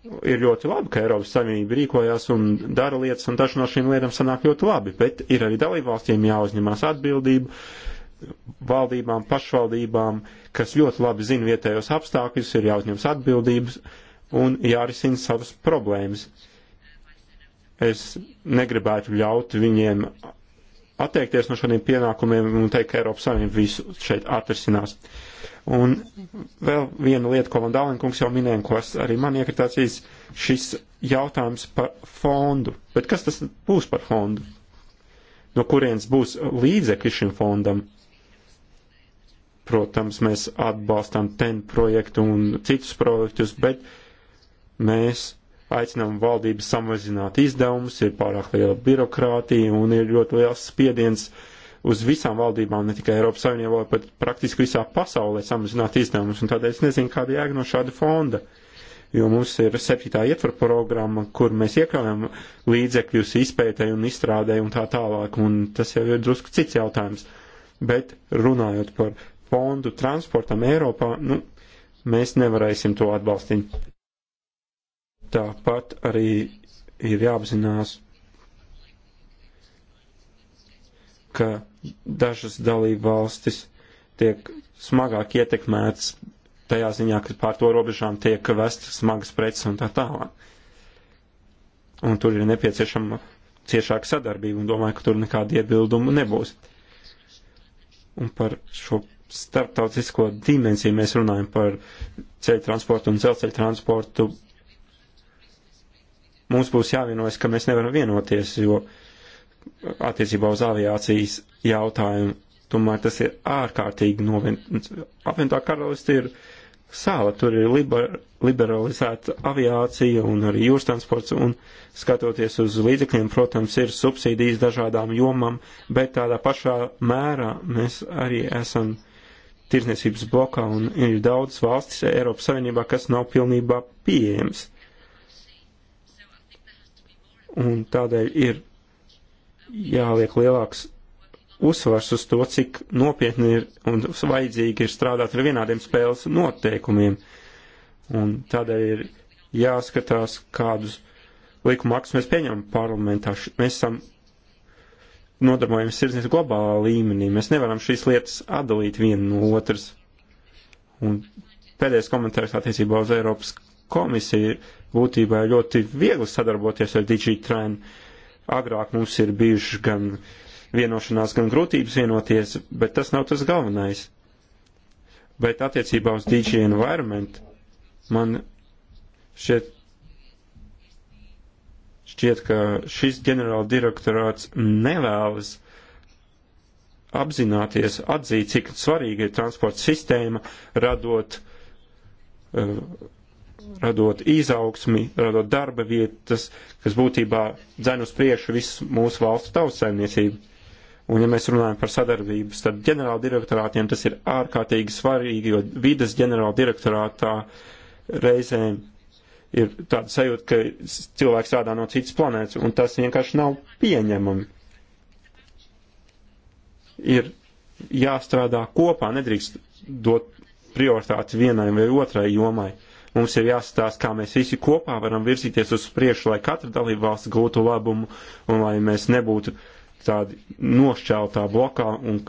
Ir ļoti labi, ka Eiropas Savienība rīkojās un dara lietas, un daži no šīm lietām sanāk ļoti labi, bet ir arī dalībvalstīm jāuzņemās atbildību, valdībām, pašvaldībām, kas ļoti labi zina vietējos apstākļus, ir jāuzņems atbildības, uh, un jārisina savas problēmas. Es negribētu ļaut viņiem atteikties no šādiem pienākumiem un teikt, ka Eiropas Savienība visu šeit atrisinās. Un vēl viena lieta, ko man Dālinkungs jau minēja, ko es arī man iekritācīs, šis jautājums par fondu. Bet kas tas būs par fondu? No kurienes būs līdzekļi šim fondam? Protams, mēs atbalstām ten projektu un citus projektus, bet Mēs aicinām valdības samazināt izdevumus, ir pārāk liela birokrātija un ir ļoti liels spiediens uz visām valdībām, ne tikai Eiropas Savienībā, bet praktiski visā pasaulē samazināt izdevumus. Un tādēļ es nezinu, kāda jēga no šāda fonda jo mums ir septītā ietvaru programma, kur mēs iekļaujam līdzekļus izpētēji un izstrādēji un tā tālāk, un tas jau ir drusku cits jautājums. Bet runājot par fondu transportam Eiropā, nu, mēs nevarēsim to atbalstīt. Tāpat arī ir jāapzinās, ka dažas dalība valstis tiek smagāk ietekmētas tajā ziņā, ka pār to robežām tiek vestas smagas preces un tā tālāk. Un tur ir nepieciešama ciešāka sadarbība, un domāju, ka tur nekāda iebildumu nebūs. Un par šo starptautisko dimensiju mēs runājam par ceļu transportu un dzelceļu transportu mums būs jāvienojas, ka mēs nevaram vienoties, jo attiecībā uz aviācijas jautājumu tomēr tas ir ārkārtīgi novietojums. Apvienotā karalisti ir sāla, tur ir liber, liberalizēta aviācija un arī jūras transports, un skatoties uz līdzekļiem, protams, ir subsīdijas dažādām jomām, bet tādā pašā mērā mēs arī esam tirsniecības blokā, un ir daudz valstis Eiropas Savienībā, kas nav pilnībā pieejams un tādēļ ir jāliek lielāks uzsvars uz to, cik nopietni ir un vajadzīgi ir strādāt ar vienādiem spēles noteikumiem. Un tādēļ ir jāskatās, kādus likuma aktus mēs pieņemam parlamentā. Mēs esam nodarbojamies sirdsnes globālā līmenī. Mēs nevaram šīs lietas atdalīt vienu no otras. Un pēdējais komentārs attiecībā uz Eiropas komisija ir būtībā ļoti viegli sadarboties ar DigiTrend. Agrāk mums ir bijuši gan vienošanās, gan grūtības vienoties, bet tas nav tas galvenais. Bet attiecībā uz DG Environment man šķiet, šķiet ka šis ģenerāla direktorāts nevēlas apzināties, atzīt, cik svarīga ir transporta sistēma, radot uh, radot izaugsmi, radot darba vietas, kas būtībā dzēn uz priekšu visu mūsu valstu tautsēmniecību. Un, ja mēs runājam par sadarbību starp ģenerāla direktorātiem, tas ir ārkārtīgi svarīgi, jo vidas ģenerāla direktorātā reizēm ir tāda sajūta, ka cilvēks strādā no citas planētas, un tas vienkārši nav pieņemami. Ir jāstrādā kopā, nedrīkst dot prioritāti vienai vai otrai jomai. Uh, Mums ir jāstāsta, kā mēs visi kopā varam virzīties uz priekšu, lai katra dalība valsts gūtu labumu un lai mēs nebūtu tādi nošķeltā blokā un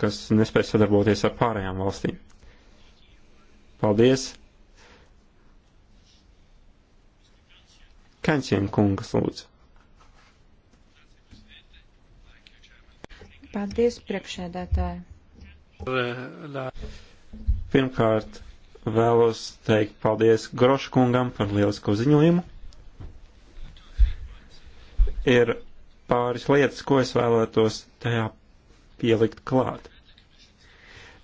kas nespēj sadarboties ar pārējām valstīm. Paldies! Kaņķiem kungas lūdzu. Paldies, priekšēdētāji. Pirmkārt, Vēlos teikt paldies Groškungam par lielisko ziņojumu. Ir pāris lietas, ko es vēlētos tajā pielikt klāt.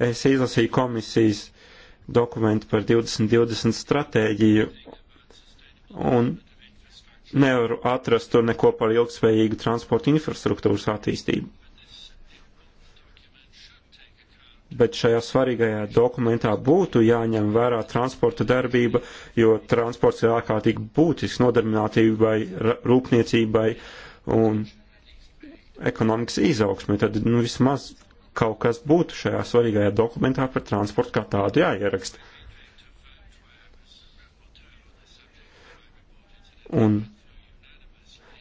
Es izlasīju komisijas dokumentu par 2020 stratēģiju un nevaru atrast tur neko par ilgspējīgu transporta infrastruktūras attīstību bet šajā svarīgajā dokumentā būtu jāņem vērā transporta darbība, jo transports ir ārkārtīgi būtisks nodarbinātībai, rūpniecībai un ekonomikas izaugsmē. Tad nu, vismaz kaut kas būtu šajā svarīgajā dokumentā par transportu kā tādu jāieraksta. Un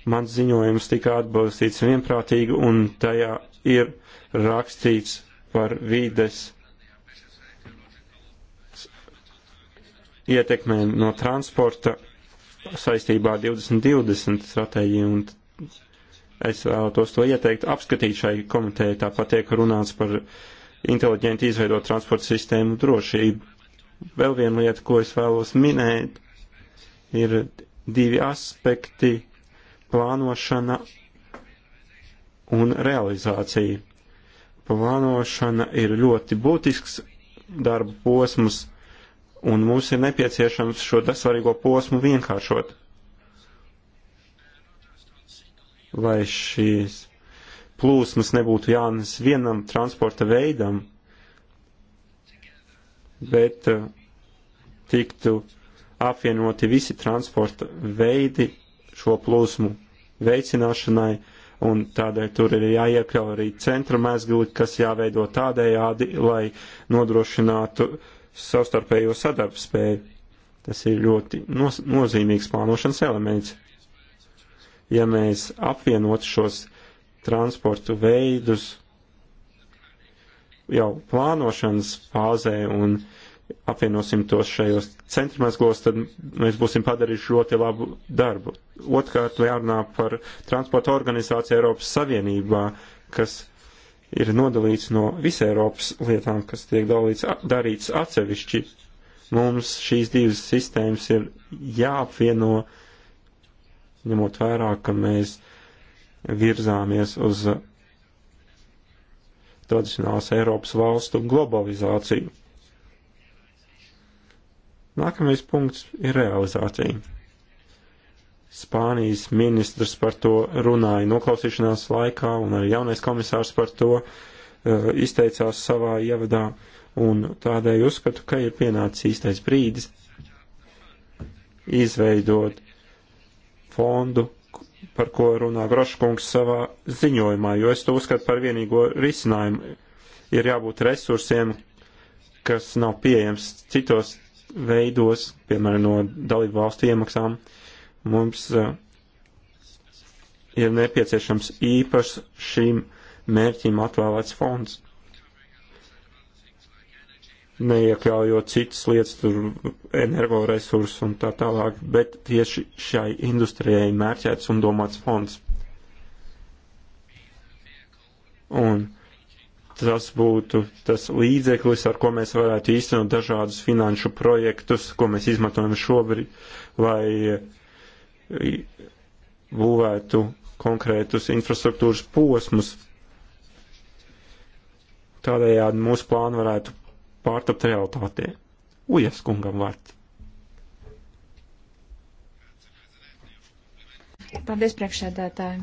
mans ziņojums tika atbalstīts vienprātīgi un tajā ir rakstīts par vīdes ietekmēm no transporta saistībā ar 2020 stratēģiju, un es vēlētos to ieteikt apskatīt šai komitejai, tāpat tiek runāts par inteliģenti izveidot transporta sistēmu drošību. Vēl viena lieta, ko es vēlos minēt, ir divi aspekti - plānošana un realizācija plānošana ir ļoti būtisks darba posms, un mums ir nepieciešams šo svarīgo posmu vienkāršot. Lai šīs plūsmas nebūtu jānes vienam transporta veidam, bet uh, tiktu apvienoti visi transporta veidi šo plūsmu veicināšanai, un tādēļ tur ir jāiekļau arī centra mezgli, kas jāveido tādējādi, lai nodrošinātu savstarpējo sadarbspēju. Tas ir ļoti nos nozīmīgs plānošanas elements. Ja mēs apvienot šos transportu veidus jau plānošanas fāzē un uh, apvienosim tos šajos centrmezglos, tad mēs būsim padarījuši ļoti labu darbu. Otkārt, jārunā par transporta organizāciju Eiropas Savienībā, kas ir nodalīts no visai Eiropas lietām, kas tiek dalīts, darīts atsevišķi. Mums šīs divas sistēmas ir jāapvieno, ņemot vērā, ka mēs virzāmies uz tradicionālas Eiropas valstu globalizāciju Nākamais punkts ir realizācija. Spānijas ministrs par to runāja noklausīšanās laikā, un arī jaunais komisārs par to uh, izteicās savā ievadā, un tādēļ uzskatu, ka ir pienācis īstais brīdis izveidot fondu, par ko runā Groškungs savā ziņojumā, jo es to uzskatu par vienīgo risinājumu. Ir jābūt resursiem, kas nav pieejams citos veidos, piemēram, no dalību valstu iemaksām, mums eh, ir nepieciešams īpašs šīm mērķim atvēlēts fonds. Neiekļaujot citas lietas, tur energoresursus un tā tālāk, bet tieši šai industrijai mērķēts un domāts fonds. Un tas būtu tas līdzeklis, ar ko mēs varētu īstenot dažādus finanšu projektus, ko mēs izmantojam šobrīd, lai būvētu konkrētus infrastruktūras posmus. Tādējādi mūsu plānu varētu pārtapt realitātē. Ujas kungam vārds. Paldies, priekšsēdētāji.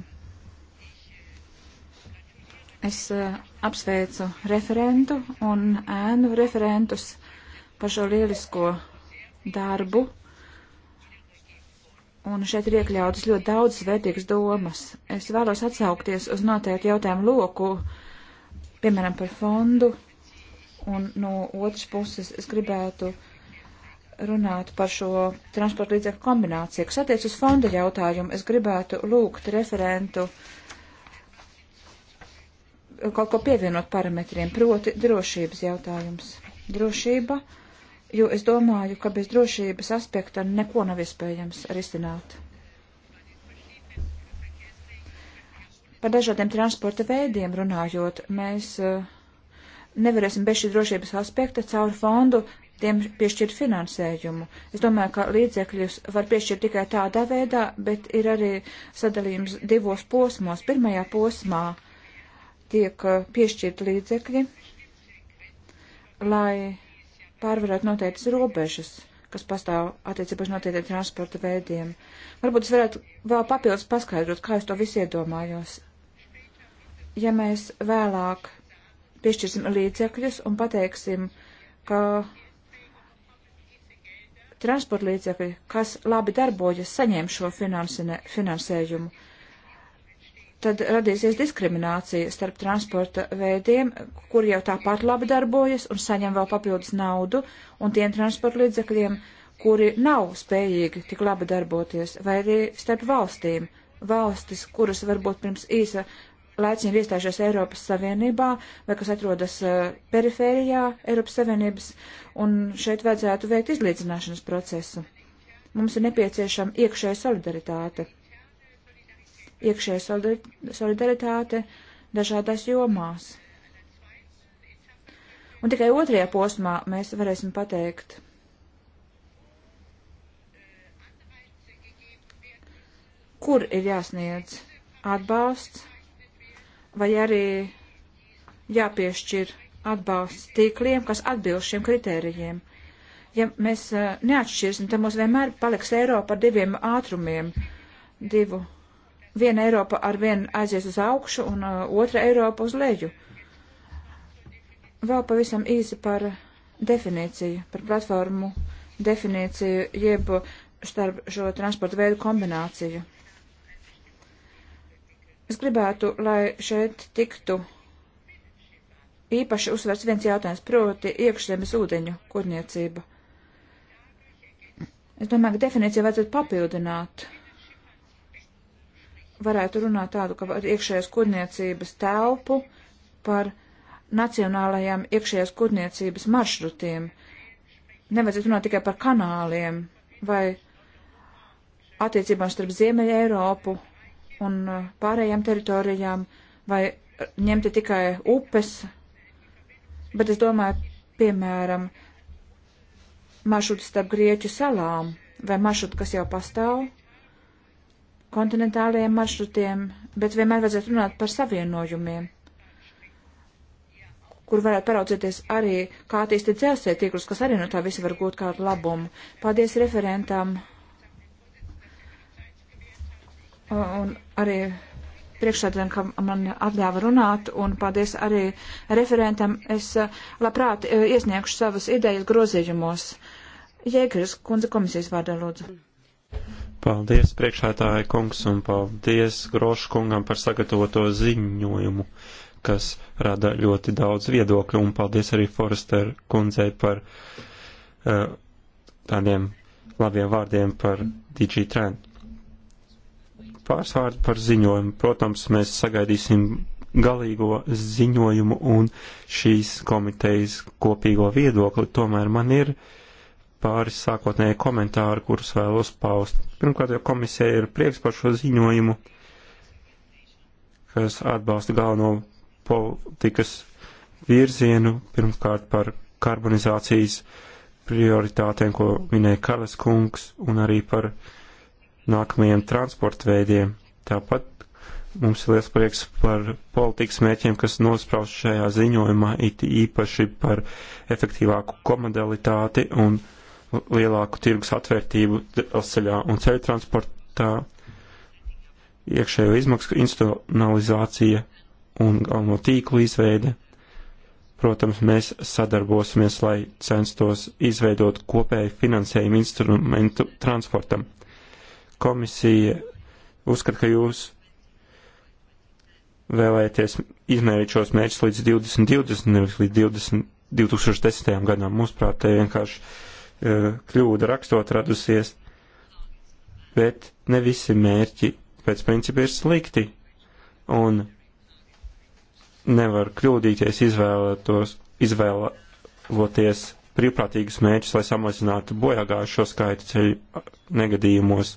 Es uh, apsveicu referentu un ēnu referentus par šo lielisko darbu. Un šeit ir iekļautas ļoti daudz vērtīgas domas. Es vēlos atsaukties uz noteiktu jautājumu loku, piemēram, par fondu. Un no otras puses es gribētu runāt par šo transporta līdzekļu kombināciju. Kas attiec uz fonda jautājumu, es gribētu lūgt referentu uh, kaut ko pievienot parametriem, proti drošības jautājums. Drošība, jo es domāju, ka bez drošības aspekta neko nav iespējams risināt. Par dažādiem transporta veidiem runājot, mēs eh, nevarēsim bez šī drošības aspekta caur fondu tiem piešķirt finansējumu. Es domāju, ka līdzekļus var piešķirt tikai tādā veidā, bet ir arī sadalījums divos posmos. Pirmajā posmā uh, tiek eh, piešķirt līdzekļi, lai pārvarētu noteiktas robežas, kas pastāv attiecībā uz noteiktiem transporta veidiem. Varbūt es varētu vēl papildus paskaidrot, kā es to visu iedomājos. Ja mēs vēlāk piešķirsim līdzekļus un pateiksim, ka transporta līdzekļi, kas labi darbojas, saņem šo finansējumu, tad radīsies diskriminācija starp transporta veidiem, kur jau tāpat labi darbojas un saņem vēl papildus naudu, un tiem transporta līdzekļiem, kuri nav spējīgi tik labi darboties, vai arī starp valstīm. Valstis, kuras varbūt pirms īsa laicina iestājušies Eiropas Savienībā, vai kas atrodas uh, perifērijā Eiropas Savienības, un šeit vajadzētu veikt izlīdzināšanas procesu. Mums ir nepieciešama iekšēja solidaritāte iekšēja solidaritāte dažādās jomās. Un tikai otrajā posmā mēs varēsim pateikt, kur ir jāsniedz atbalsts, vai arī jāpiešķir atbalsts tīkliem, kas atbilst šiem kritērijiem. Ja mēs eh, neatšķirsim, tad mums vienmēr paliks Eiropa ar diviem ātrumiem, divu Viena Eiropa ar vienu aizies uz augšu un uh, otra Eiropa uz leju. Vēl pavisam īsi par definīciju, par platformu definīciju, jeb starp šo transporta veidu kombināciju. Es gribētu, lai šeit tiktu īpaši uzsverts viens jautājums, proti iekšzemes ūdeņu kurniecība. Es domāju, ka definīciju vajadzētu papildināt varētu runāt tādu, ka iekšējās kurniecības telpu par nacionālajām iekšējās kurniecības maršrutiem. Nevajadzētu runāt tikai par kanāliem vai attiecībām starp Ziemeļa Eiropu un uh, pārējām teritorijām, vai ņemti tikai upes, bet es domāju, piemēram, maršruti starp Grieķu salām vai maršruti, kas jau pastāv kontinentālajiem maršrutiem, bet vienmēr vajadzētu runāt par savienojumiem, kur varētu paraudzīties arī, kā attīstīt dzelzceļa tīklus, kas arī no tā visi var gūt kādu labumu. Paldies referentam un arī priekšsēdētājiem, ka man atļāva runāt, un paldies arī referentam. Es labprāt e, iesniegšu savas idejas grozījumos. Jēgris, kundze komisijas vārdā lūdzu. Paldies priekšētāja kungs un paldies Grošu kungam par sagatavoto ziņojumu, kas rada ļoti daudz viedokļu un paldies arī Forester kundzei par uh, tādiem labiem vārdiem par DigiTrend. Pārsvārdi par ziņojumu. Protams, mēs sagaidīsim galīgo ziņojumu un šīs komitejas kopīgo viedokli. Tomēr man ir uh, pāris sākotnēji komentāri, kurus vēlos paust. Pirmkārt, jau komisija ir prieks par šo ziņojumu, kas atbalsta galveno politikas virzienu, pirmkārt par karbonizācijas prioritātēm, ko minēja Karles kungs, un arī par nākamajiem transporta veidiem. Tāpat mums ir liels prieks par politikas mērķiem, kas nospraust šajā ziņojumā, it īpaši par efektīvāku komodalitāti un komodalitāti lielāku tirgus atvērtību ceļā un ceļu transportā, iekšējo izmaksu institucionalizācija un galveno tīklu izveide. Protams, mēs sadarbosimies, lai censtos izveidot kopēju finansējumu instrumentu transportam. Komisija uzskata, ka jūs vēlēties izmērīt šos mērķus līdz 2020, nevis līdz 20, 2010. gadam. Mūsuprāt, te vienkārši Eh, kļūda rakstot radusies, bet ne visi mērķi pēc principa ir slikti, un nevar kļūdīties izvēlētos, izvēloties brīvprātīgus mērķus, lai samazinātu bojāgājušo skaitu ceļu negadījumos,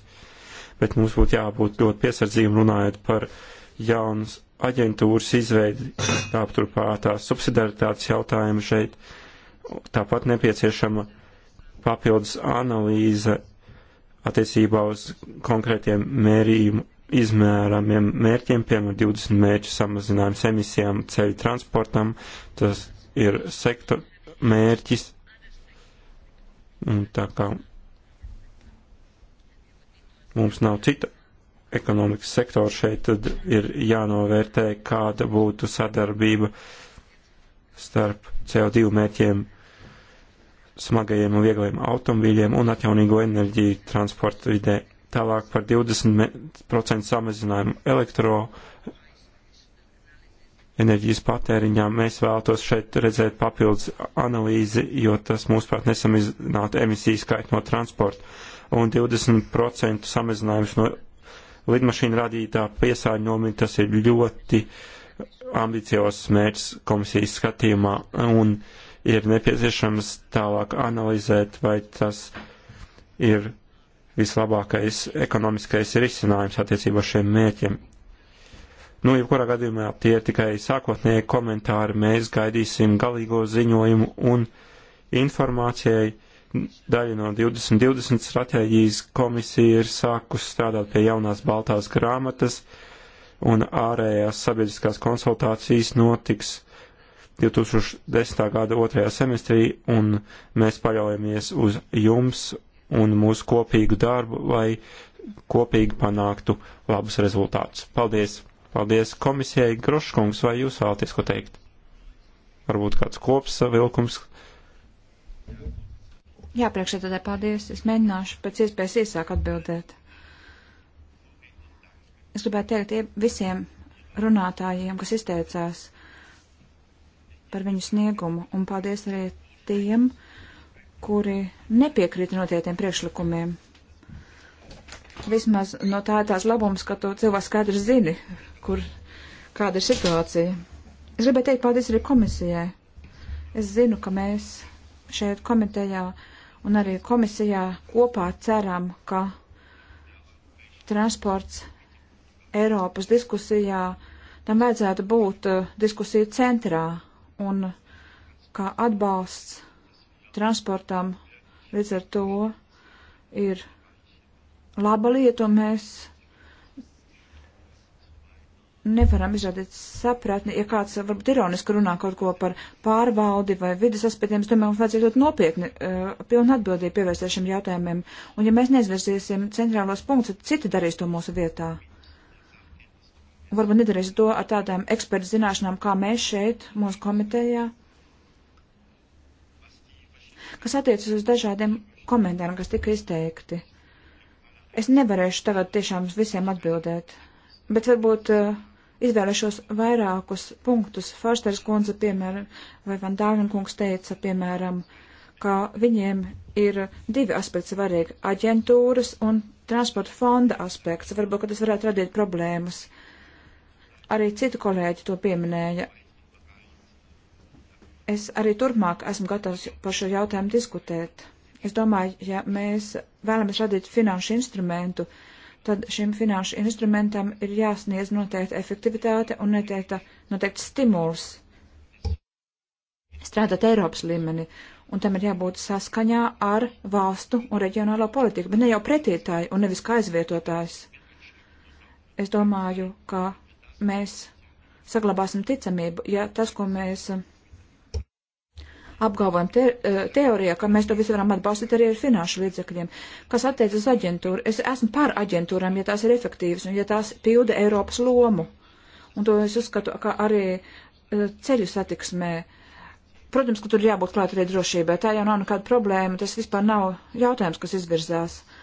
bet mums būtu jābūt ļoti piesardzīgiem runājot par jaunas aģentūras izveidi, tāpturpātā subsidaritātes jautājumu šeit, tāpat nepieciešama uh, papildus analīze attiecībā uz konkrētiem mērījumu izmērāmiem mērķiem, piemēram, 20 mērķu samazinājums emisijām ceļu transportam, tas ir sektor mērķis. Un tā kā mums nav cita ekonomikas sektora šeit, tad ir jānovērtē, kāda būtu sadarbība starp CO2 mērķiem smagajiem un vieglajiem automobīļiem un atjaunīgo enerģiju transporta vidē. Tālāk par 20% samazinājumu elektro enerģijas patēriņā mēs vēlētos šeit redzēt papildus analīzi, jo tas, mūsuprāt, nesamazinātu emisiju skaitu no transporta un 20% samazinājums no lidmašīnu radītā piesārņojuma. Tas ir ļoti ambiciozs mērķis komisijas skatījumā. Un, uh, ir nepieciešams tālāk analizēt, vai tas ir vislabākais ekonomiskais risinājums attiecībā šiem mēķiem. Nu, jebkurā gadījumā tie ir tikai sākotnēji komentāri, mēs gaidīsim galīgo ziņojumu un informācijai. Daļa no 2020 stratēģijas komisija ir sākus strādāt pie jaunās baltās grāmatas, un ārējās sabiedriskās konsultācijas notiks 2010. gada otrajā semestrī, un mēs paļaujamies uz jums un mūsu kopīgu darbu, lai kopīgi panāktu labus rezultātus. Paldies! Paldies komisijai Groškungs, vai jūs vēlaties ko teikt? Varbūt kāds kops vilkums? Jā, priekšētādē paldies. Es mēģināšu pēc iespējas īsāk atbildēt. Es gribētu teikt visiem runātājiem, kas izteicās par viņu sniegumu, un paldies arī tiem, kuri nepiekrita noteiktiem priekšlikumiem. Vismaz no tā ir tās labums, ka tu cilvēks skaidrs zini, kur kāda ir situācija. Es gribēju teikt paldies arī komisijai. Es zinu, ka mēs šeit komitejā un arī komisijā kopā ceram, ka transports Eiropas diskusijā tam vajadzētu būt uh, diskusiju centrā un kā atbalsts transportam līdz ar to ir laba lieta, un mēs nevaram izrādīt sapratni, ja kāds varbūt ironiski runā kaut ko par pārvaldi vai vidas aspektiem, es domāju, mums vajadzētu ļoti nopietni, uh, eh, pilni atbildību pievērsties šiem jautājumiem, un ja mēs neizvirzīsim centrālos punktus, tad citi darīs to mūsu vietā varbūt nedarīs to ar tādām ekspertu zināšanām, kā mēs šeit, mūsu komitejā, kas attiecas uz dažādiem komentāriem, kas tika izteikti. Es nevarēšu tagad tiešām visiem atbildēt, bet varbūt uh, izvēlēšos vairākus punktus. Forsters kundze, piemēram, vai Van Dārna kungs teica, piemēram, ka viņiem ir divi aspekti svarīgi - aģentūras un transporta fonda aspekts. Varbūt, ka tas varētu radīt problēmas. Uh, Arī citi kolēģi to pieminēja. Es arī turpmāk esmu gatavs par šo jautājumu diskutēt. Es domāju, ja mēs vēlamies radīt finanšu instrumentu, tad šim finanšu instrumentam ir jāsniedz noteikta efektivitāte un noteikta, noteikta stimuls strādāt Eiropas līmenī, un tam ir jābūt saskaņā ar valstu un reģionālo politiku, bet ne jau pretītāji un nevis kā aizvietotājs. Es domāju, ka mēs saglabāsim ticamību, ja tas, ko mēs eh, apgalvojam te, eh, teorijā, ka mēs to visu varam atbalstīt arī ar finanšu līdzekļiem. Kas attiecas aģentūru, es esmu par aģentūrām, ja tās ir efektīvas un ja tās pilda Eiropas lomu. Un to es uzskatu, ka arī eh, ceļu satiksmē. Protams, ka tur jābūt klāt arī drošībai. Tā jau nav nekāda problēma, tas vispār nav jautājums, kas izvirzās. Uh,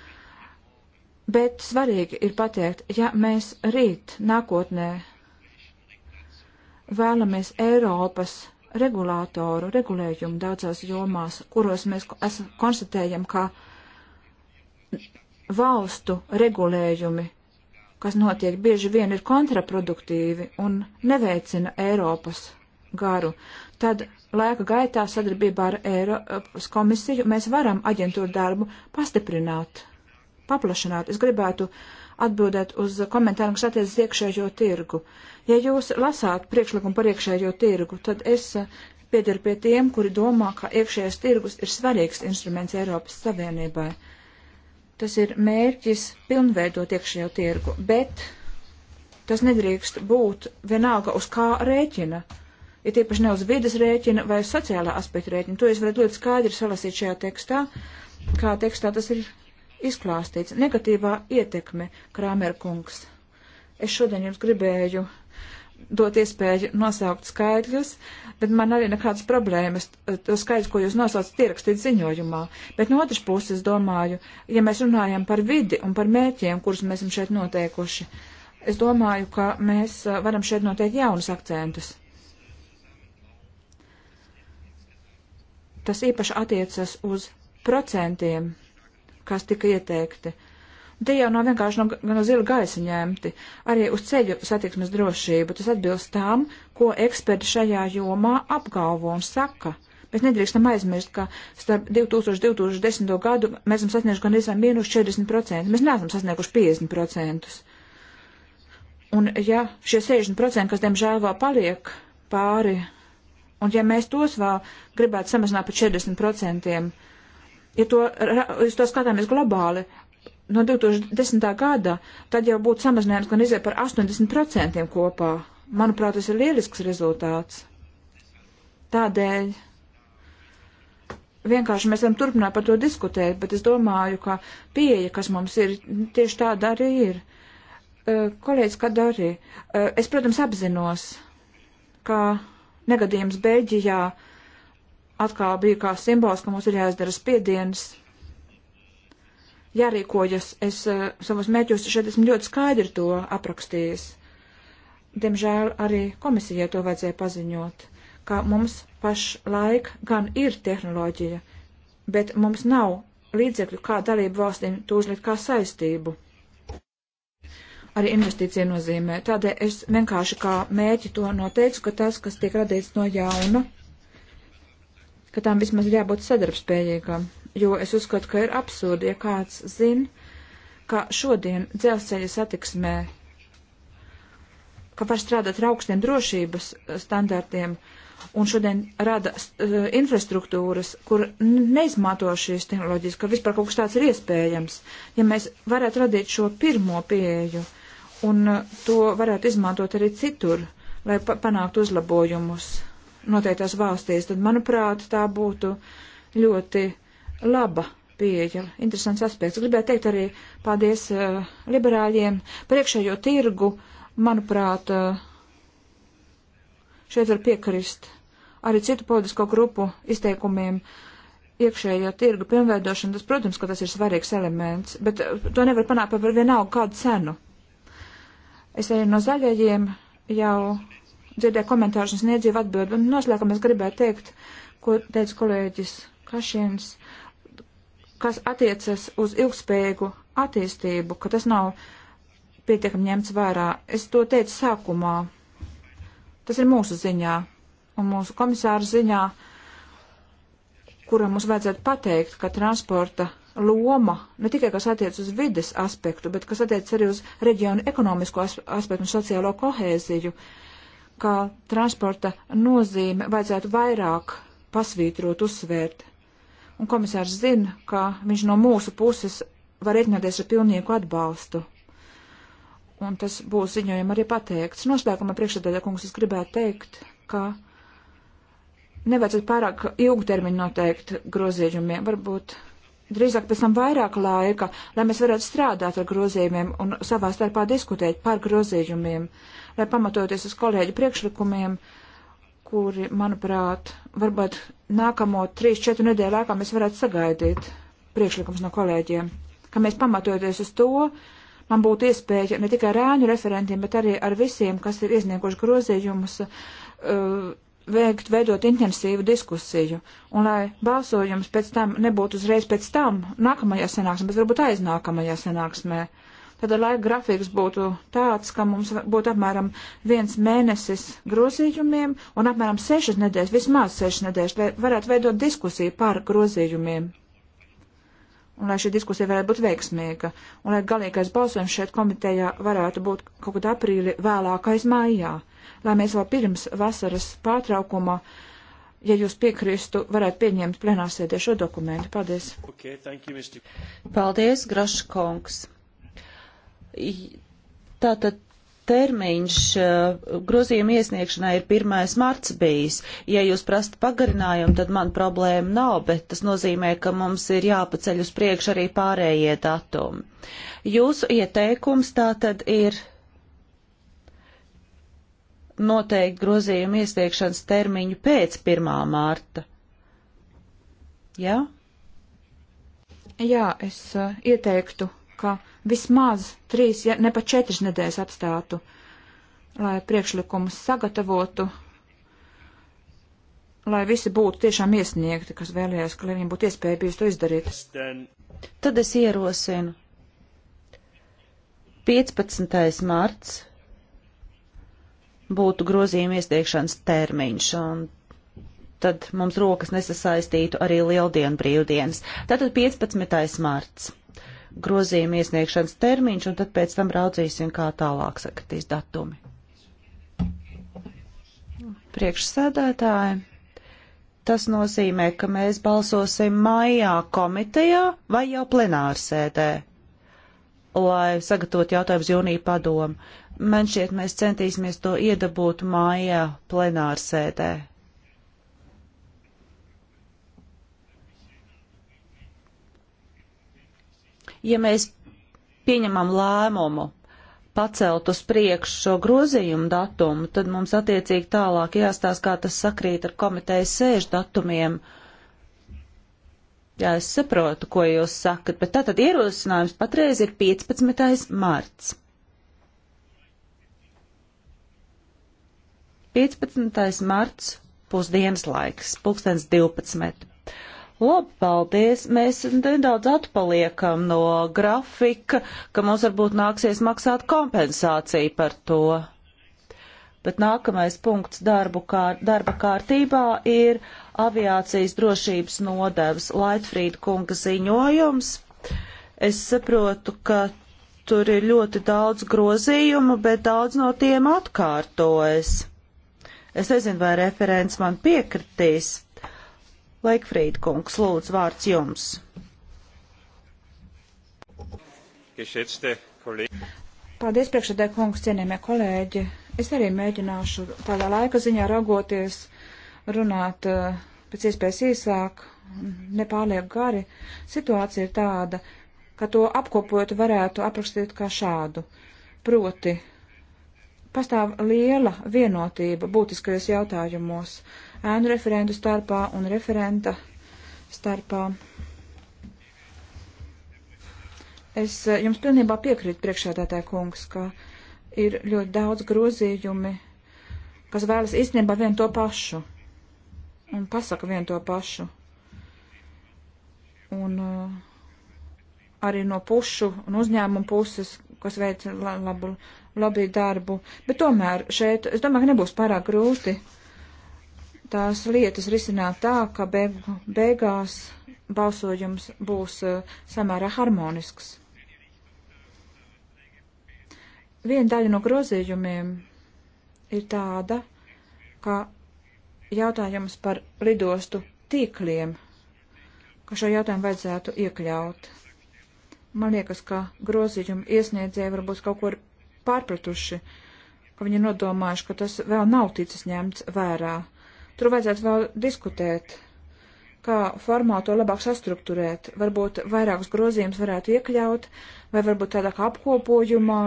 Bet svarīgi ir pateikt, ja mēs rīt nākotnē vēlamies Eiropas regulātoru regulējumu daudzās jomās, kuros mēs konstatējam, ka valstu regulējumi, kas notiek, bieži vien ir kontraproduktīvi un neveicina Eiropas garu, tad laika gaitā sadarbībā ar Eiropas komisiju mēs varam aģentūru darbu pastiprināt paplašināt. Es gribētu atbildēt uz komentāru, kas attiecas iekšējo tirgu. Ja jūs lasāt priekšlikumu par iekšējo tirgu, tad es eh, piederu pie tiem, kuri domā, ka iekšējais tirgus ir svarīgs instruments Eiropas Savienībai. Tas ir mērķis pilnveidot iekšējo tirgu, bet tas nedrīkst būt vienalga uz kā rēķina. Ir ja tiepaši ne uz vidas rēķina vai sociālā aspekta rēķina. To jūs varat ļoti skaidri salasīt šajā tekstā, kā tekstā tas ir izklāstīts. Negatīvā ietekme, Krāmerkungs. Es šodien jums gribēju dot iespēju nosaukt skaidrus, bet man arī nekādas problēmas. Eh, to skaidrs, ko jūs nosaucat, ir rakstīts ziņojumā. Bet no otras puses, domāju, ja mēs runājam par vidi un par mērķiem, kurus mēs esam šeit noteikuši, es domāju, ka mēs eh, varam šeit noteikt jaunus akcentus. Tas īpaši attiecas uz procentiem kas tika ieteikti. Un tie jau nav vienkārši no, no zila gaisa ņemti. Arī uz ceļu satiksmes drošību tas atbilst tām, ko eksperti šajā jomā apgalvo un saka. Mēs nedrīkstam aizmirst, ka starp 2000-2010 gadu mēs esam sasnieguši gan visam mīnus 40%. Mēs neesam sasnieguši 50%. Un ja šie 60%, kas diemžēl vēl paliek pāri, un ja mēs tos vēl gribētu samazināt par 40%, ja to, ja to skatāmies globāli, no 2010. gada, tad jau būtu samazinājums gan izē par 80% kopā. Manuprāt, tas ir lielisks rezultāts. Tādēļ vienkārši mēs varam turpināt par to diskutēt, bet es domāju, ka pieeja, kas mums ir, tieši tāda arī ir. Kolēģis, kad arī. Es, protams, apzinos, ka negadījums Beļģijā. Uh, atkal bija kā simbols, ka mums ir jāizdara spiediens, jārīkojas. Es uh, savus mēķus šeit esmu ļoti skaidri to aprakstījis. Diemžēl arī komisijai to vajadzēja paziņot, ka mums pašlaik gan ir tehnoloģija, bet mums nav līdzekļu, kā dalību valstīm to uzlikt kā saistību. Arī investīcija nozīmē. Tādēļ es vienkārši kā mēķi to noteicu, ka tas, kas tiek radīts no jauna, ka tām vismaz jābūt sadarbspējīgām, jo es uzskatu, ka ir absurdi, ja kāds zina, ka šodien dzelzceļa satiksmē, ka var strādāt ar augstiem drošības standartiem, un šodien rada uh, infrastruktūras, kur neizmanto šīs tehnoloģijas, ka vispār kaut kas tāds ir iespējams. Ja mēs varētu radīt šo pirmo pieeju, un uh, to varētu izmantot arī citur, lai pa panāktu uzlabojumus noteiktās valstīs, tad, manuprāt, tā būtu ļoti laba pieeja. Interesants aspekts. Gribētu teikt arī paldies uh, liberāļiem par iekšējo tirgu. Manuprāt, uh, šeit var piekrist arī citu politisko grupu izteikumiem. Iekšējā tirga pilnveidošana, tas, protams, ka tas ir svarīgs elements, bet eh, to nevar panākt par vienalga kādu cenu. Es arī no zaļajiem jau dzirdēju komentārus un sniedzīju atbildi. Un noslēgumā es gribēju teikt, ko teica kolēģis Kašins, kas attiecas uz ilgspējīgu attīstību, ka tas nav pietiekami ņemts vērā. Es to teicu sākumā. Tas ir mūsu ziņā un mūsu komisāra ziņā, kuram mums vajadzētu pateikt, ka transporta loma ne tikai kas attiec uz vides aspektu, bet kas attiec arī uz reģionu ekonomisko aspektu un sociālo kohēziju. Uh, ka transporta nozīme vajadzētu vairāk pasvītrot, uzsvērt. Un komisārs zina, ka viņš no mūsu puses var rēķināties ar pilnieku atbalstu. Un tas būs ziņojumā arī pateikts. Noslēgumā priekšsēdētā kungs es gribētu teikt, ka nevajadzētu pārāk ilgtermiņu noteikt grozījumiem. Varbūt drīzāk pēc tam vairāk laika, lai mēs varētu strādāt ar grozījumiem un savā starpā diskutēt par grozījumiem. Uh, lai pamatoties uz kolēģu priekšlikumiem, kuri, manuprāt, varbūt nākamo 3-4 nedēļu laikā mēs varētu sagaidīt priekšlikums no kolēģiem, ka mēs pamatoties uz to, man būtu iespēja ne tikai ar ēnu referentiem, bet arī ar visiem, kas ir iesnieguši grozījumus, uh, veikt, veidot intensīvu diskusiju, un lai balsojums pēc tam nebūtu uzreiz pēc tam, nākamajā sanāksmē, bet varbūt aiznākamajā sanāksmē. Uh, tad laika grafiks būtu tāds, ka mums būtu apmēram viens mēnesis grozījumiem un apmēram sešas nedēļas, vismaz sešas nedēļas, lai varētu veidot diskusiju par grozījumiem. Un lai šī diskusija varētu būt veiksmīga, un lai galīgais balsojums šeit komitejā varētu būt kaut kad aprīli vēlākais mājā, lai mēs vēl pirms vasaras pārtraukuma ja jūs piekristu, varētu pieņemt plenārsēdē šo dokumentu. Paldies. Okay, you, Paldies, Grašs Kongs. Tātad termiņš eh, grozījuma iesniegšanai ir 1. marts bijis. Ja jūs prasta pagarinājumu, tad man problēma nav, bet tas nozīmē, ka mums ir jāpaceļ uz priekšu arī pārējie datumi. Jūsu ieteikums tātad ir noteikt grozījuma iesniegšanas termiņu pēc 1. marta. Jā? Ja? Jā, es uh, ieteiktu ka vismaz trīs, ja ne pat četras nedēļas atstātu, lai priekšlikumus sagatavotu, lai visi būtu tiešām iesniegti, kas vēlējās, ka viņiem būtu iespēja bijusi to izdarīt. Tad es ierosinu 15. marts būtu grozījuma iesniegšanas termiņš, un tad mums rokas nesasaistītu arī lieldienu brīvdienas. Tātad 15. marts grozījuma iesniegšanas termiņš, un tad pēc tam raudzīsim, kā tālāk sakatīs datumi. Priekšsēdētāji, tas nozīmē, ka mēs balsosim maijā komitejā vai jau plenārsēdē, lai sagatavot jautājumus jūnija padomu. Man šķiet, mēs centīsimies to iedabūt mājā plenārsēdē. ja mēs pieņemam lēmumu pacelt uz priekšu šo grozījumu datumu, tad mums attiecīgi tālāk jāstāsta, kā tas sakrīt ar komitejas sēžu datumiem. Jā, es saprotu, ko jūs sakat, bet tātad ierosinājums patreiz ir 15. marts. 15. marts pusdienas laiks, pulkstens 12. Labi, paldies. Mēs nedaudz atpaliekam no grafika, ka mums varbūt nāksies maksāt kompensāciju par to. Bet nākamais punkts darbu kār, darba kārtībā ir aviācijas drošības nodevs Laitfrīd kunga ziņojums. Es saprotu, ka tur ir ļoti daudz grozījumu, bet daudz no tiem atkārtojas. Es nezinu, vai referents man piekritīs. Laikfrīd kungs, lūdzu, vārds jums. Paldies, priekšredē kungs, cienījamie kolēģi. Es arī mēģināšu tādā laika ziņā raugoties, runāt eh, pēc iespējas īsāk, nepārlieku gari. Situācija ir tāda, ka to apkopot varētu aprakstīt kā šādu. Proti, pastāv liela vienotība būtiskajos jautājumos ēnu referentu starpā un referenta starpā. Es eh, jums pilnībā piekrītu priekšādātāja kungs, ka ir ļoti daudz grozījumi, kas vēlas īstenībā vien to pašu un pasaka vien to pašu. Un uh, arī no pušu un uzņēmumu puses, kas veic labu, labu darbu. Bet tomēr šeit, es domāju, ka nebūs pārāk grūti uh, tās lietas risināt tā, ka beig beigās balsojums būs uh, samērā harmonisks. Viena daļa no grozījumiem ir tāda, ka jautājums par lidostu tīkliem, ka šo jautājumu vajadzētu iekļaut. Man liekas, ka grozījumu iesniedzēji varbūt kaut ko ir pārpratuši, ka viņi nodomājuši, ka tas vēl nav ticis ņemts vērā Tur vajadzētu vēl diskutēt, kā formā to labāk sastruktūrēt. Varbūt vairākus grozījumus varētu iekļaut, vai varbūt tādā kā apkopojumā,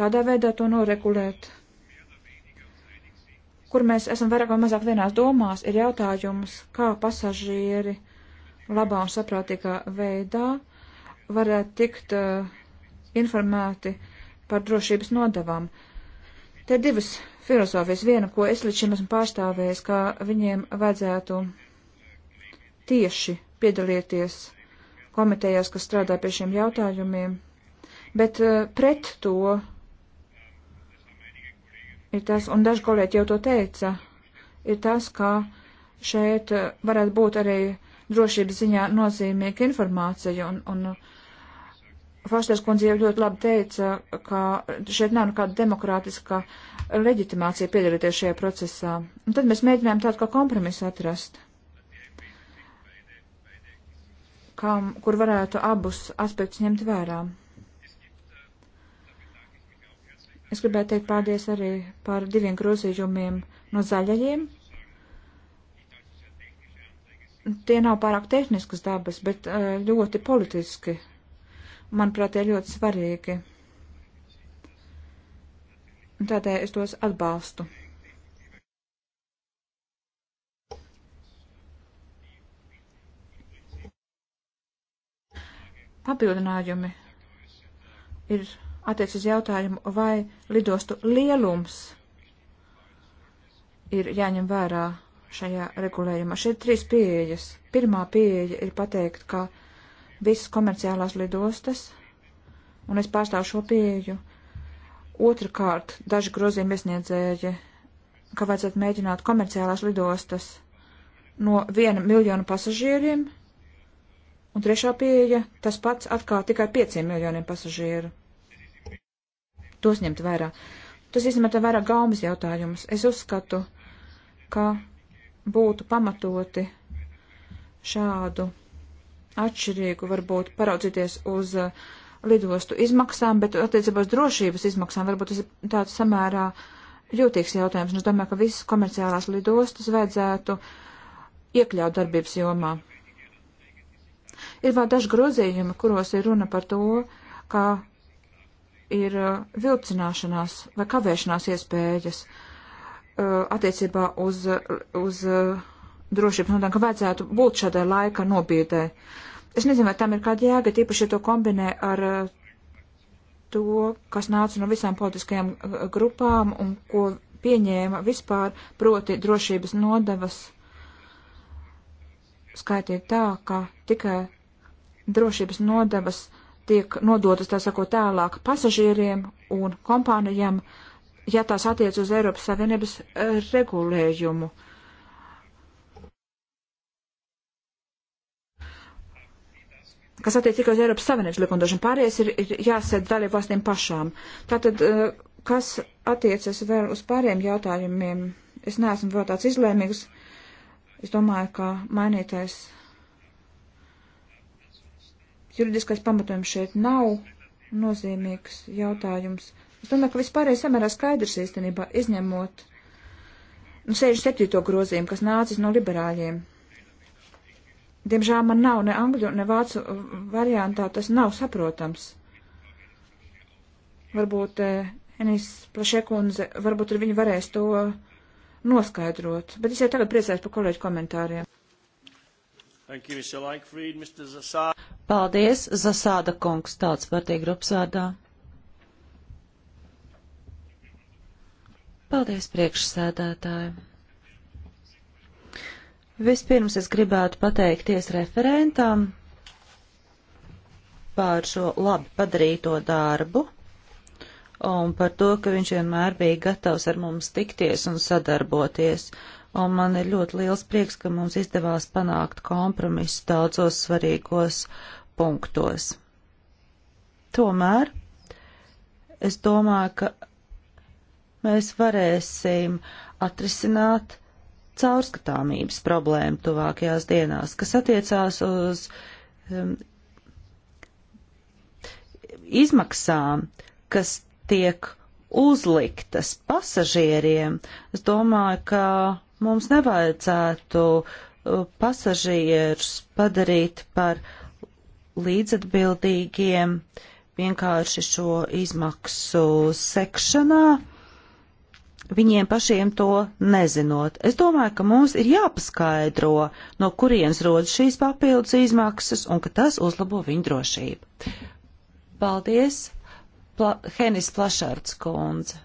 tādā veidā to noregulēt. Kur mēs esam vairāk vai mazāk vienās domās, ir jautājums, kā pasažieri labā un saprātīgā veidā varētu tikt uh, informēti par drošības nodavām. Uh, Te ir divas filozofijas. Viena, ko es līdz šim esmu pārstāvējis, ka viņiem vajadzētu tieši piedalīties komitejās, kas strādā pie šiem jautājumiem, bet eh, pret to ir tas, un daži kolēģi jau to teica, ir tas, ka šeit eh, varētu būt arī drošības ziņā nozīmīga informācija un, un Fosters kundze jau ļoti labi teica, ka šeit nav nekāda demokrātiska leģitimācija piedalīties šajā procesā. Un tad mēs mēģinājām tādu kā kompromisu atrast, kam, kur varētu abus aspektus ņemt vērā. Es gribētu teikt paldies arī par diviem grozījumiem no zaļajiem. Tie nav pārāk tehniskas dabas, bet eh, ļoti politiski manuprāt, ir ļoti svarīgi. Un tādēļ es tos atbalstu. Papildinājumi ir attiec uz jautājumu, vai lidostu lielums ir jāņem vērā šajā regulējumā. Šeit ir trīs pieejas. Pirmā pieeja ir pateikt, ka visas komerciālās lidostas, un es pārstāvu šo pieeju. Otrakārt, daži grozījumi iesniedzēji, ka vajadzētu mēģināt komerciālās lidostas no viena miljona pasažieriem, un trešā pieeja tas pats atkal tikai pieciem miljoniem pasažieru. Tos ņemt vērā. Tas īstenībā tā vairāk gaumas jautājums. Es uzskatu, ka būtu pamatoti šādu atšķirīgu, varbūt paraudzīties uz uh, lidostu izmaksām, bet attiecībā uz drošības izmaksām varbūt tas ir tāds samērā jūtīgs jautājums. Es domāju, ka visas komerciālās lidostas vajadzētu iekļaut darbības jomā. Ir vēl daži grozījumi, kuros ir runa par to, ka ir uh, vilcināšanās vai kavēšanās iespējas uh, attiecībā uz, uz drošības nodām, ka vajadzētu būt šādai laika nobiedē. Es nezinu, vai tam ir kāda jēga, tīpaši, ja to kombinē ar uh, to, kas nāca no visām politiskajām uh, grupām un ko pieņēma vispār, proti drošības nodevas skaitīt tā, ka tikai drošības nodevas tiek nodotas, tā sakot, tālāk pasažieriem un kompānijām, ja tās attiec uz Eiropas Savienības uh, regulējumu. Uh, kas attiec tikai uz Eiropas Savienības likumdošanu. Pārējais ir, ir jāsēd dalību valstīm pašām. Tātad, eh, kas attiecas vēl uz pārējiem jautājumiem, es neesmu vēl tāds izlēmīgs. Es domāju, ka mainītais juridiskais pamatojums šeit nav nozīmīgs jautājums. Es domāju, ka vispārējais samērā skaidrs īstenībā izņemot nu, 67. grozījumu, kas nācis no liberāļiem. Diemžēl man nav ne angļu, ne vācu variantā, tas nav saprotams. Varbūt eh, Enis Plašekundze, varbūt ar viņu varēs to noskaidrot, bet es jau tagad priecājos par kolēģu komentāriem. Thank you, Mr. Laikfried, Mr. Zasāda. Paldies, Zasāda kungs, tāds partija grupas vārdā. Paldies, priekšsēdētāji. Vispirms es gribētu pateikties referentam par šo labi padarīto darbu un par to, ka viņš vienmēr bija gatavs ar mums tikties un sadarboties. Un man ir ļoti liels prieks, ka mums izdevās panākt kompromisu daudzos svarīgos punktos. Tomēr es domāju, ka mēs varēsim atrisināt caurskatāmības problēmu tuvākajās dienās, kas attiecās uz um, izmaksām, kas tiek uzliktas pasažieriem. Es domāju, ka mums nevajadzētu uh, pasažierus padarīt par līdzatbildīgiem vienkārši šo izmaksu sekšanā viņiem pašiem to nezinot. Es domāju, ka mums ir jāpaskaidro, no kurienes rodas šīs papildus izmaksas un ka tas uzlabo viņu drošību. Paldies, Pla Henis Plašārds kundze,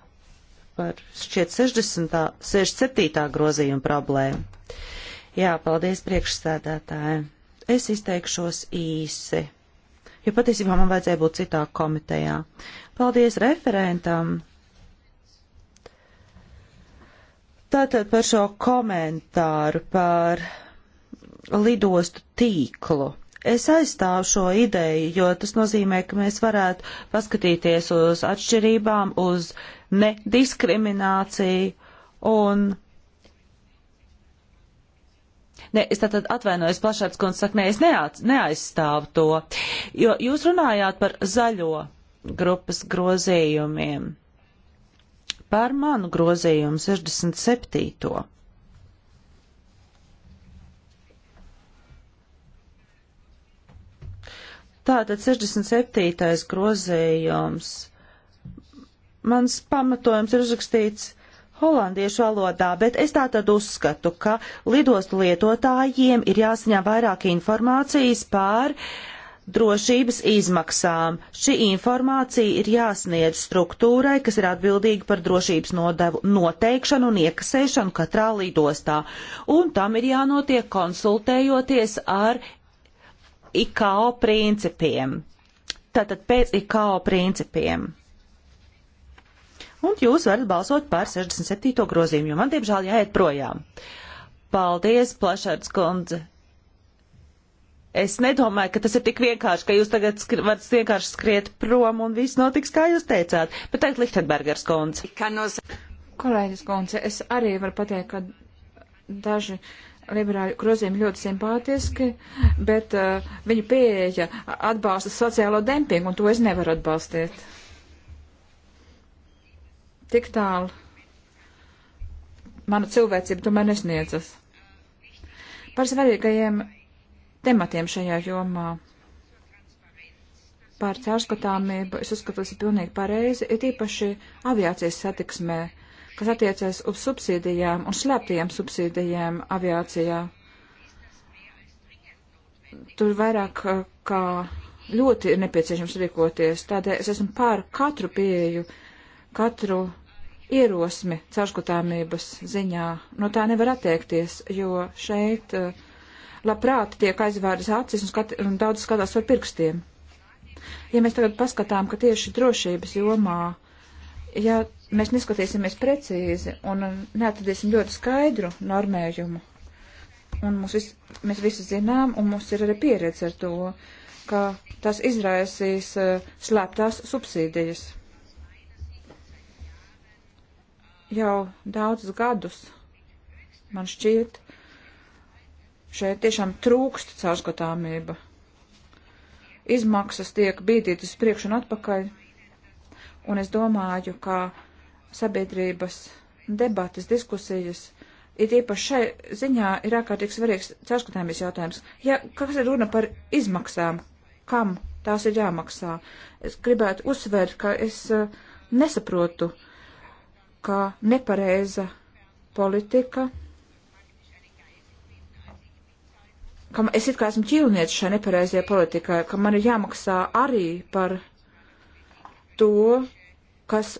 par šķiet 60. 67. grozījuma problēmu. Jā, paldies priekšsēdētājiem. Es izteikšos īsi, jo patiesībā man vajadzēja būt citā komitejā. Paldies referentam Tātad par šo komentāru par lidostu tīklu. Es aizstāvu šo ideju, jo tas nozīmē, ka mēs varētu paskatīties uz atšķirībām, uz nediskrimināciju un. Ne, es tātad atvainojos plašāks kundze, saka, ne, es neats, neaizstāvu to, jo jūs runājāt par zaļo grupas grozījumiem par manu grozījumu 67. Tātad 67. grozījums. Mans pamatojums ir uzrakstīts holandiešu valodā, bet es tātad uzskatu, ka lidostu lietotājiem ir jāsaņem vairāk informācijas pār uh, drošības izmaksām. Šī informācija ir jāsniedz struktūrai, kas ir atbildīga par drošības nodevu noteikšanu un iekasēšanu katrā lidostā, un tam ir jānotiek konsultējoties ar IKO principiem. Tātad pēc IKO principiem. Un jūs varat balsot par 67. grozījumu, jo man, diemžēl, jāiet projām. Paldies, Plašards kundze! Es nedomāju, ka tas ir tik vienkārši, ka jūs tagad skri, varat vienkārši skriet prom un viss notiks, kā jūs teicāt. Bet tagad Lichtenbergers kundze. Kolēģis kundze, es arī varu pateikt, ka daži liberāļu grozījumi ļoti simpātiski, bet uh, viņa pieeja atbalsta sociālo dempingu, un to es nevaru atbalstīt. Tik tālu. Mana cilvēcība tomēr nesniedzas. Par svarīgajiem tematiem šajā jomā. Par caurskatāmību es uzskatu, tas ir pilnīgi pareizi, ir īpaši aviācijas satiksmē, kas attiecas uz subsīdijām un slēptajām subsīdijām aviācijā. Tur vairāk uh, kā ļoti ir nepieciešams rīkoties, tādēļ es esmu pār katru pieeju, katru ierosmi caurskatāmības ziņā. No tā nevar attiekties, jo šeit uh, labprāt tiek aizvērtas acis un, skat, un daudz skatās ar pirkstiem. Ja mēs tagad paskatām, ka tieši drošības jomā, ja mēs neskatīsimies precīzi un neatradīsim ļoti skaidru normējumu, un vis, mēs visi zinām, un mums ir arī pieredze ar to, ka tas izraisīs uh, slēptās subsīdijas. Jau daudzus gadus man šķiet, Šeit tiešām trūkst caurskatāmība. Izmaksas tiek bīdītas priekš un atpakaļ, un es domāju, ka sabiedrības debatas, diskusijas, it īpaši šai ziņā ir ārkārtīgi svarīgs caurskatāmības jautājums. Ja kas ir runa par izmaksām, kam tās ir jāmaksā? Es gribētu uzsvērt, ka es eh, nesaprotu, ka nepareiza politika ka es it kā esmu ķīlnieks šai nepareizajai politikai, ka man ir jāmaksā arī par to, kas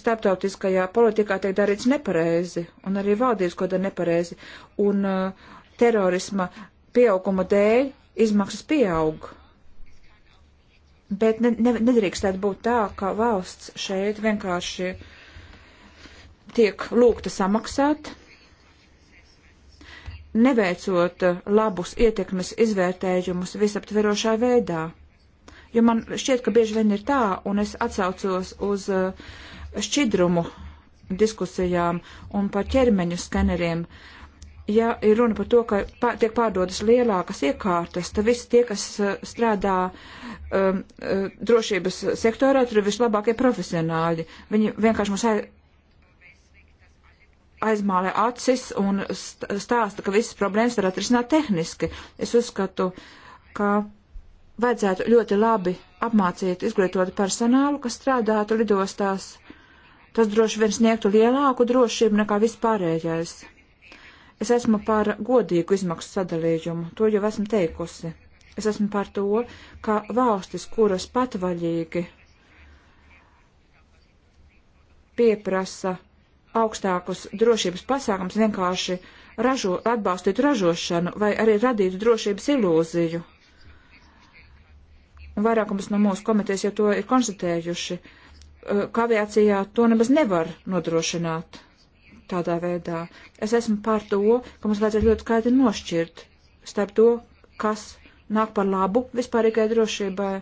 starptautiskajā politikā tiek darīts nepareizi, un arī valdības, ko dara nepareizi, un uh, terorisma pieauguma dēļ izmaksas pieaug. Bet ne, ne, nedrīkstētu būt tā, ka valsts šeit vienkārši tiek lūgta samaksāt neveicot eh, labus ietekmes izvērtējumus visaptverošā veidā. Jo man šķiet, ka bieži vien ir tā, un es atsaucos uz eh, šķidrumu diskusijām un par ķermeņu skaneriem. Ja ir runa par to, ka pār, tiek pārdodas lielākas iekārtas, tad visi tie, kas eh, strādā um, drošības sektorā, tur ir vislabākie profesionāļi. Viņi vienkārši mums aizmālē acis un stāsta, ka visas problēmas var atrisināt tehniski. Es uzskatu, ka vajadzētu ļoti labi apmācīt izglītotu personālu, kas strādātu lidostās. Tas droši vien sniegtu lielāku drošību nekā vispārējais. Es esmu par godīgu izmaksu sadalījumu, to jau esmu teikusi. Es esmu par to, ka valstis, kuras patvaļīgi pieprasa augstākus drošības pasākums vienkārši ražo, atbalstītu ražošanu vai arī radītu drošības ilūziju. Un vairākums no mūsu komitejas jau to ir konstatējuši, ka aviācijā to nemaz nevar nodrošināt tādā veidā. Es esmu pār to, ka mums vajadzētu ļoti skaidri nošķirt starp to, kas nāk par labu vispārīgai drošībai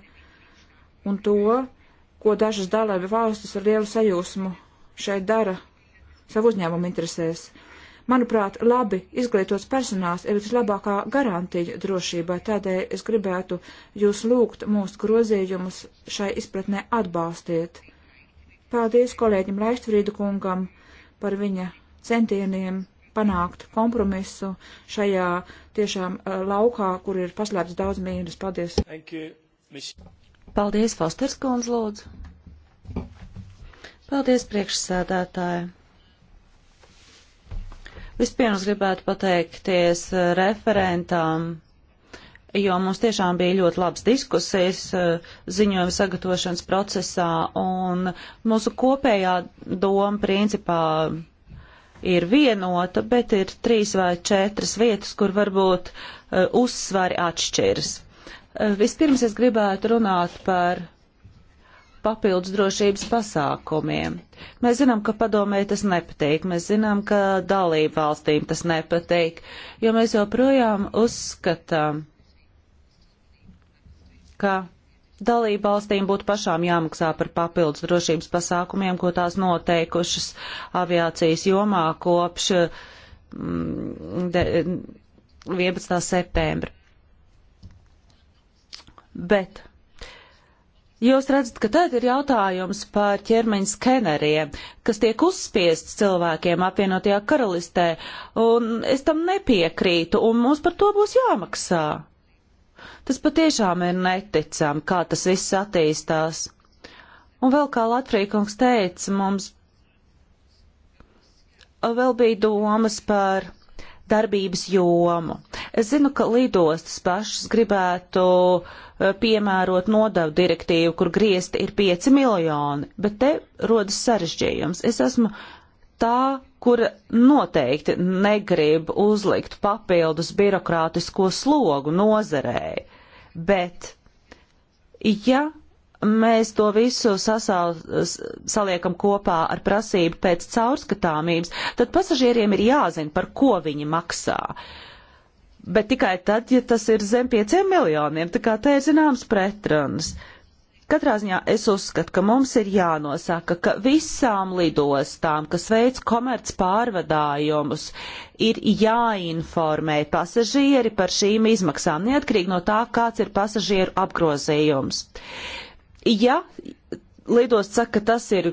un to, ko dažas dalība valstis ar lielu sajūsmu šeit dara savu uzņēmumu interesēs. Manuprāt, labi izglītots personāls ir vislabākā garantija drošībai, tādēļ es gribētu jūs lūgt mūsu grozījumus šai izpratnē atbalstiet. Paldies kolēģim Laištfrīdu kungam par viņa centieniem panākt kompromisu šajā tiešām eh, laukā, kur ir paslēpts daudz mīnus. Paldies! Paldies, Fosters kundz, lūdzu! Paldies, priekšsēdētāji! Vispirms gribētu pateikties eh, referentām, jo mums tiešām bija ļoti labas diskusijas eh, ziņojuma sagatavošanas procesā, un mūsu kopējā doma principā ir vienota, bet ir trīs vai četras vietas, kur varbūt uh, uzsvari atšķiras. Uh, vispirms es gribētu runāt par papildus drošības pasākumiem. Mēs zinām, ka padomē tas nepatīk, mēs zinām, ka dalību valstīm tas nepatīk, jo mēs joprojām uzskatām, ka dalību valstīm būtu pašām jāmaksā par papildus drošības pasākumiem, ko tās noteikušas aviācijas jomā kopš mm, de, 11. septembra. Bet Jūs redzat, ka tad ir jautājums par ķermeņa skeneriem, kas tiek uzspiests cilvēkiem apvienotajā karalistē, un es tam nepiekrītu, un mums par to būs jāmaksā. Tas patiešām ir neticami, kā tas viss attīstās. Un vēl kā Latvijas teica, mums vēl bija domas par darbības jomu. Es zinu, ka lidostas pašas gribētu eh, piemērot nodevu direktīvu, kur griezti ir 5 miljoni, bet te rodas sarežģījums. Es esmu tā, kur noteikti negrib uzlikt papildus birokrātisko slogu nozerēji, bet ja mēs to visu sasau, saliekam kopā ar prasību pēc caurskatāmības, tad pasažieriem ir jāzina, par ko viņi maksā. Bet tikai tad, ja tas ir zem pieciem miljoniem, tā kā te ir zināms pretrunas. Katrā ziņā es uzskatu, ka mums ir jānosaka, ka visām lidostām, kas veids komerc pārvadājumus, ir jāinformē pasažieri par šīm izmaksām, neatkarīgi no tā, kāds ir pasažieru apgrozījums. Ja lidost saka, ka tas ir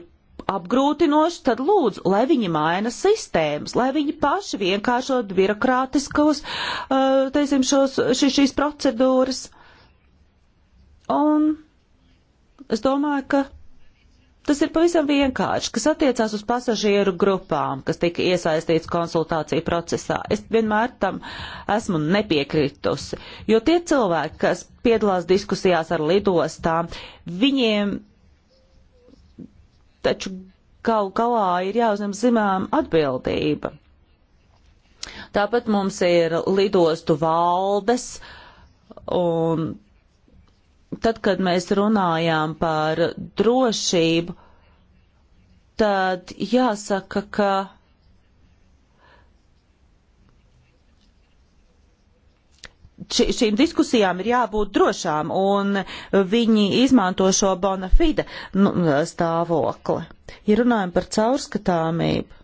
apgrūtinoši, tad lūdzu, lai viņi maina sistēmas, lai viņi paši vienkāršot birokrātiskos, uh, teiksim, šos, šis, šīs procedūras. Un es domāju, ka Tas ir pavisam vienkārši, kas attiecās uz pasažieru grupām, kas tika iesaistīts konsultāciju procesā. Es vienmēr tam esmu nepiekritusi, jo tie cilvēki, kas piedalās diskusijās ar lidostām, viņiem taču gal galā ir jāuzņem zinām atbildība. Tāpat mums ir lidostu valdes un tad, kad mēs runājām par drošību, tad jāsaka, ka ši, šīm diskusijām ir jābūt drošām, un viņi izmanto šo bona fide nu, stāvokli. Ja runājam par caurskatāmību,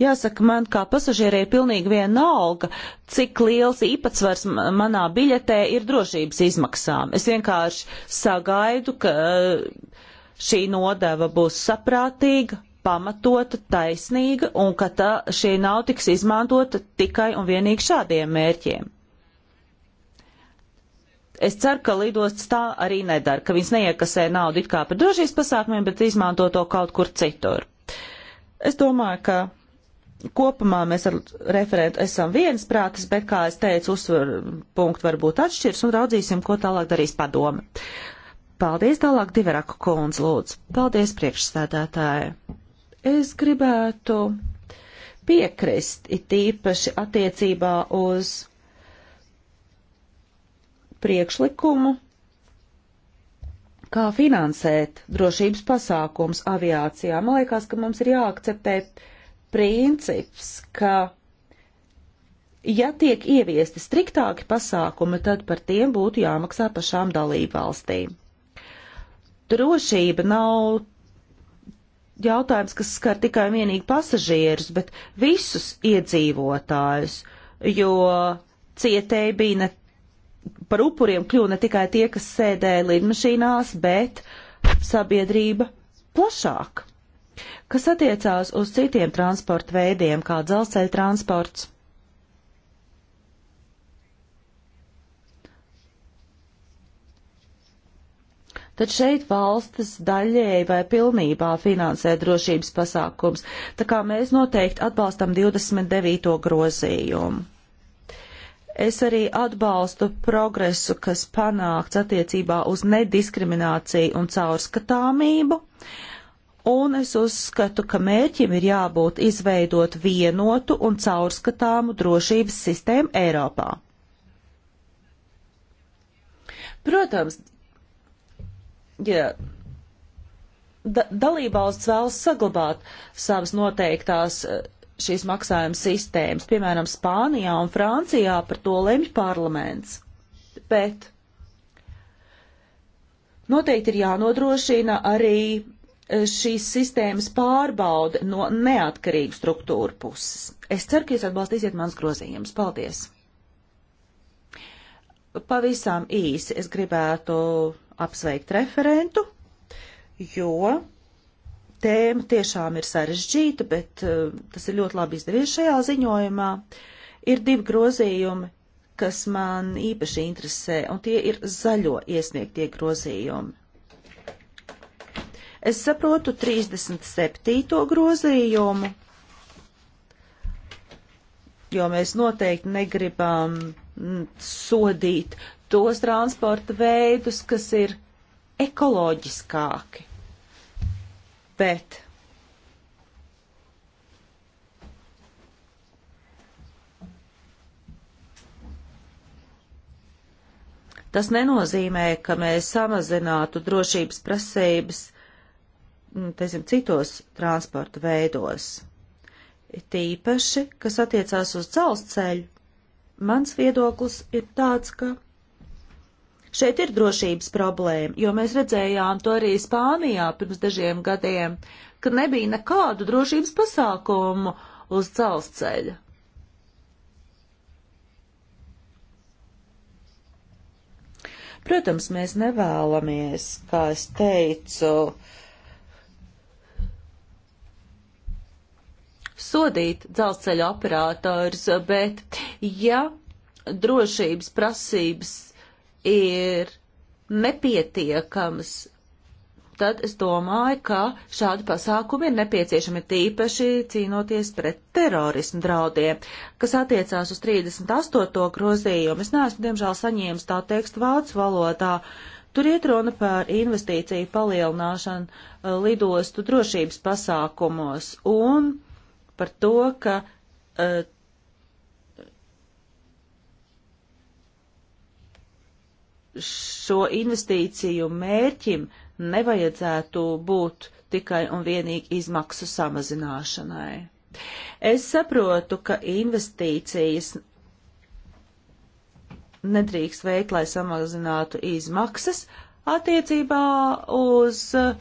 Jāsaka, man kā pasažierei ir pilnīgi vienalga, cik liels īpatsvars manā biļetē ir drošības izmaksām. Es vienkārši sagaidu, ka uh, šī nodeva būs saprātīga, pamatota, taisnīga un ka tā, šī nav tiks izmantota tikai un vienīgi šādiem mērķiem. Es ceru, ka lidostas tā arī nedara, ka viņas neiekasē naudu it kā par drošības pasākumiem, bet izmanto to kaut kur citur. Es domāju, ka kopumā mēs ar referentu esam viens prātis, bet, kā es teicu, uzsver punktu varbūt atšķirs un raudzīsim, ko tālāk darīs padome. Paldies tālāk Diveraku kundz, lūdzu. Paldies priekšstādātāji. Es gribētu piekrist it īpaši attiecībā uz priekšlikumu, kā finansēt drošības pasākums aviācijā. Man liekas, ka mums ir jāakceptē princips, ka ja tiek ieviesti striktāki pasākumi, tad par tiem būtu jāmaksā pašām dalībvalstīm. Drošība nav jautājums, kas skar tikai un vienīgi pasažierus, bet visus iedzīvotājus, jo cietēji bija ne, par upuriem kļuva ne tikai tie, kas sēdēja lidmašīnās, bet sabiedrība plašāk kas attiecās uz citiem transporta veidiem, kā dzelzceļa transports. Tad šeit valstis daļēji vai pilnībā finansē drošības pasākums, tā kā mēs noteikti atbalstam 29. grozījumu. Es arī atbalstu progresu, kas panākts attiecībā uz nediskrimināciju un caurskatāmību. Uh, un es uzskatu, ka mērķim ir jābūt izveidot vienotu un caurskatāmu drošības sistēmu Eiropā. Protams, ja da dalībvalsts vēlas saglabāt savas noteiktās eh, šīs maksājuma sistēmas, piemēram, Spānijā un Francijā par to lemj parlaments, bet noteikti ir jānodrošina arī šīs sistēmas pārbauda no neatkarīgu struktūru puses. Es ceru, ka jūs atbalstīsiet mans grozījumus. Paldies! Pavisam īsi es gribētu apsveikt referentu, jo tēma tiešām ir sarežģīta, bet uh, tas ir ļoti labi izdevies šajā ziņojumā. Ir divi grozījumi, kas man īpaši interesē, un tie ir zaļo iesniegtie grozījumi. Es saprotu 37. grozījumu, jo mēs noteikti negribam mm, sodīt tos transporta veidus, kas ir ekoloģiskāki. Bet Tas nenozīmē, ka mēs samazinātu drošības prasības Mm, teiksim, citos transporta veidos. Tīpaši, kas attiecās uz dzelzceļu, mans viedoklis ir tāds, ka šeit ir drošības problēma, jo mēs redzējām to arī Spānijā pirms dažiem gadiem, ka nebija nekādu drošības pasākumu uz dzelzceļa. Protams, mēs nevēlamies, kā es teicu, uh, sodīt dzelzceļa operators, bet ja drošības prasības ir nepietiekamas, tad es domāju, ka šādi pasākumi ir nepieciešami tīpaši cīnoties pret terorismu draudiem, kas attiecās uz 38. grozījumu. Es neesmu, diemžēl, saņēmis tā tekstu vācu valodā. Tur iet runa par investīciju palielināšanu eh, lidostu drošības pasākumos un par to, ka uh, šo investīciju mērķim nevajadzētu būt tikai un vienīgi izmaksu samazināšanai. Es saprotu, ka investīcijas nedrīkst veikt, lai samazinātu izmaksas attiecībā uz eh,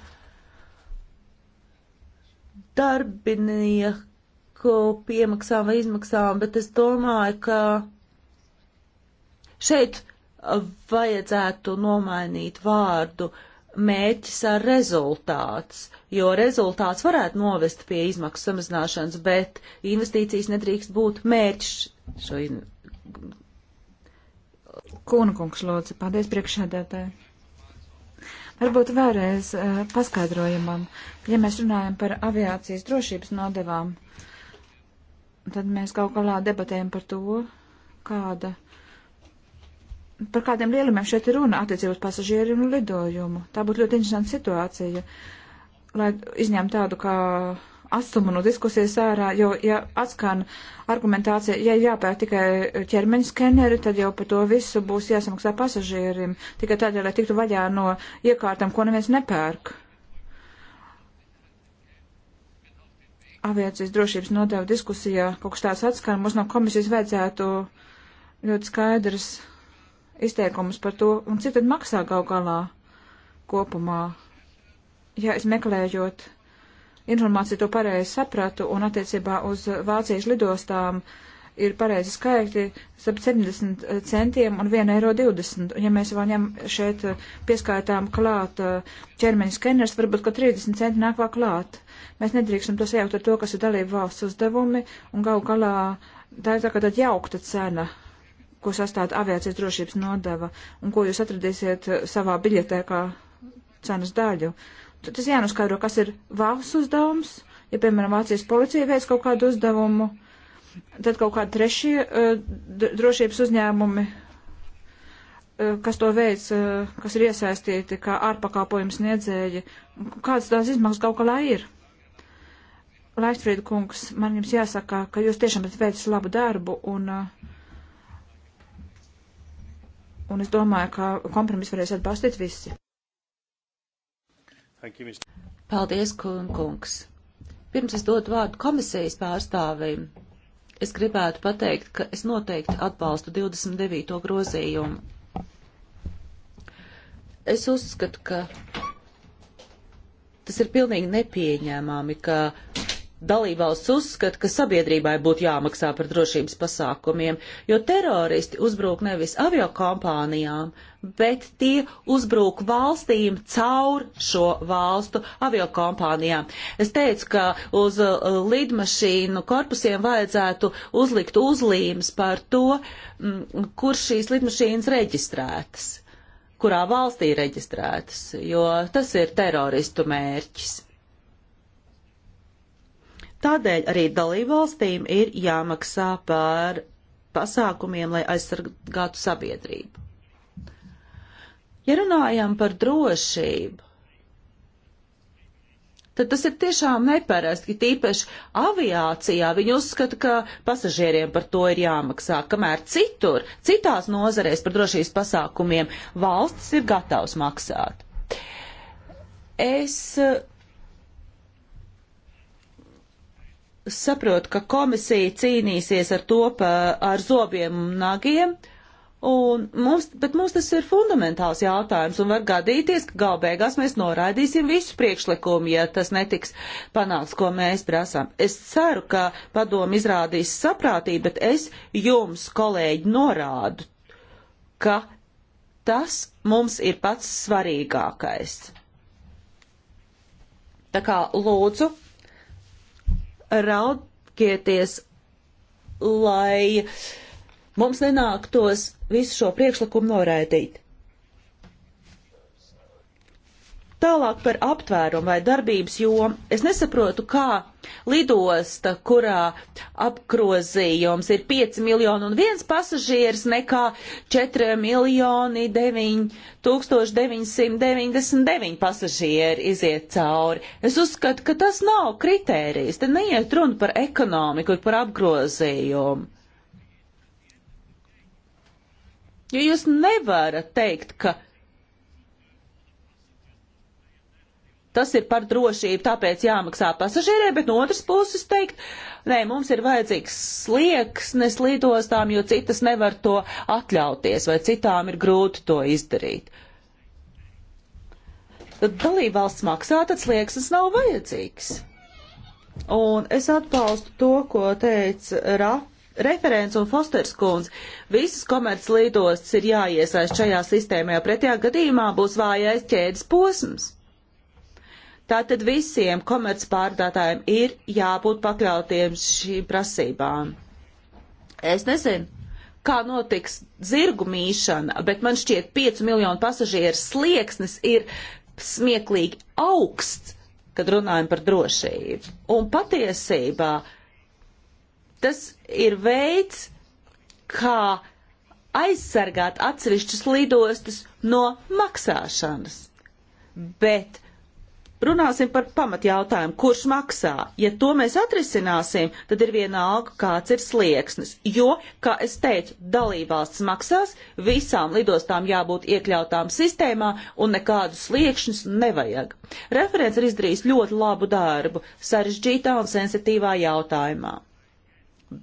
darbinieku laiku piemaksām vai izmaksām, bet es domāju, ka šeit vajadzētu nomainīt vārdu mērķis ar rezultāts, jo rezultāts varētu novest pie izmaksu samazināšanas, bet investīcijas nedrīkst būt mērķis šo. In... Kūna kungs lūdzu, paldies priekšādētāji. Varbūt vēlreiz uh, paskaidrojumam, ja mēs runājam par aviācijas drošības nodevām, uh, tad mēs kaut galā debatējam par to, kāda, par kādiem lielumiem šeit ir runa attiecībos pasažieru un lidojumu. Tā būtu ļoti interesanta situācija, lai izņem tādu kā atstumu no diskusijas ārā, jo, ja atskan argumentācija, ja jāpērk tikai ķermeņa skeneri, tad jau par to visu būs jāsamaksā pasažierim, tikai tādēļ, lai tiktu vaļā no iekārtām, ko neviens nepērk. aviācijas drošības nodevu diskusijā kaut kas tāds atskan, mums no komisijas vajadzētu ļoti skaidrs izteikumus par to, un cik tad maksā gal galā kopumā. Ja es meklējot informāciju to pareizi sapratu, un attiecībā uz Vācijas lidostām uh, ir pareizi skaitļi starp 70 centiem un 1,20 eiro. Ja mēs vēl ņem šeit eh, pieskaitām klāt eh, ķermeņa skeners, varbūt, ka 30 centi nāk vēl klāt. Mēs nedrīkstam to sajaukt ar to, kas ir dalība valsts uzdevumi, un gal galā tā ir tā kā tāda jaukta cena ko sastāv aviācijas drošības nodeva un ko jūs atradīsiet eh, savā biļetē kā cenas daļu. Tad tas jānoskaidro, kas ir valsts uzdevums, ja, piemēram, Vācijas policija veic kaut kādu uzdevumu, uh, Tad kaut kādi trešie eh, drošības uzņēmumi, eh, kas to veids, eh, kas ir iesaistīti kā ārpakalpojums sniedzēji, kādas tās izmaksas kaut kādā ir? Laistfrīda kungs, man jums jāsaka, ka jūs tiešām esat veicis labu darbu un, un es domāju, ka kompromisu varēs atbalstīt visi. Paldies, kungs. Pirms es dodu vārdu komisijas pārstāvim, Es gribētu pateikt, ka es noteikti atbalstu 29. grozījumu. Es uzskatu, ka tas ir pilnīgi nepieņēmami, ka dalībvalsts uzskata, ka sabiedrībai būtu jāmaksā par drošības pasākumiem, jo teroristi uzbrūk nevis aviokompānijām, bet tie uzbrūk valstīm caur šo valstu aviokompānijām. Es teicu, ka uz uh, lidmašīnu korpusiem vajadzētu uzlikt uzlīmes par to, mm, kur šīs lidmašīnas reģistrētas kurā valstī reģistrētas, jo tas ir teroristu mērķis. Tādēļ arī dalībvalstīm ir jāmaksā par pasākumiem, lai aizsargātu sabiedrību. Ja runājam par drošību, tad tas ir tiešām neparasti, ka tīpaši aviācijā viņi uzskata, ka pasažieriem par to ir jāmaksā, kamēr citur, citās nozarēs par drošības pasākumiem valsts ir gatavs maksāt. Es uh, saprotu, ka komisija cīnīsies ar to pa, ar zobiem un nagiem, un mums, bet mums tas ir fundamentāls jautājums, un var gadīties, ka gal beigās mēs noraidīsim visu priekšlikumu, ja tas netiks panāks, ko mēs prasām. Es ceru, ka padomu izrādīs saprātību, bet es jums, kolēģi, norādu, ka tas mums ir pats svarīgākais. Tā kā lūdzu raudkieties, lai mums nenāktos visu šo priekšlikumu noraidīt. Tālāk par aptvērumu vai darbības jomu. Es nesaprotu, kā lidosta, kurā apgrozījums ir 5 miljoni un viens pasažieris, nekā 4 miljoni 9999 pasažieri iziet cauri. Es uzskatu, ka tas nav kritērijs. Te neiet runa par ekonomiku, par apgrozījumu. Jo jūs nevarat teikt, ka tas ir par drošību, tāpēc jāmaksā pasažieriem, bet no otras puses teikt, nē, mums ir vajadzīgs slieksnes lidostām, jo citas nevar to atļauties, vai citām ir grūti to izdarīt. Tad dalībvalsts maksā, tad slieksnes nav vajadzīgs. Un es atbalstu to, ko teica Rafa referents un Fosters kundz, visas komerc lidostas ir jāiesaist šajā sistēmā, jo pretējā gadījumā būs vājais ķēdes posms. Tātad visiem komercpārdātājiem ir jābūt pakļautiem šīm prasībām. Es nezinu, kā notiks zirgu mīšana, bet man šķiet 5 miljonu pasažieru slieksnis ir smieklīgi augsts, kad runājam par drošību. Un patiesībā tas ir veids, kā aizsargāt atsevišķas lidostas no maksāšanas. Bet runāsim par pamatjautājumu, kurš maksā. Ja to mēs atrisināsim, tad ir vienalga, kāds ir slieksnis. Jo, kā es teicu, dalībvalsts maksās, visām lidostām jābūt iekļautām sistēmā un nekādu sliekšņus nevajag. Referents ir izdarījis ļoti labu darbu sarežģītā un sensitīvā jautājumā.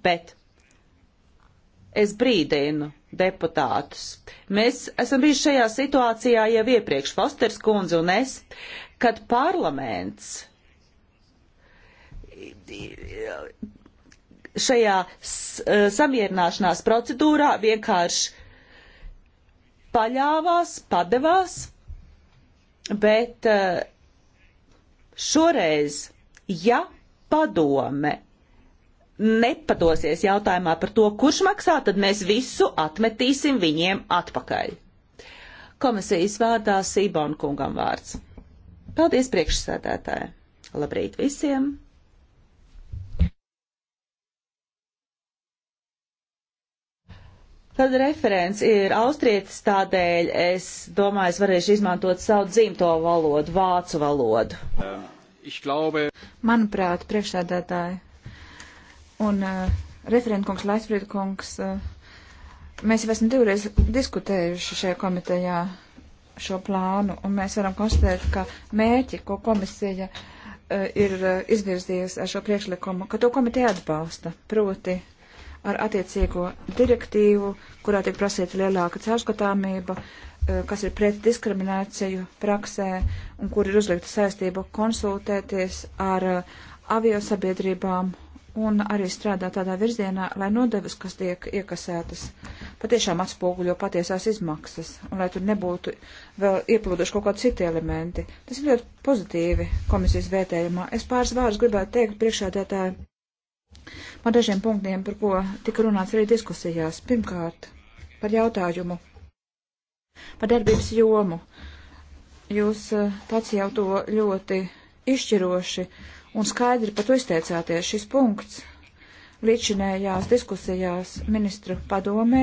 Bet es brīdinu deputātus. Mēs esam bijuši šajā situācijā jau iepriekš, Fosters kundze un es. Uh, kad parlaments šajā e, samierināšanās procedūrā vienkārši paļāvās, padevās, bet e, šoreiz, ja padome nepadosies jautājumā par to, kurš maksā, tad mēs visu atmetīsim viņiem atpakaļ. Komisijas vārdā Sībon kungam vārds. Paldies priekšsēdētāji! Labrīt visiem! Tad referents ir austrietis, tādēļ es domāju, es varēšu izmantot savu dzimto valodu, vācu valodu. Um, glaube... Manuprāt, priekšsēdētāji un uh, referentkungs Laisfrīdkungs, uh, mēs jau esam divreiz diskutējuši šajā komitejā šo plānu, un mēs varam konstatēt, ka mērķi, ko komisija uh, ir e, izvirzījusi ar šo priekšlikumu, ka to komiteja atbalsta, proti ar attiecīgo direktīvu, kurā tiek prasīta lielāka caurskatāmība, uh, kas ir pret diskrimināciju praksē un kur ir uzlikta saistība konsultēties ar uh, aviosabiedrībām un arī strādā tādā virzienā, lai nodevas, kas tiek iekasētas, patiešām atspoguļo patiesās izmaksas, un lai tur nebūtu vēl ieplūduši kaut kādi citi elementi. Tas ir ļoti pozitīvi komisijas vērtējumā. Es pāris vārdus gribētu teikt priekšādētāji par dažiem punktiem, par ko tika runāts arī diskusijās. Pirmkārt, par jautājumu par darbības jomu. Jūs pats eh, jau to ļoti izšķiroši uh, un skaidri par to izteicāties šis punkts līdzinējās diskusijās ministru padomē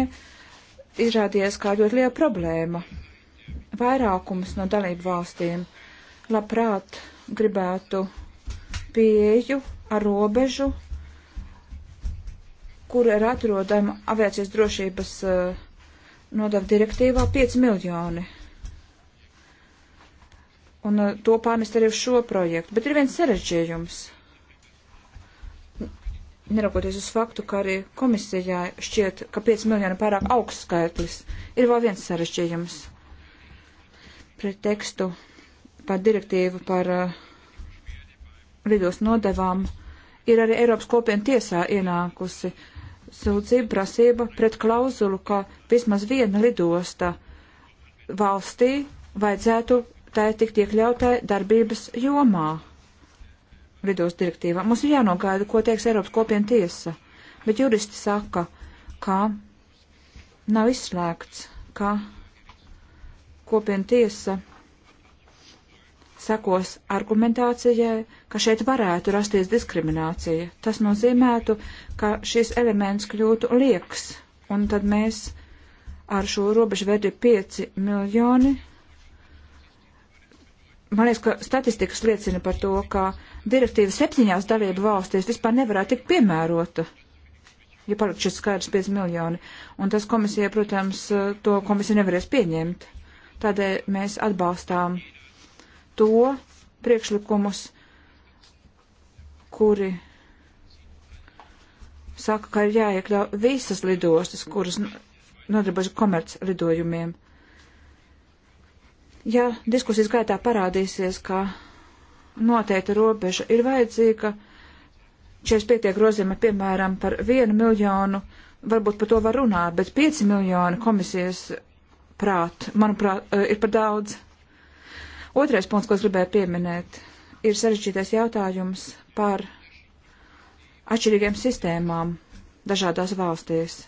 izrādījies kā ļoti liela problēma. Vairākums no dalību valstīm labprāt gribētu pieju ar robežu, kur ir atrodama aviācijas drošības uh, nodeva direktīvā 5 miljoni un eh, to pārnest arī uz šo projektu. Bet ir viens sarežģījums. Neraugoties uz faktu, ka arī komisijā šķiet, ka 5 miljoni pārāk augsts skaitlis, ir vēl viens sarežģījums pret tekstu par direktīvu par uh, eh, lidos nodevām. Ir arī Eiropas kopiena tiesā ienākusi sūdzība prasība pret klauzulu, ka vismaz viena lidosta valstī vajadzētu tai tikt iekļautai darbības jomā vidos direktīvā. Mums ir jānogaida, ko teiks Eiropas kopiena tiesa, bet juristi saka, ka nav izslēgts, ka kopiena tiesa sekos argumentācijai, ka šeit varētu rasties diskriminācija. Tas nozīmētu, ka šis elements kļūtu lieks, un tad mēs ar šo robežu vērtību 5 miljoni man liekas, ka statistikas liecina par to, ka direktīva septiņās dalību valstīs vispār nevarētu tikt piemērota, ja palikt šis skaidrs 5 miljoni. Un tas komisija, protams, to komisija nevarēs pieņemt. Tādēļ mēs atbalstām to priekšlikumus, kuri saka, ka ir jāiekļau visas lidostas, kuras nodarbojas komerc lidojumiem. Ja diskusijas gaitā parādīsies, ka noteikta robeža ir vajadzīga, 45 grozījumi, piemēram, par 1 miljonu, varbūt par to var runāt, bet 5 miljoni komisijas prāt, manuprāt, eh, ir par daudz. Otrais punkts, ko es gribēju pieminēt, ir sarežģītais jautājums par atšķirīgiem sistēmām dažādās valstīs.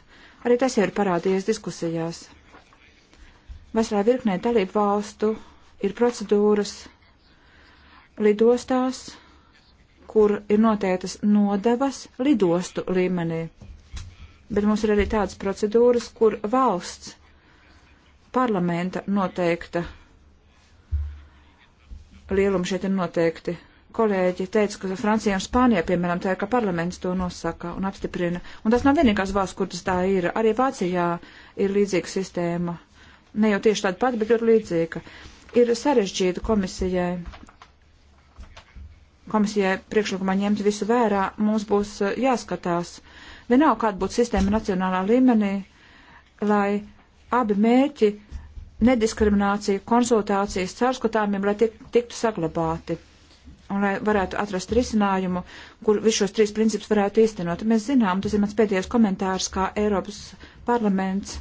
Arī tas jau ir parādījies diskusijās. Veselā virknē dalību valstu ir procedūras lidostās, kur ir noteiktas nodevas lidostu līmenī. Bet mums ir arī tādas procedūras, kur valsts parlamenta noteikta lieluma šeit ir noteikti. Kolēģi teica, ka Francijā un Spānijā, piemēram, tā ir, ka parlaments to nosaka un apstiprina. Un tas nav vienīgās valsts, kur tas tā ir. Arī Vācijā ir līdzīga sistēma ne jau tieši tāda pati, bet ļoti līdzīga. Ir sarežģīta komisijai, komisijai priekšlikumā ņemt visu vērā, mums būs eh, jāskatās. Vienalga, kāda būtu sistēma nacionālā līmenī, lai abi mērķi - nediskriminācija, konsultācijas, caurskatāmiem, lai tiek, tiktu saglabāti un lai varētu atrast risinājumu, kur visus šos trīs principus varētu īstenot. Mēs zinām, tas ir mans pēdējais komentārs, kā Eiropas parlaments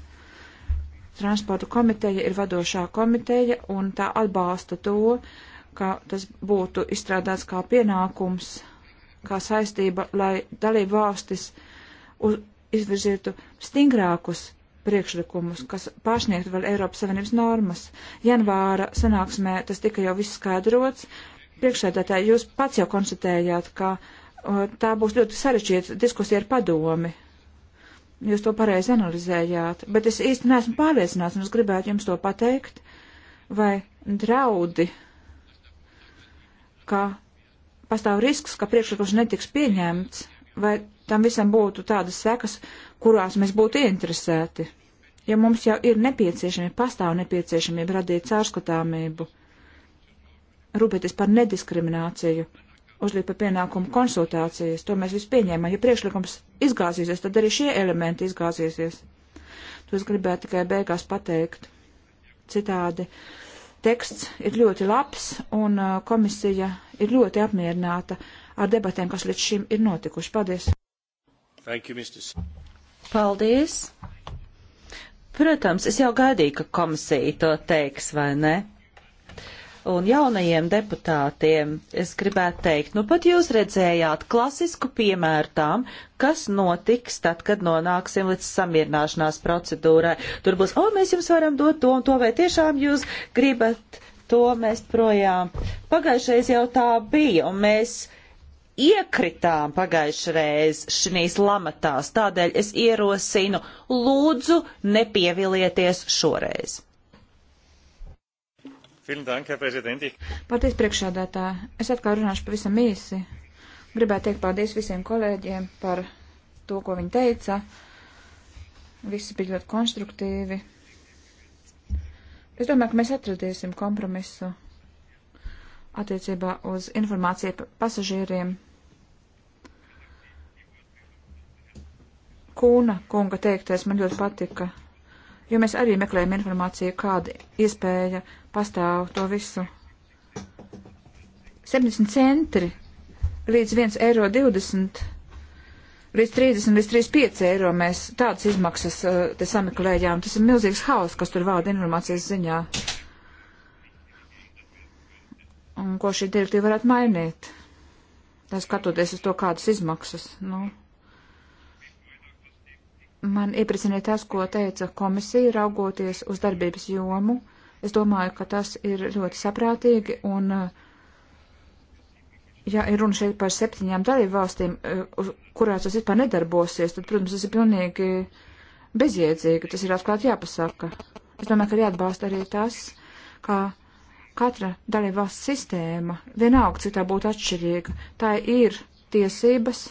Transporta komiteja ir vadošā komiteja un tā atbalsta to, ka tas būtu izstrādāts kā pienākums, kā saistība, lai dalību valstis uz, izvirzītu stingrākus priekšlikumus, kas pārsniegtu vēl Eiropas Savienības normas. Janvāra sanāksmē tas tika jau viss skaidrots. Priekšsēdētāji, jūs pats jau konstatējāt, ka uh, tā būs ļoti sarežģīta diskusija ar padomi Jūs to pareizi analizējāt, bet es īsti neesmu pārliecināts, un es gribētu jums to pateikt, vai draudi, ka pastāv risks, ka priekšlikums netiks pieņemts, vai tam visam būtu tādas sekas, kurās mēs būtu ieinteresēti. Ja mums jau ir nepieciešami, pastāv nepieciešamība radīt caurskatāmību, rūpēties par nediskrimināciju uzliek par pienākumu konsultācijas. To mēs visi pieņēmām. Ja priekšlikums izgāzīsies, tad arī šie elementi izgāzīsies. To es gribēju tikai beigās pateikt. Citādi teksts ir ļoti labs un uh, komisija ir ļoti apmierināta ar debatēm, kas līdz šim ir notikuši. Paldies! Thank you, Mr. Paldies! Protams, es jau gaidīju, ka komisija to teiks, vai ne? un jaunajiem deputātiem es gribētu teikt, nu pat jūs redzējāt klasisku piemēru tām, kas notiks tad, kad nonāksim līdz samierināšanās procedūrai. Tur būs, o, mēs jums varam dot to un to, vai tiešām jūs gribat to mest projām. Pagājušreiz jau tā bija, un mēs iekritām pagājušreiz šīs lamatās, tādēļ es ierosinu, lūdzu, nepievilieties šoreiz. Paldies, priekšādātā. Es atkal runāšu pavisam īsi. Gribētu teikt paldies visiem kolēģiem par to, ko viņi teica. Visi bija ļoti konstruktīvi. Es domāju, ka mēs atradīsim kompromisu attiecībā uz informāciju par pasažieriem. Kūna kunga teiktais man ļoti patika jo mēs arī meklējam informāciju, kāda iespēja pastāv to visu. 70 centri līdz 1,20 eiro, 20, līdz 30, līdz 35 eiro mēs tādas izmaksas uh, te sameklējām. Tas ir milzīgs haus, kas tur vārda informācijas ziņā. Un ko šī direktīva varētu mainīt? Tā skatoties uz to, kādas izmaksas. Nu, man iepriecināja tas, ko teica komisija, raugoties uz darbības jomu. Es domāju, ka tas ir ļoti saprātīgi un, eh, ja ir runa šeit par septiņām dalību valstīm, eh, kurās tas vispār nedarbosies, tad, protams, tas ir pilnīgi bezjēdzīgi, tas ir atklāti jāpasaka. Es domāju, ka ir jāatbalsta arī tas, ka katra dalību valsts sistēma, vienalga, cik tā būtu atšķirīga, tā ir tiesības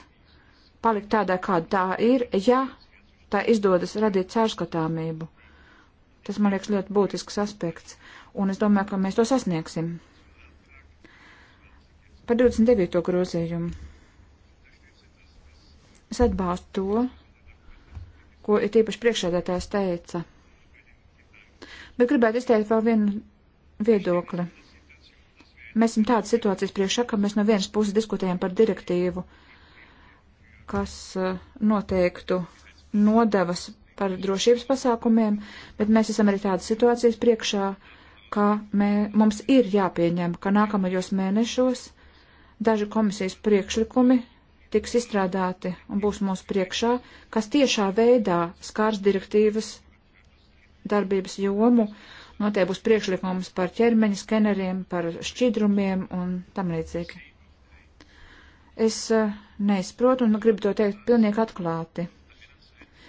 palikt tādā, kāda tā ir, ja tā izdodas radīt caurskatāmību. Tas, man liekas, ļoti būtisks aspekts, un es domāju, ka mēs to sasniegsim. Par 29. grozījumu. Es atbalstu to, ko ir tīpaši priekšādātājs teica. Bet gribētu izteikt vēl vienu viedokli. Mēs esam tādas situācijas priekšā, ka mēs no vienas puses diskutējam par direktīvu, kas uh, noteiktu nodevas par drošības pasākumiem, bet mēs esam arī tādas situācijas priekšā, ka mē, mums ir jāpieņem, ka nākamajos mēnešos daži komisijas priekšlikumi tiks izstrādāti un būs mūsu priekšā, kas tiešā veidā skārs direktīvas darbības jomu. No tie būs priekšlikums par ķermeņa skeneriem, par šķidrumiem un tam līdzīgi. Es eh, neizprotu un gribu to teikt pilnīgi atklāti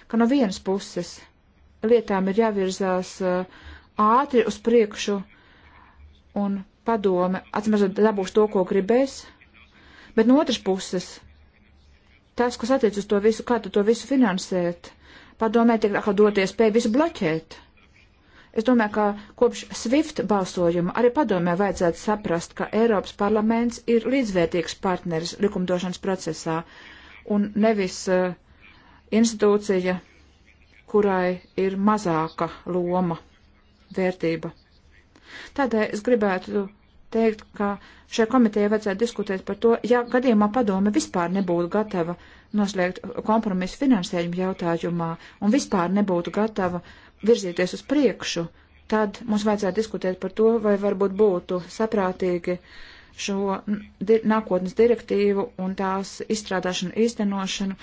ka no vienas puses lietām ir jāvirzās uh, ātri uz priekšu un padome, atmazot dabūs to, ko gribēs, bet no otras puses, tas, kas attiec uz to visu, kā tu to visu finansēt, padomē tiek atkal doties spēju visu bloķēt. Es domāju, ka kopš SWIFT balsojuma arī padomē vajadzētu saprast, ka Eiropas parlaments ir līdzvērtīgs partneris likumdošanas procesā un nevis uh, institūcija, kurai ir mazāka loma, vērtība. Tādēļ es gribētu teikt, ka šai komitejai vajadzētu diskutēt par to, ja gadījumā padome vispār nebūtu gatava noslēgt kompromisu finansējumu jautājumā un vispār nebūtu gatava virzīties uz priekšu, tad mums vajadzētu diskutēt par to, vai varbūt būtu saprātīgi šo di nākotnes direktīvu un tās izstrādāšanu īstenošanu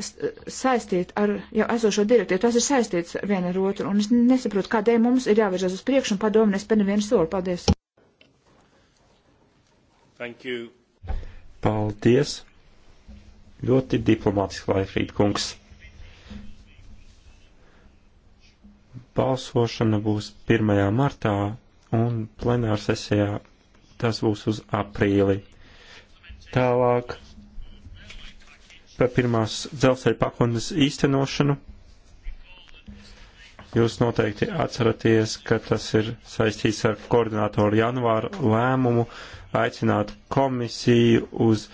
saistīti ar jau esošo direktīvu. Tas ir saistīts viena ar otru, un es nesaprotu, kādēļ mums ir jāvirzās uz priekšu un padomu nespēr nevienu soli. Paldies! Thank you. Paldies! Ļoti diplomātiski, Laifrīd kungs. Balsošana būs 1. martā un plenārsesijā tas būs uz aprīli. Tālāk par pirmās dzelzceļa pakotnes īstenošanu. Jūs noteikti atceraties, ka tas ir saistīts ar koordinātoru janvāru lēmumu aicināt komisiju uz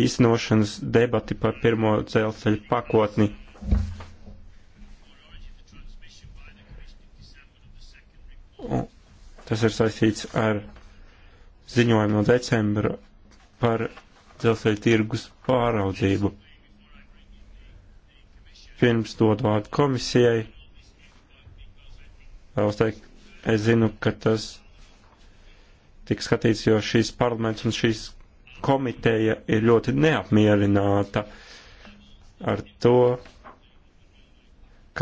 īstenošanas debati par pirmo dzelzceļa pakotni. Un tas ir saistīts ar ziņojumu no decembra par dzelzceļa tirgus pāraudzību. Pirms dod vārdu komisijai, vēlos teikt, es zinu, ka tas tiks skatīts, jo šīs parlaments un šīs komiteja ir ļoti neapmierināta ar to,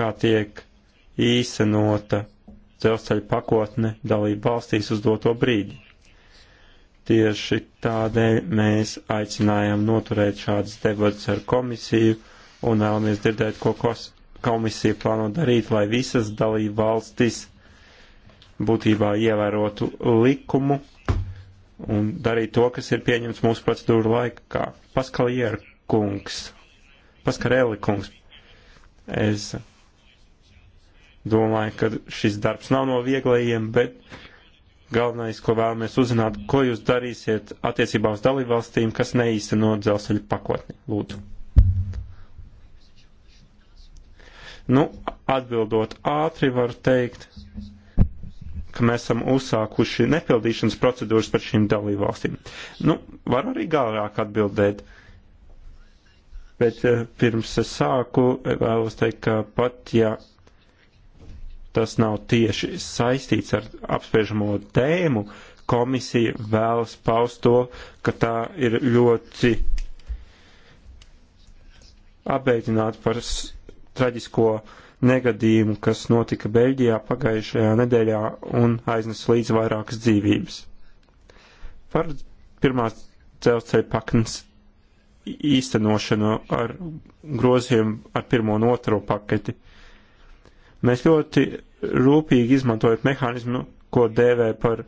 kā tiek īstenota dzelzceļa pakotne dalība valstīs uz doto brīdi. Tieši tādēļ mēs aicinājām noturēt šādas debats ar komisiju un vēlamies dzirdēt, ko kos, komisija plāno darīt, lai visas dalība valstis būtībā ievērotu likumu un darītu to, kas ir pieņemts mūsu procedūru laikā. Paskalier kungs, Paskarēli kungs, es domāju, ka šis darbs nav no vieglajiem, bet galvenais, ko vēlamies uzzināt, ko jūs darīsiet attiecībā uz dalībvalstīm, kas neīsteno dzelzceļa pakotni. Lūdzu. Nu, atbildot ātri, var teikt, ka mēs esam uzsākuši nepildīšanas procedūras par šīm dalībvalstīm. Nu, var arī gārāk atbildēt, bet eh, pirms es sāku, eh, vēlos teikt, ka pat ja tas nav tieši saistīts ar apspriežamo tēmu, komisija vēlas paust to, ka tā ir ļoti apbeidināta par traģisko negadījumu, kas notika Beļģijā pagājušajā nedēļā un aiznes līdz vairākas dzīvības. Par pirmās dzelzceļa paknes īstenošanu ar grozījumu ar pirmo un otro paketi. Mēs ļoti rūpīgi izmantojam mehānismu, ko dēvē par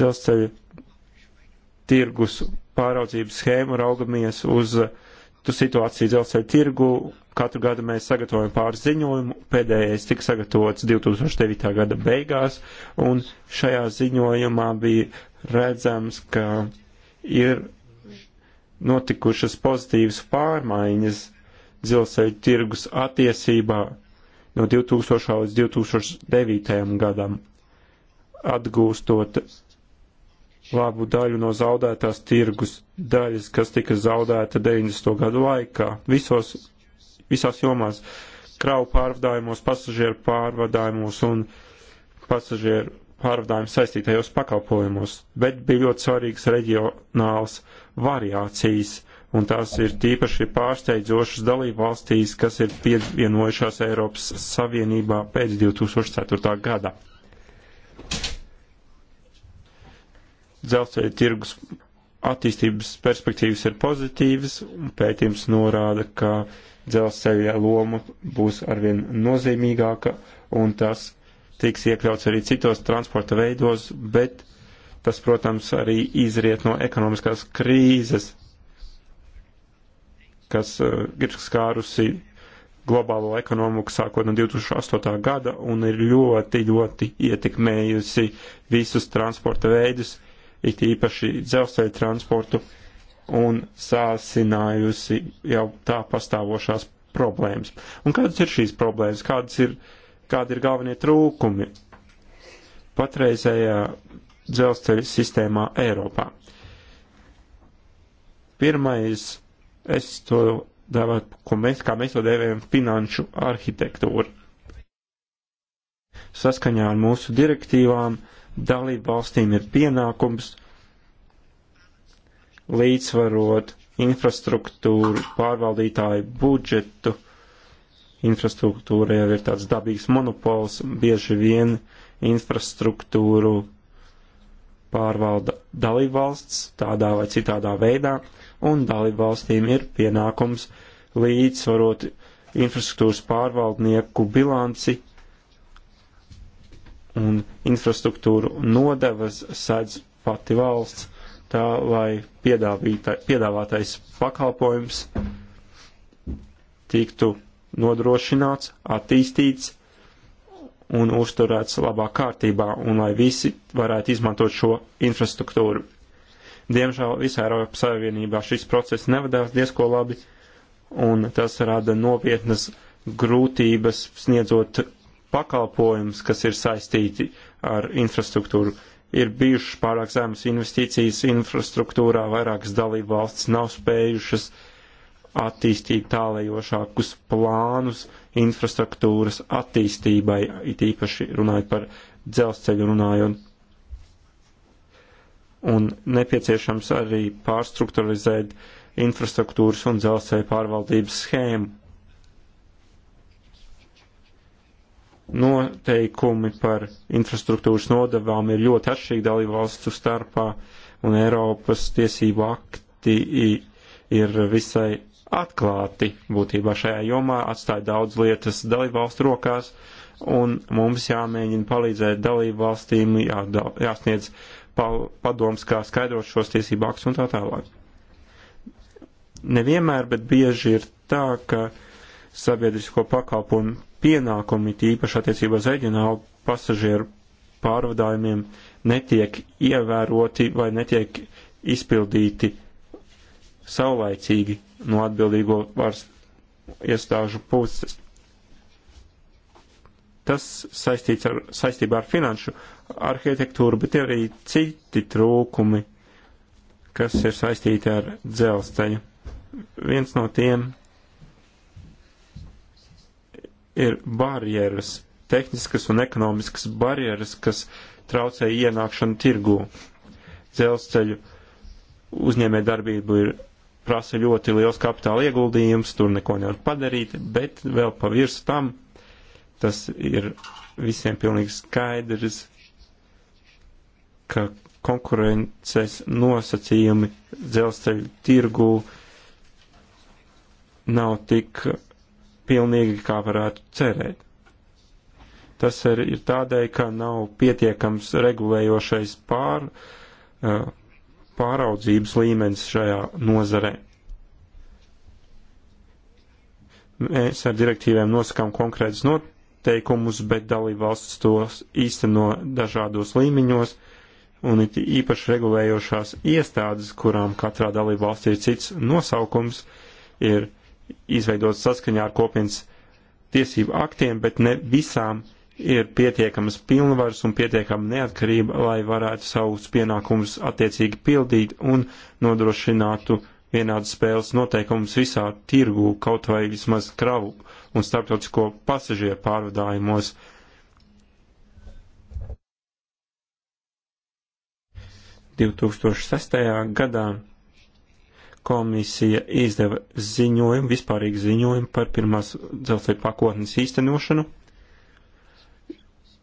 dzelzceļa tirgus pāraudzības schēmu, raugamies uz uh, faktu situāciju dzelzceļa tirgu. Katru gadu mēs sagatavojam pāris ziņojumu, pēdējais tika sagatavots 2009. gada beigās, un šajā ziņojumā bija redzams, ka ir notikušas pozitīvas pārmaiņas dzelzceļa tirgus attiecībā no 2000. līdz 2009. gadam, atgūstot labu daļu no zaudētās tirgus daļas, kas tika zaudēta 90. gadu laikā visos, visās jomās - kravu pārvadājumos, pasažieru pārvadājumos un pasažieru pārvadājumu saistītajos pakalpojumos, bet bija ļoti svarīgas reģionāls variācijas, un tās ir tīpaši pārsteidzošas dalību valstīs, kas ir pievienojušās Eiropas Savienībā pēc 2004. gada. dzelzceļa tirgus attīstības perspektīvas ir pozitīvas, un pētījums norāda, ka dzelzceļa loma būs arvien nozīmīgāka, un tas tiks iekļauts arī citos transporta veidos, bet tas, protams, arī izriet no ekonomiskās krīzes, kas uh, ir skārusi globālo ekonomiku sākot no 2008. gada un ir ļoti, ļoti ietekmējusi visus transporta veidus, uh, it īpaši dzelzceļa transportu, un sāsinājusi jau tā pastāvošās problēmas. Un kādas ir šīs problēmas? Kādas ir, kādi ir galvenie trūkumi patreizējā dzelzceļa sistēmā Eiropā? Pirmais, es to dēvētu, ko mēs, kā mēs to dēvējam, finanšu arhitektūru. Saskaņā ar mūsu direktīvām uh, dalību valstīm ir pienākums līdzvarot infrastruktūru pārvaldītāju budžetu. Infrastruktūra jau ir tāds dabīgs monopols, bieži vien infrastruktūru pārvalda dalībvalsts tādā vai citādā veidā, un dalībvalstīm ir pienākums līdzsvarot infrastruktūras pārvaldnieku bilanci un infrastruktūru nodevas sēdz pati valsts, tā lai piedāvātais pakalpojums tiktu nodrošināts, attīstīts un uzturēts labā kārtībā, un lai visi varētu izmantot šo infrastruktūru. Diemžēl visā Eiropas Savienībā šis process nevadās diezko labi, un tas rada nopietnas grūtības sniedzot pakalpojums, kas ir saistīti ar infrastruktūru. Ir bijušas pārāk zemes investīcijas infrastruktūrā, vairākas dalību valsts nav spējušas attīstīt tālējošākus plānus infrastruktūras attīstībai, it īpaši runājot par dzelzceļu runājot. Un nepieciešams arī pārstrukturizēt infrastruktūras un dzelzceļa pārvaldības schēmu noteikumi par infrastruktūras nodevām ir ļoti atšķirīgi dalību valstu starpā, un Eiropas tiesību akti ir visai atklāti būtībā šajā jomā, atstāja daudz lietas dalību valstu rokās, un mums jāmēģina palīdzēt dalību valstīm, jā, jāsniedz padoms, kā skaidrot šos tiesību aktus un tā tālāk. Nevienmēr, bet bieži ir tā, ka sabiedrisko pakalpojumu pienākumi, tīpaši attiecībā uz reģionālu pasažieru pārvadājumiem, netiek ievēroti vai netiek izpildīti saulaicīgi no atbildīgo varas iestāžu puses. Tas saistīts ar, saistībā ar finanšu arhitektūru, bet ir arī citi trūkumi, kas ir saistīti ar dzelzceļu. Viens no tiem ir barjeras, tehniskas un ekonomiskas barjeras, kas traucē ienākšanu tirgū. Dzelzceļu uzņēmē darbību ir prasa ļoti liels kapitāla ieguldījums, tur neko nevar padarīt, bet vēl pa virs tam tas ir visiem pilnīgi skaidrs, ka konkurences nosacījumi dzelzceļu tirgū nav tik pilnīgi, kā varētu cerēt. Tas ir, ir tādēļ, ka nav pietiekams regulējošais pār, eh, pāraudzības līmenis šajā nozarē. Mēs ar direktīviem nosakām konkrētas noteikumus, bet dalībvalsts tos īsteno dažādos līmeņos, un it īpaši regulējošās iestādes, kurām katrā dalībvalstī ir cits nosaukums, ir uh, izveidots saskaņā ar kopienas tiesību aktiem, bet ne visām ir pietiekamas pilnvaras un pietiekama neatkarība, lai varētu savus pienākumus attiecīgi pildīt un nodrošinātu vienādas spēles noteikumus visā tirgū, kaut vai vismaz kravu un starptautisko pasažieru pārvadājumos. gadā komisija izdeva ziņojumu, vispārīgu ziņojumu par pirmās dzelzceļa pakotnes īstenošanu.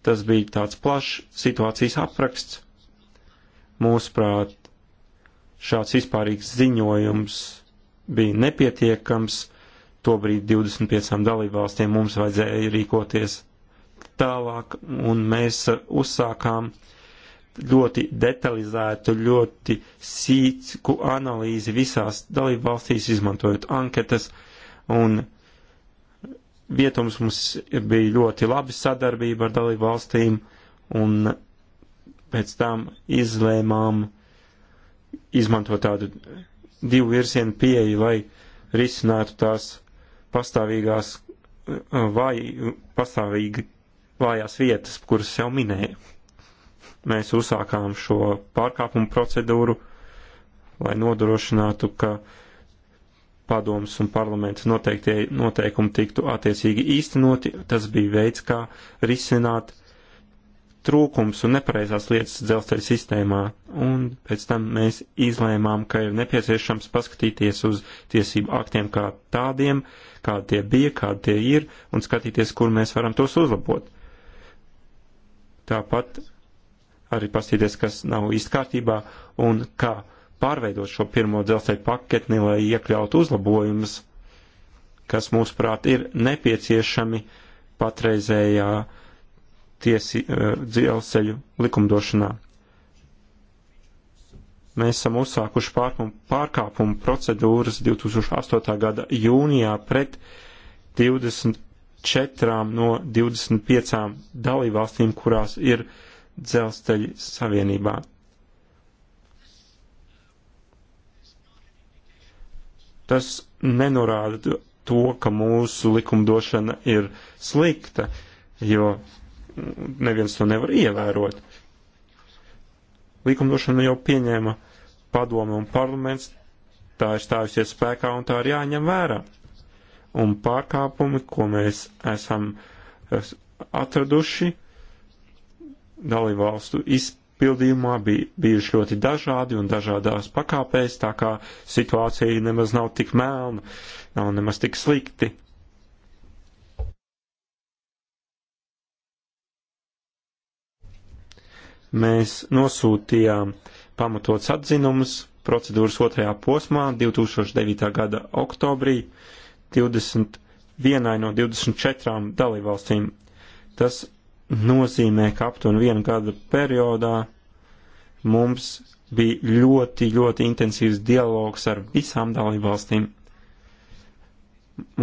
Tas bija tāds plašs situācijas apraksts. Mūsuprāt, šāds vispārīgs ziņojums bija nepietiekams. Tobrīd 25 dalībvalstīm mums vajadzēja rīkoties tālāk, un mēs uzsākām uh, ļoti detalizētu, ļoti sīku analīzi visās dalību valstīs, izmantojot anketas, un vietums mums bija ļoti labi sadarbība ar dalību valstīm, un pēc tam izlēmām izmantot tādu divu virsienu pieeju, lai risinātu tās pastāvīgās vai pastāvīgi vājās vietas, kuras jau minēju mēs uzsākām šo pārkāpumu procedūru, lai nodrošinātu, ka padomus un parlaments noteiktie noteikumi tiktu attiecīgi īstenoti. Tas bija veids, kā risināt trūkums un nepareizās lietas dzelzceļa sistēmā, un pēc tam mēs izlēmām, ka ir nepieciešams paskatīties uz tiesību aktiem kā tādiem, kādi tie bija, kādi tie ir, un skatīties, kur mēs varam tos uzlabot. Tāpat arī pastīties, kas nav īsti kārtībā un kā pārveidot šo pirmo dzelzceļa paketni, lai iekļautu uzlabojumus, kas mūsuprāt ir nepieciešami patreizējā tiesi, eh, dzelzceļu likumdošanā. Mēs esam uzsākuši pārkumu, pārkāpumu procedūras 2008. gada jūnijā pret 24 no 25 dalībvalstīm, kurās ir uh, dzelzceļa savienībā. Tas nenorāda to, ka mūsu likumdošana ir slikta, jo neviens to nevar ievērot. Likumdošana jau pieņēma padome un parlaments, tā ir stājusies spēkā un tā ir jāņem vērā. Un pārkāpumi, ko mēs esam eh, atraduši, dalībvalstu izpildījumā bija bijuši ļoti dažādi un dažādās pakāpēs, tā kā situācija nemaz nav tik melna, nav nemaz tik slikti. Mēs nosūtījām pamatots atzinumus procedūras otrajā posmā 2009. gada oktobrī 21 no 24 dalībvalstīm. Tas nozīmē, ka aptuveni viena gada periodā mums bija ļoti, ļoti intensīvs dialogs ar visām dalībvalstīm.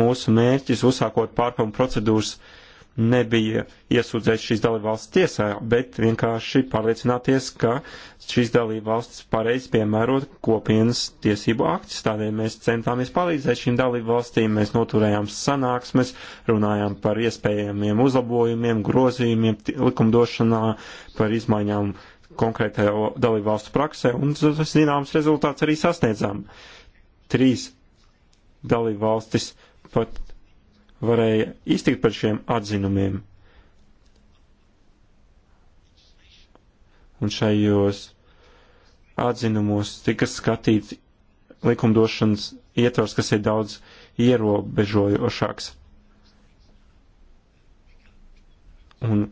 Mūsu mērķis, uzsākot pārkāpumu procedūras, uh, nebija iesūdzējis šīs dalībvalsts tiesā, bet vienkārši pārliecināties, ka šīs dalībvalsts pareizi piemērot kopienas tiesību aktus. Tādēļ mēs centāmies palīdzēt šīm dalībvalstīm, mēs noturējām sanāksmes, runājām par iespējamiem uzlabojumiem, grozījumiem likumdošanā, par izmaiņām konkrētajā dalībvalstu praksē, un zināms rezultāts arī sasniedzām. Trīs dalībvalstis pat varēja iztikt par šiem atzinumiem. Un šajos atzinumos tika skatīts likumdošanas ietvars, kas ir daudz ierobežojošāks. Un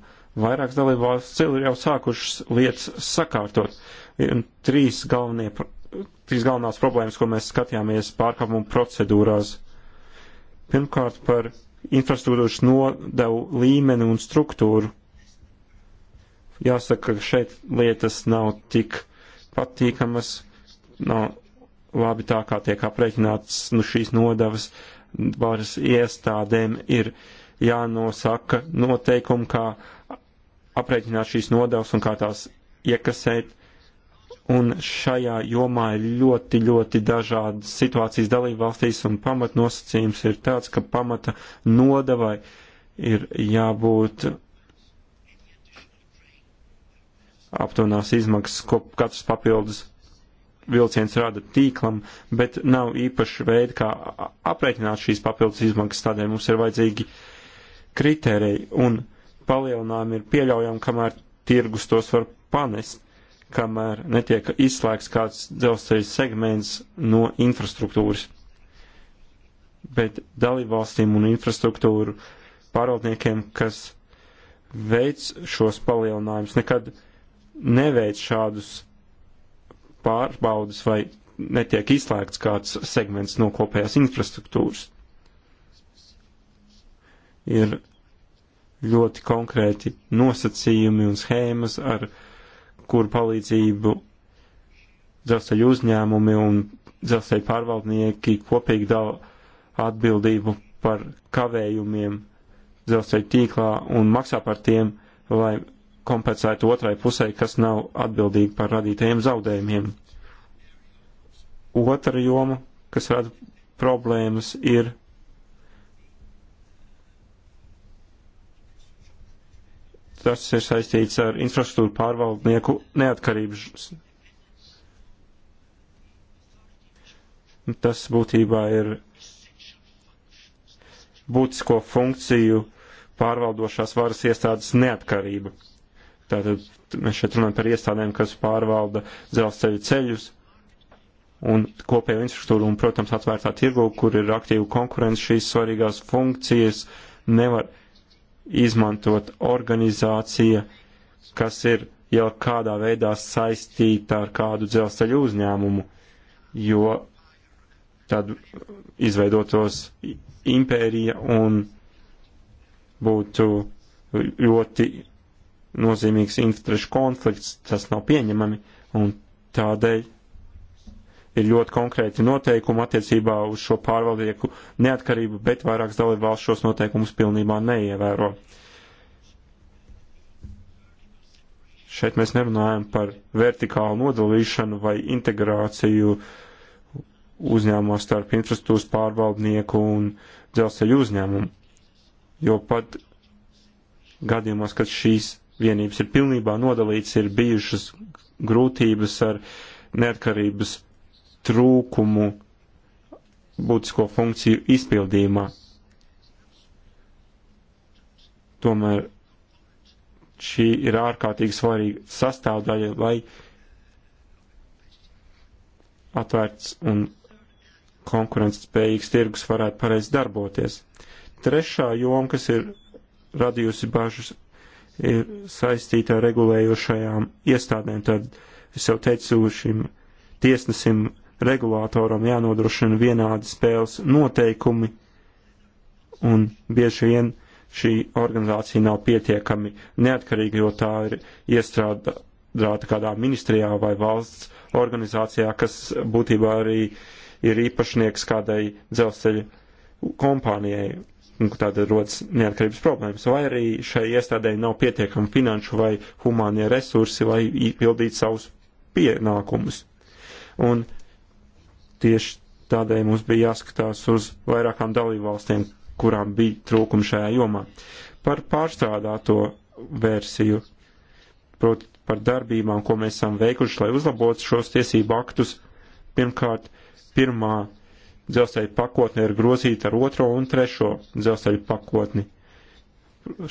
vairākas dalībvalsts ir jau sākušas lietas sakārtot. Un trīs, galvenie, trīs galvenās problēmas, ko mēs skatījāmies pārkāpumu procedūrās Pirmkārt par infrastruktūras nodevu līmeni un struktūru. Jāsaka, ka šeit lietas nav tik patīkamas, nav labi tā, kā tiek aprēķināts nu, šīs nodevas. Varas iestādēm ir jānosaka noteikumi, kā aprēķināt šīs nodevas un kā tās iekasēt un šajā jomā ir ļoti, ļoti dažādas situācijas dalībvalstīs, un pamatnosacījums ir tāds, ka pamata nodevai ir jābūt aptuvenās izmaksas, ko katrs papildus vilciens rada tīklam, bet nav īpaši veidi, kā aprēķināt šīs papildus izmaksas, tādēļ mums ir vajadzīgi kritēriji, un palielinājumi ir pieļaujami, kamēr tirgus tos var panest kamēr netiek izslēgts kāds dzelzceļa segments no infrastruktūras. Bet dalībvalstīm un infrastruktūru pārvaldniekiem, kas veic šos palielinājumus, nekad neveic šādus pārbaudas vai netiek izslēgts kāds segments no kopējās infrastruktūras. Ir ļoti konkrēti nosacījumi un schēmas ar uh, kur palīdzību dzelzceļu uzņēmumi un dzelzceļu pārvaldnieki kopīgi dala atbildību par kavējumiem dzelzceļu tīklā un maksā par tiem, lai kompensētu otrai pusē, kas nav atbildīgi par radītajiem zaudējumiem. Otra joma, kas rada problēmas, ir Tas ir saistīts ar infrastruktūru pārvaldnieku neatkarības. Tas būtībā ir būtisko funkciju pārvaldošās varas iestādes neatkarība. Tātad mēs šeit runājam par iestādēm, kas pārvalda dzelzceļu ceļus un kopējo infrastruktūru un, protams, atvērtā tirgu, kur ir aktīva konkurence, šīs svarīgās funkcijas nevar izmantot organizācija, kas ir jau kādā veidā saistīta ar kādu dzelzceļu uzņēmumu, jo tad izveidotos impērija un būtu ļoti nozīmīgs interešu konflikts, tas nav pieņemami, un tādēļ ir ļoti konkrēti noteikumi attiecībā uz šo pārvaldnieku neatkarību, bet vairākas dalībvalsts šos noteikumus pilnībā neievēro. Šeit mēs nerunājam par vertikālu nodalīšanu vai integrāciju uzņēmumā starp infrastruktūras pārvaldnieku un dzelzceļu uzņēmumu, jo pat gadījumos, kad šīs vienības ir pilnībā nodalītas, ir bijušas grūtības ar neatkarības trūkumu būtisko funkciju izpildījumā. Tomēr šī ir ārkārtīgi svarīga sastāvdaļa, lai atvērts un konkurences spējīgs tirgus varētu pareizi darboties. Trešā joma, kas ir radījusi bažas, ir saistīta ar regulējošajām iestādēm. Tad es jau teicu šim tiesnesim regulātoram jānodrošina vienādi spēles noteikumi, un bieži vien šī organizācija nav pietiekami neatkarīga, jo tā ir iestrādāta kādā ministrijā vai valsts organizācijā, kas būtībā arī ir īpašnieks kādai dzelzceļa kompānijai, un tad rodas neatkarības problēmas, vai arī šai iestādēji nav pietiekami finanšu vai humānie resursi, lai pildītu savus pienākumus. Un Tieši tādēļ mums bija jāskatās uz vairākām dalībvalstīm, kurām bija trūkumi šajā jomā. Par pārstrādāto versiju, proti par darbībām, ko mēs esam veikuši, lai uzlabotu šos tiesību aktus, pirmkārt, pirmā dzelzceļa pakotne ir grozīta ar otro un trešo dzelzceļa pakotni.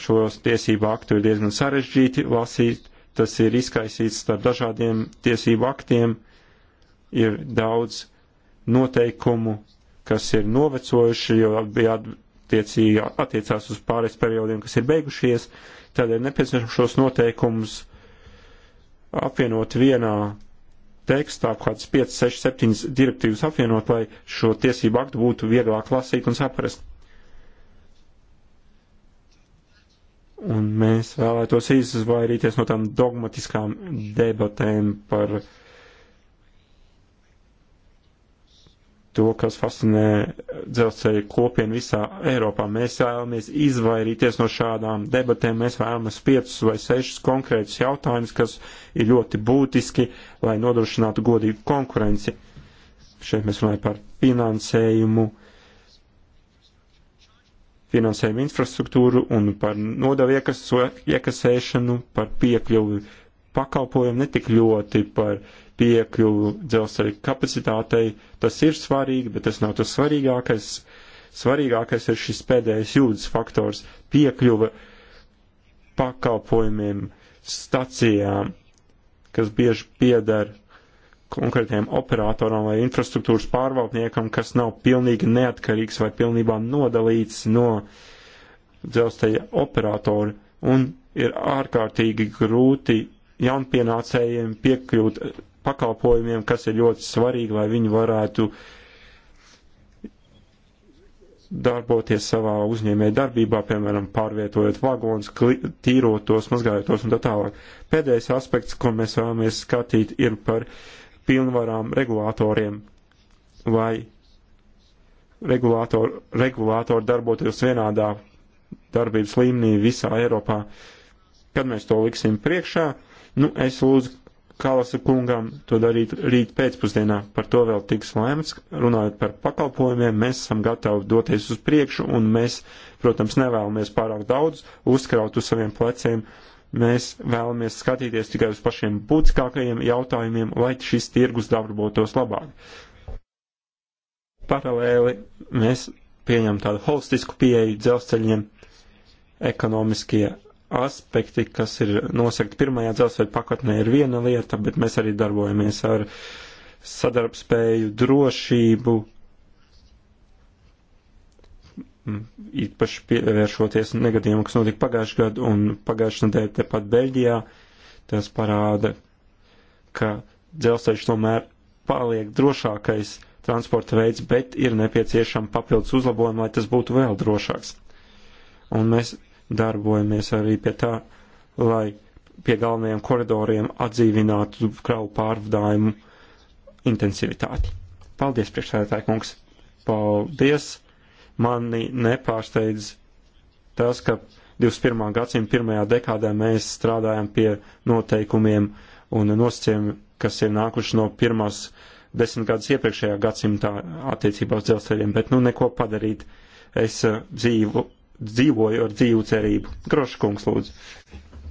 Šos tiesību aktu ir diezgan sarežģīti lasīt, tas ir izkaisīts starp dažādiem tiesību aktiem, ir daudz noteikumu, kas ir novecojuši, jo bija attiecīgi attiecās uz pāris periodiem, kas ir beigušies, tādēļ nepieciešams šos noteikumus apvienot vienā tekstā, kāds 5, 6, 7 direktīvas apvienot, lai šo tiesību aktu būtu vieglāk lasīt un saprast. Un mēs vēlētos izvairīties no tām dogmatiskām debatēm par uh, to, kas fascinē dzelzceļa kopienu visā Eiropā. Mēs vēlamies izvairīties no šādām debatēm, mēs vēlamies piecus vai sešus konkrētus jautājumus, kas ir ļoti būtiski, lai nodrošinātu godīgu konkurenci. Šeit mēs runājam par finansējumu, finansējumu infrastruktūru un par nodevu iekasēšanu, par piekļuvi pakalpojumu, ne tik ļoti par uh, piekļuvu dzelzceļa kapacitātei. Tas ir svarīgi, bet tas nav tas svarīgākais. Svarīgākais ir šis pēdējais jūdzes faktors - piekļuva pakalpojumiem, stacijām, kas bieži piedara konkrētiem operatoram vai infrastruktūras pārvaldniekam, kas nav pilnīgi neatkarīgs vai pilnībā nodalīts no dzelzceļa operatora un ir ārkārtīgi grūti jaunpienācējiem piekļūt pakalpojumiem, kas ir ļoti svarīgi, lai viņi varētu darboties savā uzņēmē darbībā, piemēram, pārvietojot vagonus, tīrot tos, mazgājot tos un tā tālāk. Pēdējais aspekts, ko mēs vēlamies skatīt, ir par pilnvarām regulātoriem, lai regulātori, regulātori darbotos vienādā darbības līmenī visā Eiropā. Kad mēs to liksim priekšā, nu, es lūdzu Kalasa kungam to darīt rīt pēcpusdienā. Par to vēl tiks lēmts. Runājot par pakalpojumiem, mēs esam gatavi doties uz priekšu un mēs, protams, nevēlamies pārāk daudz uzkraut uz saviem pleciem. Mēs vēlamies skatīties tikai uz pašiem būtiskākajiem jautājumiem, lai šis tirgus darbotos labāk. Paralēli mēs pieņem tādu holistisku pieeju dzelzceļiem, ekonomiskie aspekti, kas ir nosakti pirmajā dzelzceļa pakotnē, ir viena lieta, bet mēs arī darbojamies ar sadarbspēju, drošību, īpaši pievēršoties negadījumam, kas notika pagājušajā gadā un pagājušajā nedēļā tepat Beļģijā. Tas parāda, ka dzelzceļš tomēr paliek drošākais transporta veids, bet ir nepieciešama papildus uzlabojuma, lai tas būtu vēl drošāks. Un mēs darbojamies arī pie tā, lai pie galvenajiem koridoriem atdzīvinātu kravu pārvadājumu intensivitāti. Paldies, priekšsēdētāji kungs! Paldies! Mani nepārsteidz tas, ka 21. gadsimta pirmajā dekādē mēs strādājam pie noteikumiem un nosacījumiem, kas ir nākuši no pirmās desmit gadus iepriekšējā gadsimtā attiecībā uz dzelzceļiem, bet nu neko padarīt. Es eh, dzīvu dzīvoju ar dzīvu cerību. Groškungs, lūdzu.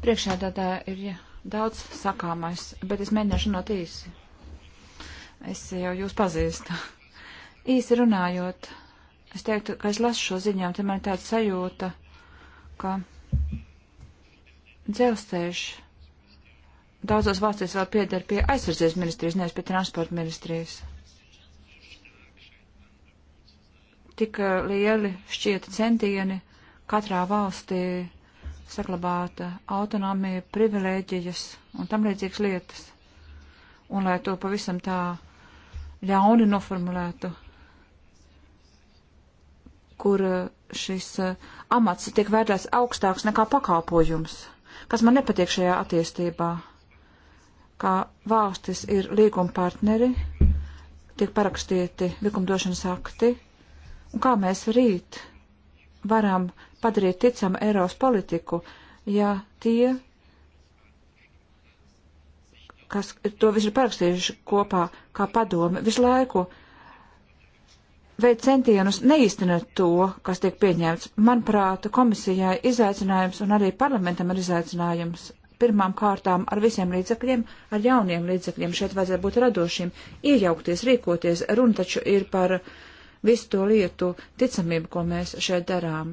Priekšādātā ir jā, daudz sakāmais, bet es mēģināšu not īsi. Es jau jūs pazīstu. Īsi runājot, es teiktu, ka es lasu šo ziņām, te man ir tāda sajūta, ka dzelzceļš daudzos valstīs vēl pieder pie aizsardzības ministrijas, nevis pie transporta ministrijas. Tik eh, lieli šķiet centieni katrā valstī saglabāta autonomija, privilēģijas un tam līdzīgas lietas. Un lai to pavisam tā ļauni noformulētu, kur uh, šis uh, amats tiek vērtēts augstāks nekā pakalpojums, kas man nepatīk šajā attīstībā, kā valstis ir līguma partneri, tiek parakstīti likumdošanas akti, un kā mēs rīt varam padarīt ticamu Eiropas politiku, ja tie, kas to visu ir parakstījuši kopā kā padomi, visu laiku veic centienus neīstenot to, kas tiek pieņemts. Manuprāt, komisijai izaicinājums un arī parlamentam ir izaicinājums pirmām kārtām ar visiem līdzekļiem, ar jauniem līdzekļiem. Šeit vajadzētu būt radošiem, iejaukties, rīkoties. Runa taču ir par uh, visu to lietu ticamību, ko mēs šeit darām.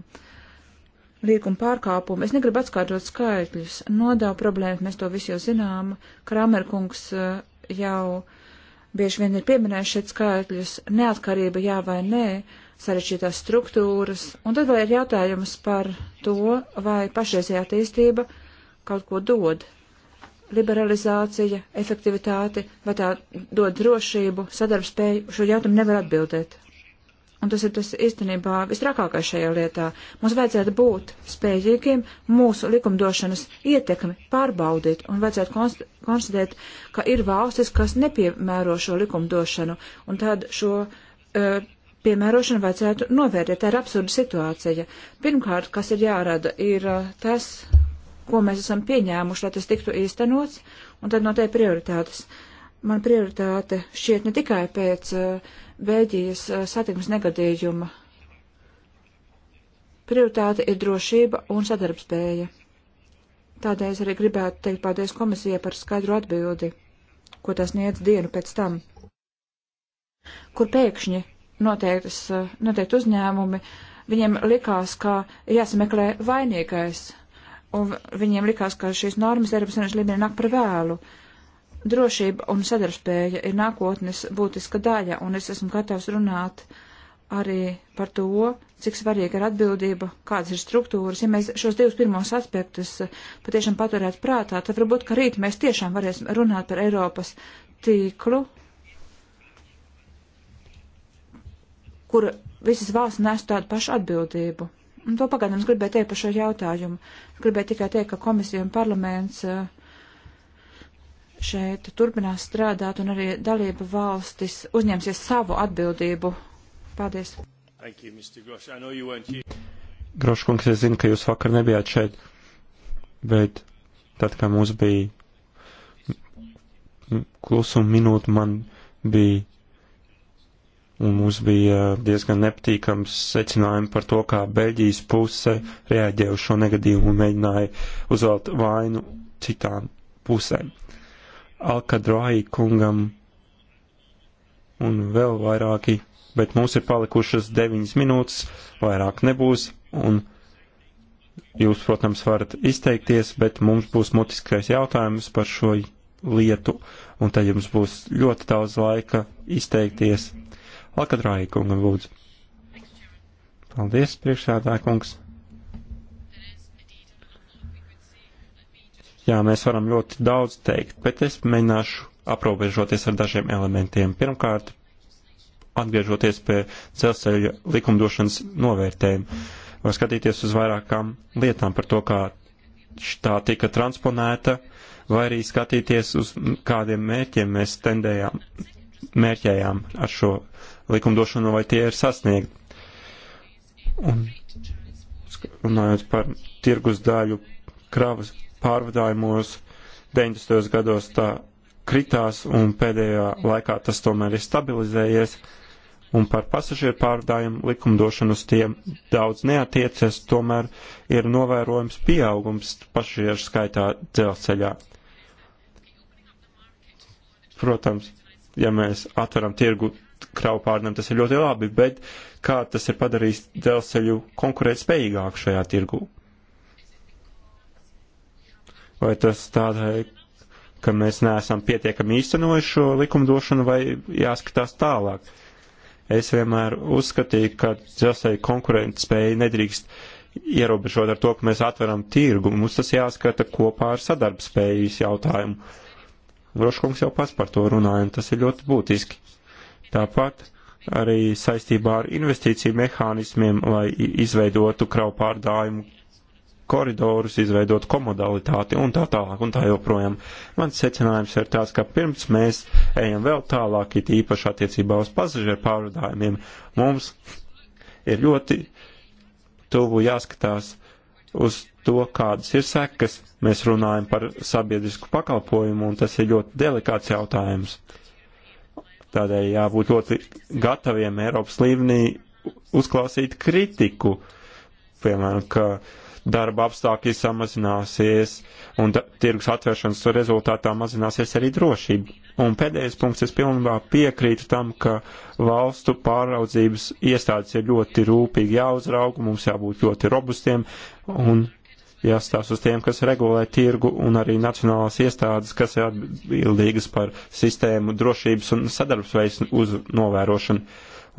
Līguma pārkāpumi. Es negribu atskaidrot skaitļus. Nodevu problēmas, mēs to visi jau zinām. Kramerkungs eh, jau bieži vien ir pieminējis šeit skaitļus. Neatkarība jā vai nē, sarežģītās struktūras. Un tad vēl ir jautājums par to, vai pašreizējā attīstība kaut ko dod liberalizācija, efektivitāte, vai tā dod drošību, sadarbspēju, šo jautājumu nevar atbildēt. Un tas ir tas īstenībā visrakākais šajā lietā. Mums vajadzētu būt spējīgiem mūsu likumdošanas ietekmi pārbaudīt un vajadzētu konst konstatēt, ka ir valstis, kas nepiemēro šo likumdošanu un tad šo uh, piemērošanu vajadzētu novērtēt. Tā ir absurda situācija. Pirmkārt, kas ir jārada, ir uh, tas, ko mēs esam pieņēmuši, lai tas tiktu īstenots, un tad no te prioritātes. Man prioritāte šķiet ne tikai pēc uh, Bēģijas eh, satiksmes negadījuma. Prioritāte ir drošība un sadarbspēja. Tādēļ es arī gribētu teikt paldies komisijai par skaidru atbildi, ko tas niedz dienu pēc tam, kur pēkšņi noteiktas, eh, noteikti uzņēmumi, viņiem likās, ka jāsameklē vainīgais, un viņiem likās, ka šīs normas Eiropas Savienības līmenī nāk par vēlu. Uh, Drošība un sadarbspēja ir nākotnes būtiska daļa, un es esmu gatavs runāt arī par to, cik svarīga ir atbildība, kādas ir struktūras. Ja mēs šos divus pirmos aspektus patiešām paturētu prātā, tad varbūt, ka rīt mēs tiešām varēsim runāt par Eiropas tīklu, kur visas valsts nes tādu pašu atbildību. Un to pagaidām es gribēju teikt par šo jautājumu. Es gribēju tikai teikt, ka komisija un parlaments uh, šeit turpinās strādāt un arī dalība valstis uzņemsies savu atbildību. Paldies. Groškungs, es zinu, ka jūs vakar nebijāt šeit, bet tad, kā mums bija klusuma minūte, man bija un mums bija diezgan nepatīkams secinājumi par to, kā Beļģijas puse reaģēja uz šo negadījumu un mēģināja uzvelt vainu citām pusēm. Alkadrāji kungam un vēl vairāki, bet mums ir palikušas deviņas minūtes, vairāk nebūs, un jūs, protams, varat izteikties, bet mums būs mutiskais jautājums par šo lietu, un tad jums būs ļoti daudz laika izteikties. Alkadrāji kungam lūdzu. Paldies, priekšsēdāja kungs. Jā, mēs varam ļoti daudz teikt, bet es mēģināšu aprobežoties ar dažiem elementiem. Pirmkārt, atgriežoties pie dzelzceļa likumdošanas novērtējuma, var skatīties uz vairākām lietām par to, kā tā tika transponēta, vai arī skatīties uz kādiem mērķiem mēs tendējām, mērķējām ar šo likumdošanu, vai tie ir sasniegti. Un runājot par tirgus daļu kravas pārvadājumos 90. gados tā kritās un pēdējā laikā tas tomēr ir stabilizējies un par pasažieru pārvadājumu likumdošanu uz tiem daudz neatiecas, tomēr ir novērojams pieaugums pasažieru skaitā dzelzceļā. Protams, ja mēs atveram tirgu kravu pārnēm, tas ir ļoti labi, bet kā tas ir padarījis dzelzceļu konkurēt spējīgāk šajā tirgu? Vai tas tādēļ, ka mēs neesam pietiekami īstenojuši šo likumdošanu, vai jāskatās tālāk? Es vienmēr uzskatīju, ka dzelzceļa konkurētspēja nedrīkst ierobežot ar to, ka mēs atveram tirgu. Mums tas jāskata kopā ar sadarbspējas jautājumu. Groškungs jau pats par to runāja, un tas ir ļoti būtiski. Tāpat arī saistībā ar investīciju mehānismiem, lai izveidotu kravu pārdājumu koridorus, izveidot komodalitāti un tā tālāk un tā joprojām. Mans secinājums ir tās, ka pirms mēs ejam vēl tālāk, it īpaši attiecībā uz pasažieru pārvadājumiem, mums ir ļoti tuvu jāskatās uz to, kādas ir sekas. Mēs runājam par sabiedrisku pakalpojumu, un tas ir ļoti delikāts jautājums. Tādēļ jābūt ļoti gataviem Eiropas līmenī uzklausīt kritiku, piemēram, ka darba apstākļi samazināsies un tirgus atvēršanas rezultātā mazināsies arī drošība. Un pēdējais punkts, es pilnībā piekrītu tam, ka valstu pāraudzības iestādes ir ļoti rūpīgi jāuzrauga, mums jābūt ļoti robustiem un jāstās uz tiem, kas regulē tirgu un arī nacionālās iestādes, kas ir atbildīgas par sistēmu drošības un sadarbsveids uz novērošanu.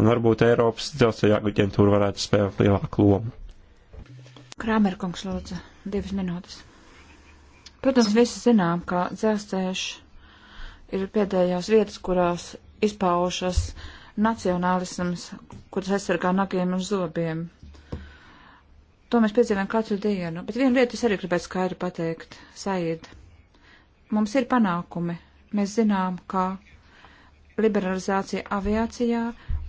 Un varbūt Eiropas dzelzceļa aģentūra varētu spēlēt lielāku lomu. Krāmerkungs lūdzu divas minūtes. Protams, visi zinām, ka dzelzceļš ir pēdējās vietas, kurās izpaušas nacionālisms, kuras aizsargā nagiem un zobiem. To mēs piedzīvojam katru dienu, bet vienu lietu es arī gribētu skaidri pateikt, Said. Mums ir panākumi. Mēs zinām, ka liberalizācija aviācijā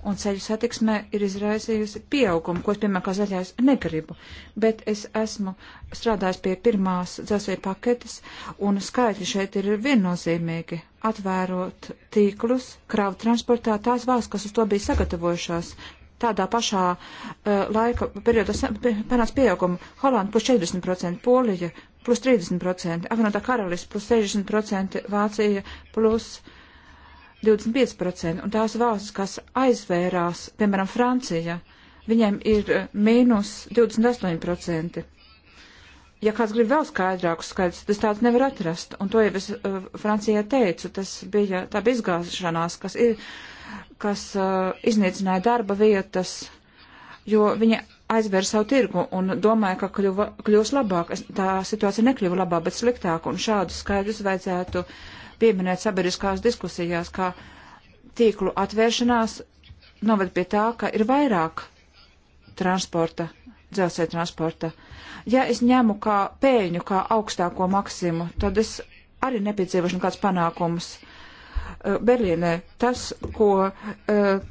un ceļu satiksmē ir izraisījusi pieaugumu, ko es, piemēram, kā zaļais negribu, bet es esmu strādājis pie pirmās dzelzceļa paketes, un skaitļi šeit ir viennozīmīgi. Atvērot tīklus, kravu transportā, tās valsts, kas uz to bija sagatavojušās, tādā pašā uh, laika periodā panāca pieaugumu Holanda plus 40%, Polija plus 30%, Avinotā karalists plus 60%, Vācija plus 30%. 25%, un tās valsts, kas aizvērās, piemēram, Francija, viņiem ir eh, mīnus 28%. Ja kāds grib vēl skaidrākus skaidrs, tas tāds nevar atrast, un to jau es uh, Francijai teicu, tas bija tā bija izgāšanās, kas, ir, kas uh, iznīcināja darba vietas, jo viņa aizver savu tirgu un domāja, ka kļuva, kļūs labāk. Tā situācija nekļuva labāk, bet sliktāk. Un šādus skaidrus vajadzētu pieminēt sabiedriskās diskusijās, kā tīklu atvēršanās noved pie tā, ka ir vairāk transporta, dzelzceļa transporta. Ja es ņemu kā pēļņu, kā augstāko maksimu, tad es arī nepieciešams kāds panākums. Eh, Berlīnē tas, ko uh,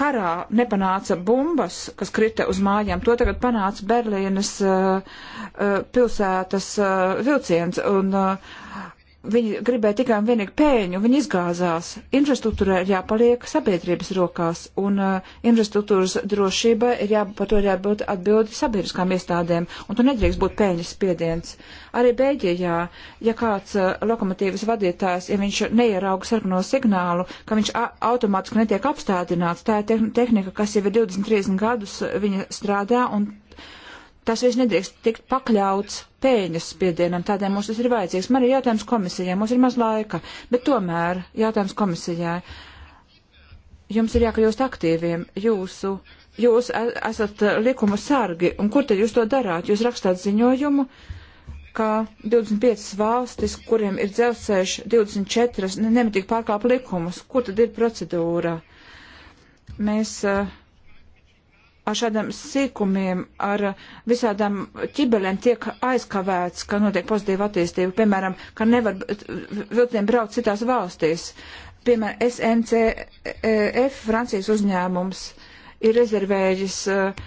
karā nepanāca bumbas, kas krita uz mājām. To tagad panāca Berlīnas uh, eh, eh, pilsētas uh, vilciens. Un, uh, Viņi gribēja tikai un vienīgi pēļņu, viņi izgāzās. Infrastruktūra ir jāpaliek sabiedrības rokās, un uh, infrastruktūras drošība ir jā, par to ir jābūt atbildi sabiedriskām iestādēm, un tur nedrīkst būt pēļņas spiediens. Arī Bēļģijā, ja kāds uh, lokomotīvas vadītājs, ja viņš neierauga sarkano signālu, ka viņš automātiski netiek apstādināts, tā ir tehnika, kas jau ir 20-30 gadus, uh, viņa strādā, un tas viss nedrīkst tikt pakļauts pēļņas spiedienam, tādēļ mums tas ir vajadzīgs. Man ir jautājums komisijai, mums ir maz laika, bet tomēr jautājums komisijai. Jums ir jākļūst aktīviem, jūsu, jūs e, esat likuma sargi, un kur tad jūs to darāt? Jūs rakstāt ziņojumu, ka 25 valstis, kuriem ir dzelzceļš 24, nemitīgi pārkāp likumus, kur tad ir procedūra? Mēs uh, ar šādiem sīkumiem, ar visādām ķibelēm tiek aizkavēts, ka notiek pozitīva attīstība, piemēram, ka nevar viltiem braukt citās valstīs. Piemēram, SNCF, e Francijas uzņēmums, ir rezervējis eh,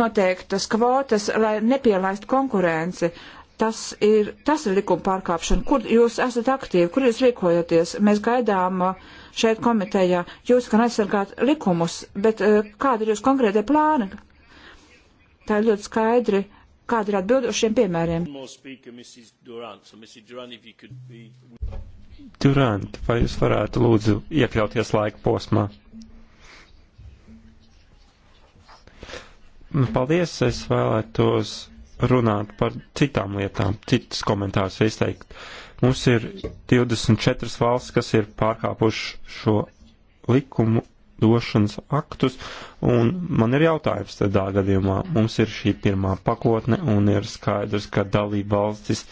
noteiktas kvotas, lai nepielaistu konkurenci. Tas ir, tas ir likuma pārkāpšana. Kur jūs esat aktīvi, kur jūs rīkojaties? Mēs gaidām uh, šeit komitejā. Jūs gan aizsargāt likumus, bet eh, kādi ir jūs konkrētie plāni? Tā ir ļoti skaidri. Kāda ir atbilde uz šiem piemēriem? Durant, vai jūs varētu lūdzu iekļauties laika posmā? Mm, paldies, es vēlētos runāt par citām lietām, citus komentārus izteikt. Uh, Mums ir 24 valsts, kas ir pārkāpuši šo likumu došanas aktus, un man ir jautājums tādā gadījumā. Mums ir šī pirmā pakotne, un ir skaidrs, ka dalība valstis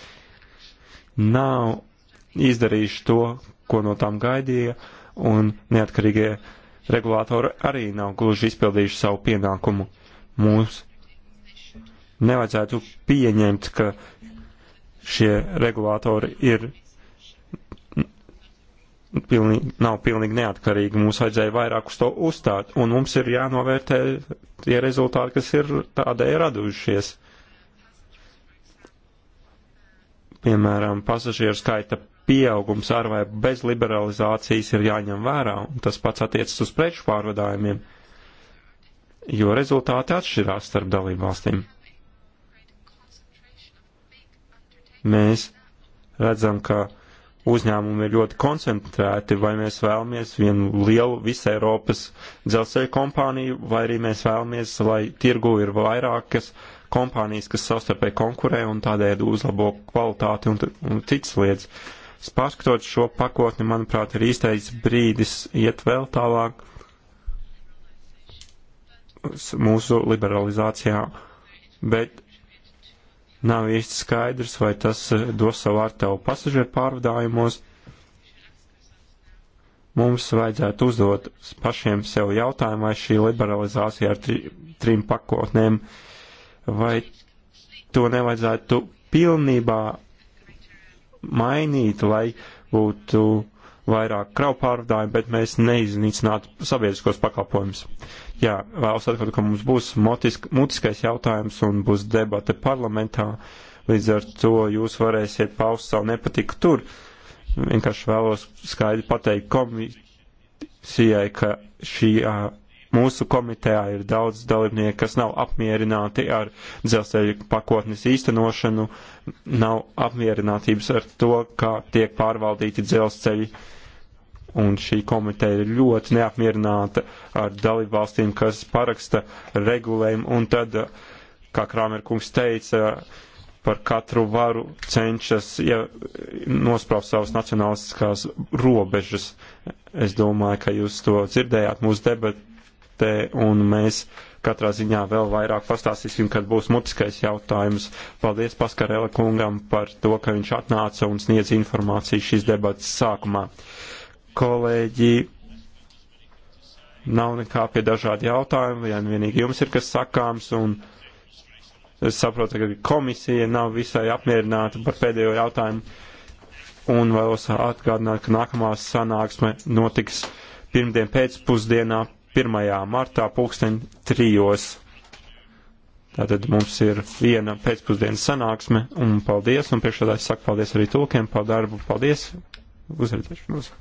nav izdarījuši to, ko no tām gaidīja, un neatkarīgie regulātori arī nav gluži izpildījuši savu pienākumu. Mums nevajadzētu pieņemt, ka šie regulātori ir pilnīgi, nav pilnīgi neatkarīgi. Mums vajadzēja vairāk uz to uzstāt, un mums ir jānovērtē tie rezultāti, kas ir tādēļ radušies. Piemēram, pasažieru skaita pieaugums ar vai bez liberalizācijas ir jāņem vērā, un tas pats attiecas uz preču pārvadājumiem, jo rezultāti atšķirās starp dalību valstīm. Mēs redzam, ka uzņēmumi ir ļoti koncentrēti, vai mēs vēlamies vienu lielu visu Eiropas dzelzceļa kompāniju, vai arī mēs vēlamies, lai tirgu ir vairākas kompānijas, kas savstarpēji konkurē un tādēļ uzlabo kvalitāti un, un citas lietas. Pārskatot šo pakotni, manuprāt, ir īstais brīdis iet vēl tālāk mūsu liberalizācijā, bet Nav īsti skaidrs, vai tas eh, dos savu vārtavu pasažieru pārvadājumos. Mums vajadzētu uzdot pašiem sev jautājumu, vai šī liberalizācija ar tri, trim pakotnēm, vai to nevajadzētu pilnībā mainīt, lai būtu vairāk kraupārdājumu, bet mēs neiznīcinātu sabiedriskos pakalpojumus. Jā, vēlos atkārt, ka mums būs motisk, mutiskais jautājums un būs debate parlamentā, līdz ar to jūs varēsiet paust savu nepatiku tur. Vienkārši vēlos skaidri pateikt komisijai, ka šī mūsu komitejā ir daudz dalībnieku, kas nav apmierināti ar dzelzceļa pakotnes īstenošanu, nav apmierinātības ar to, kā tiek pārvaldīti dzelzceļi un šī komiteja ir ļoti neapmierināta ar dalību valstīm, kas paraksta regulējumu, un tad, kā Krāmer kungs teica, par katru varu cenšas ja, nospraust savas nacionālistiskās robežas. Es domāju, ka jūs to dzirdējāt mūsu debatē, un mēs katrā ziņā vēl vairāk pastāstīsim, kad būs mutiskais jautājums. Paldies Paskarela kungam par to, ka viņš atnāca un sniedz informāciju šīs debatas sākumā kolēģi nav nekā pie dažādi jautājumi, vien vienīgi jums ir kas sakāms, un es saprotu, ka komisija nav visai apmierināta par pēdējo jautājumu, un vēlos atgādināt, ka nākamā sanāksme notiks pirmdien pēcpusdienā 1. martā pulksteņ trijos. Tātad mums ir viena pēcpusdienas sanāksme, un paldies, un priekšādājs saka paldies arī tulkiem par darbu, paldies, uzredzēšanos.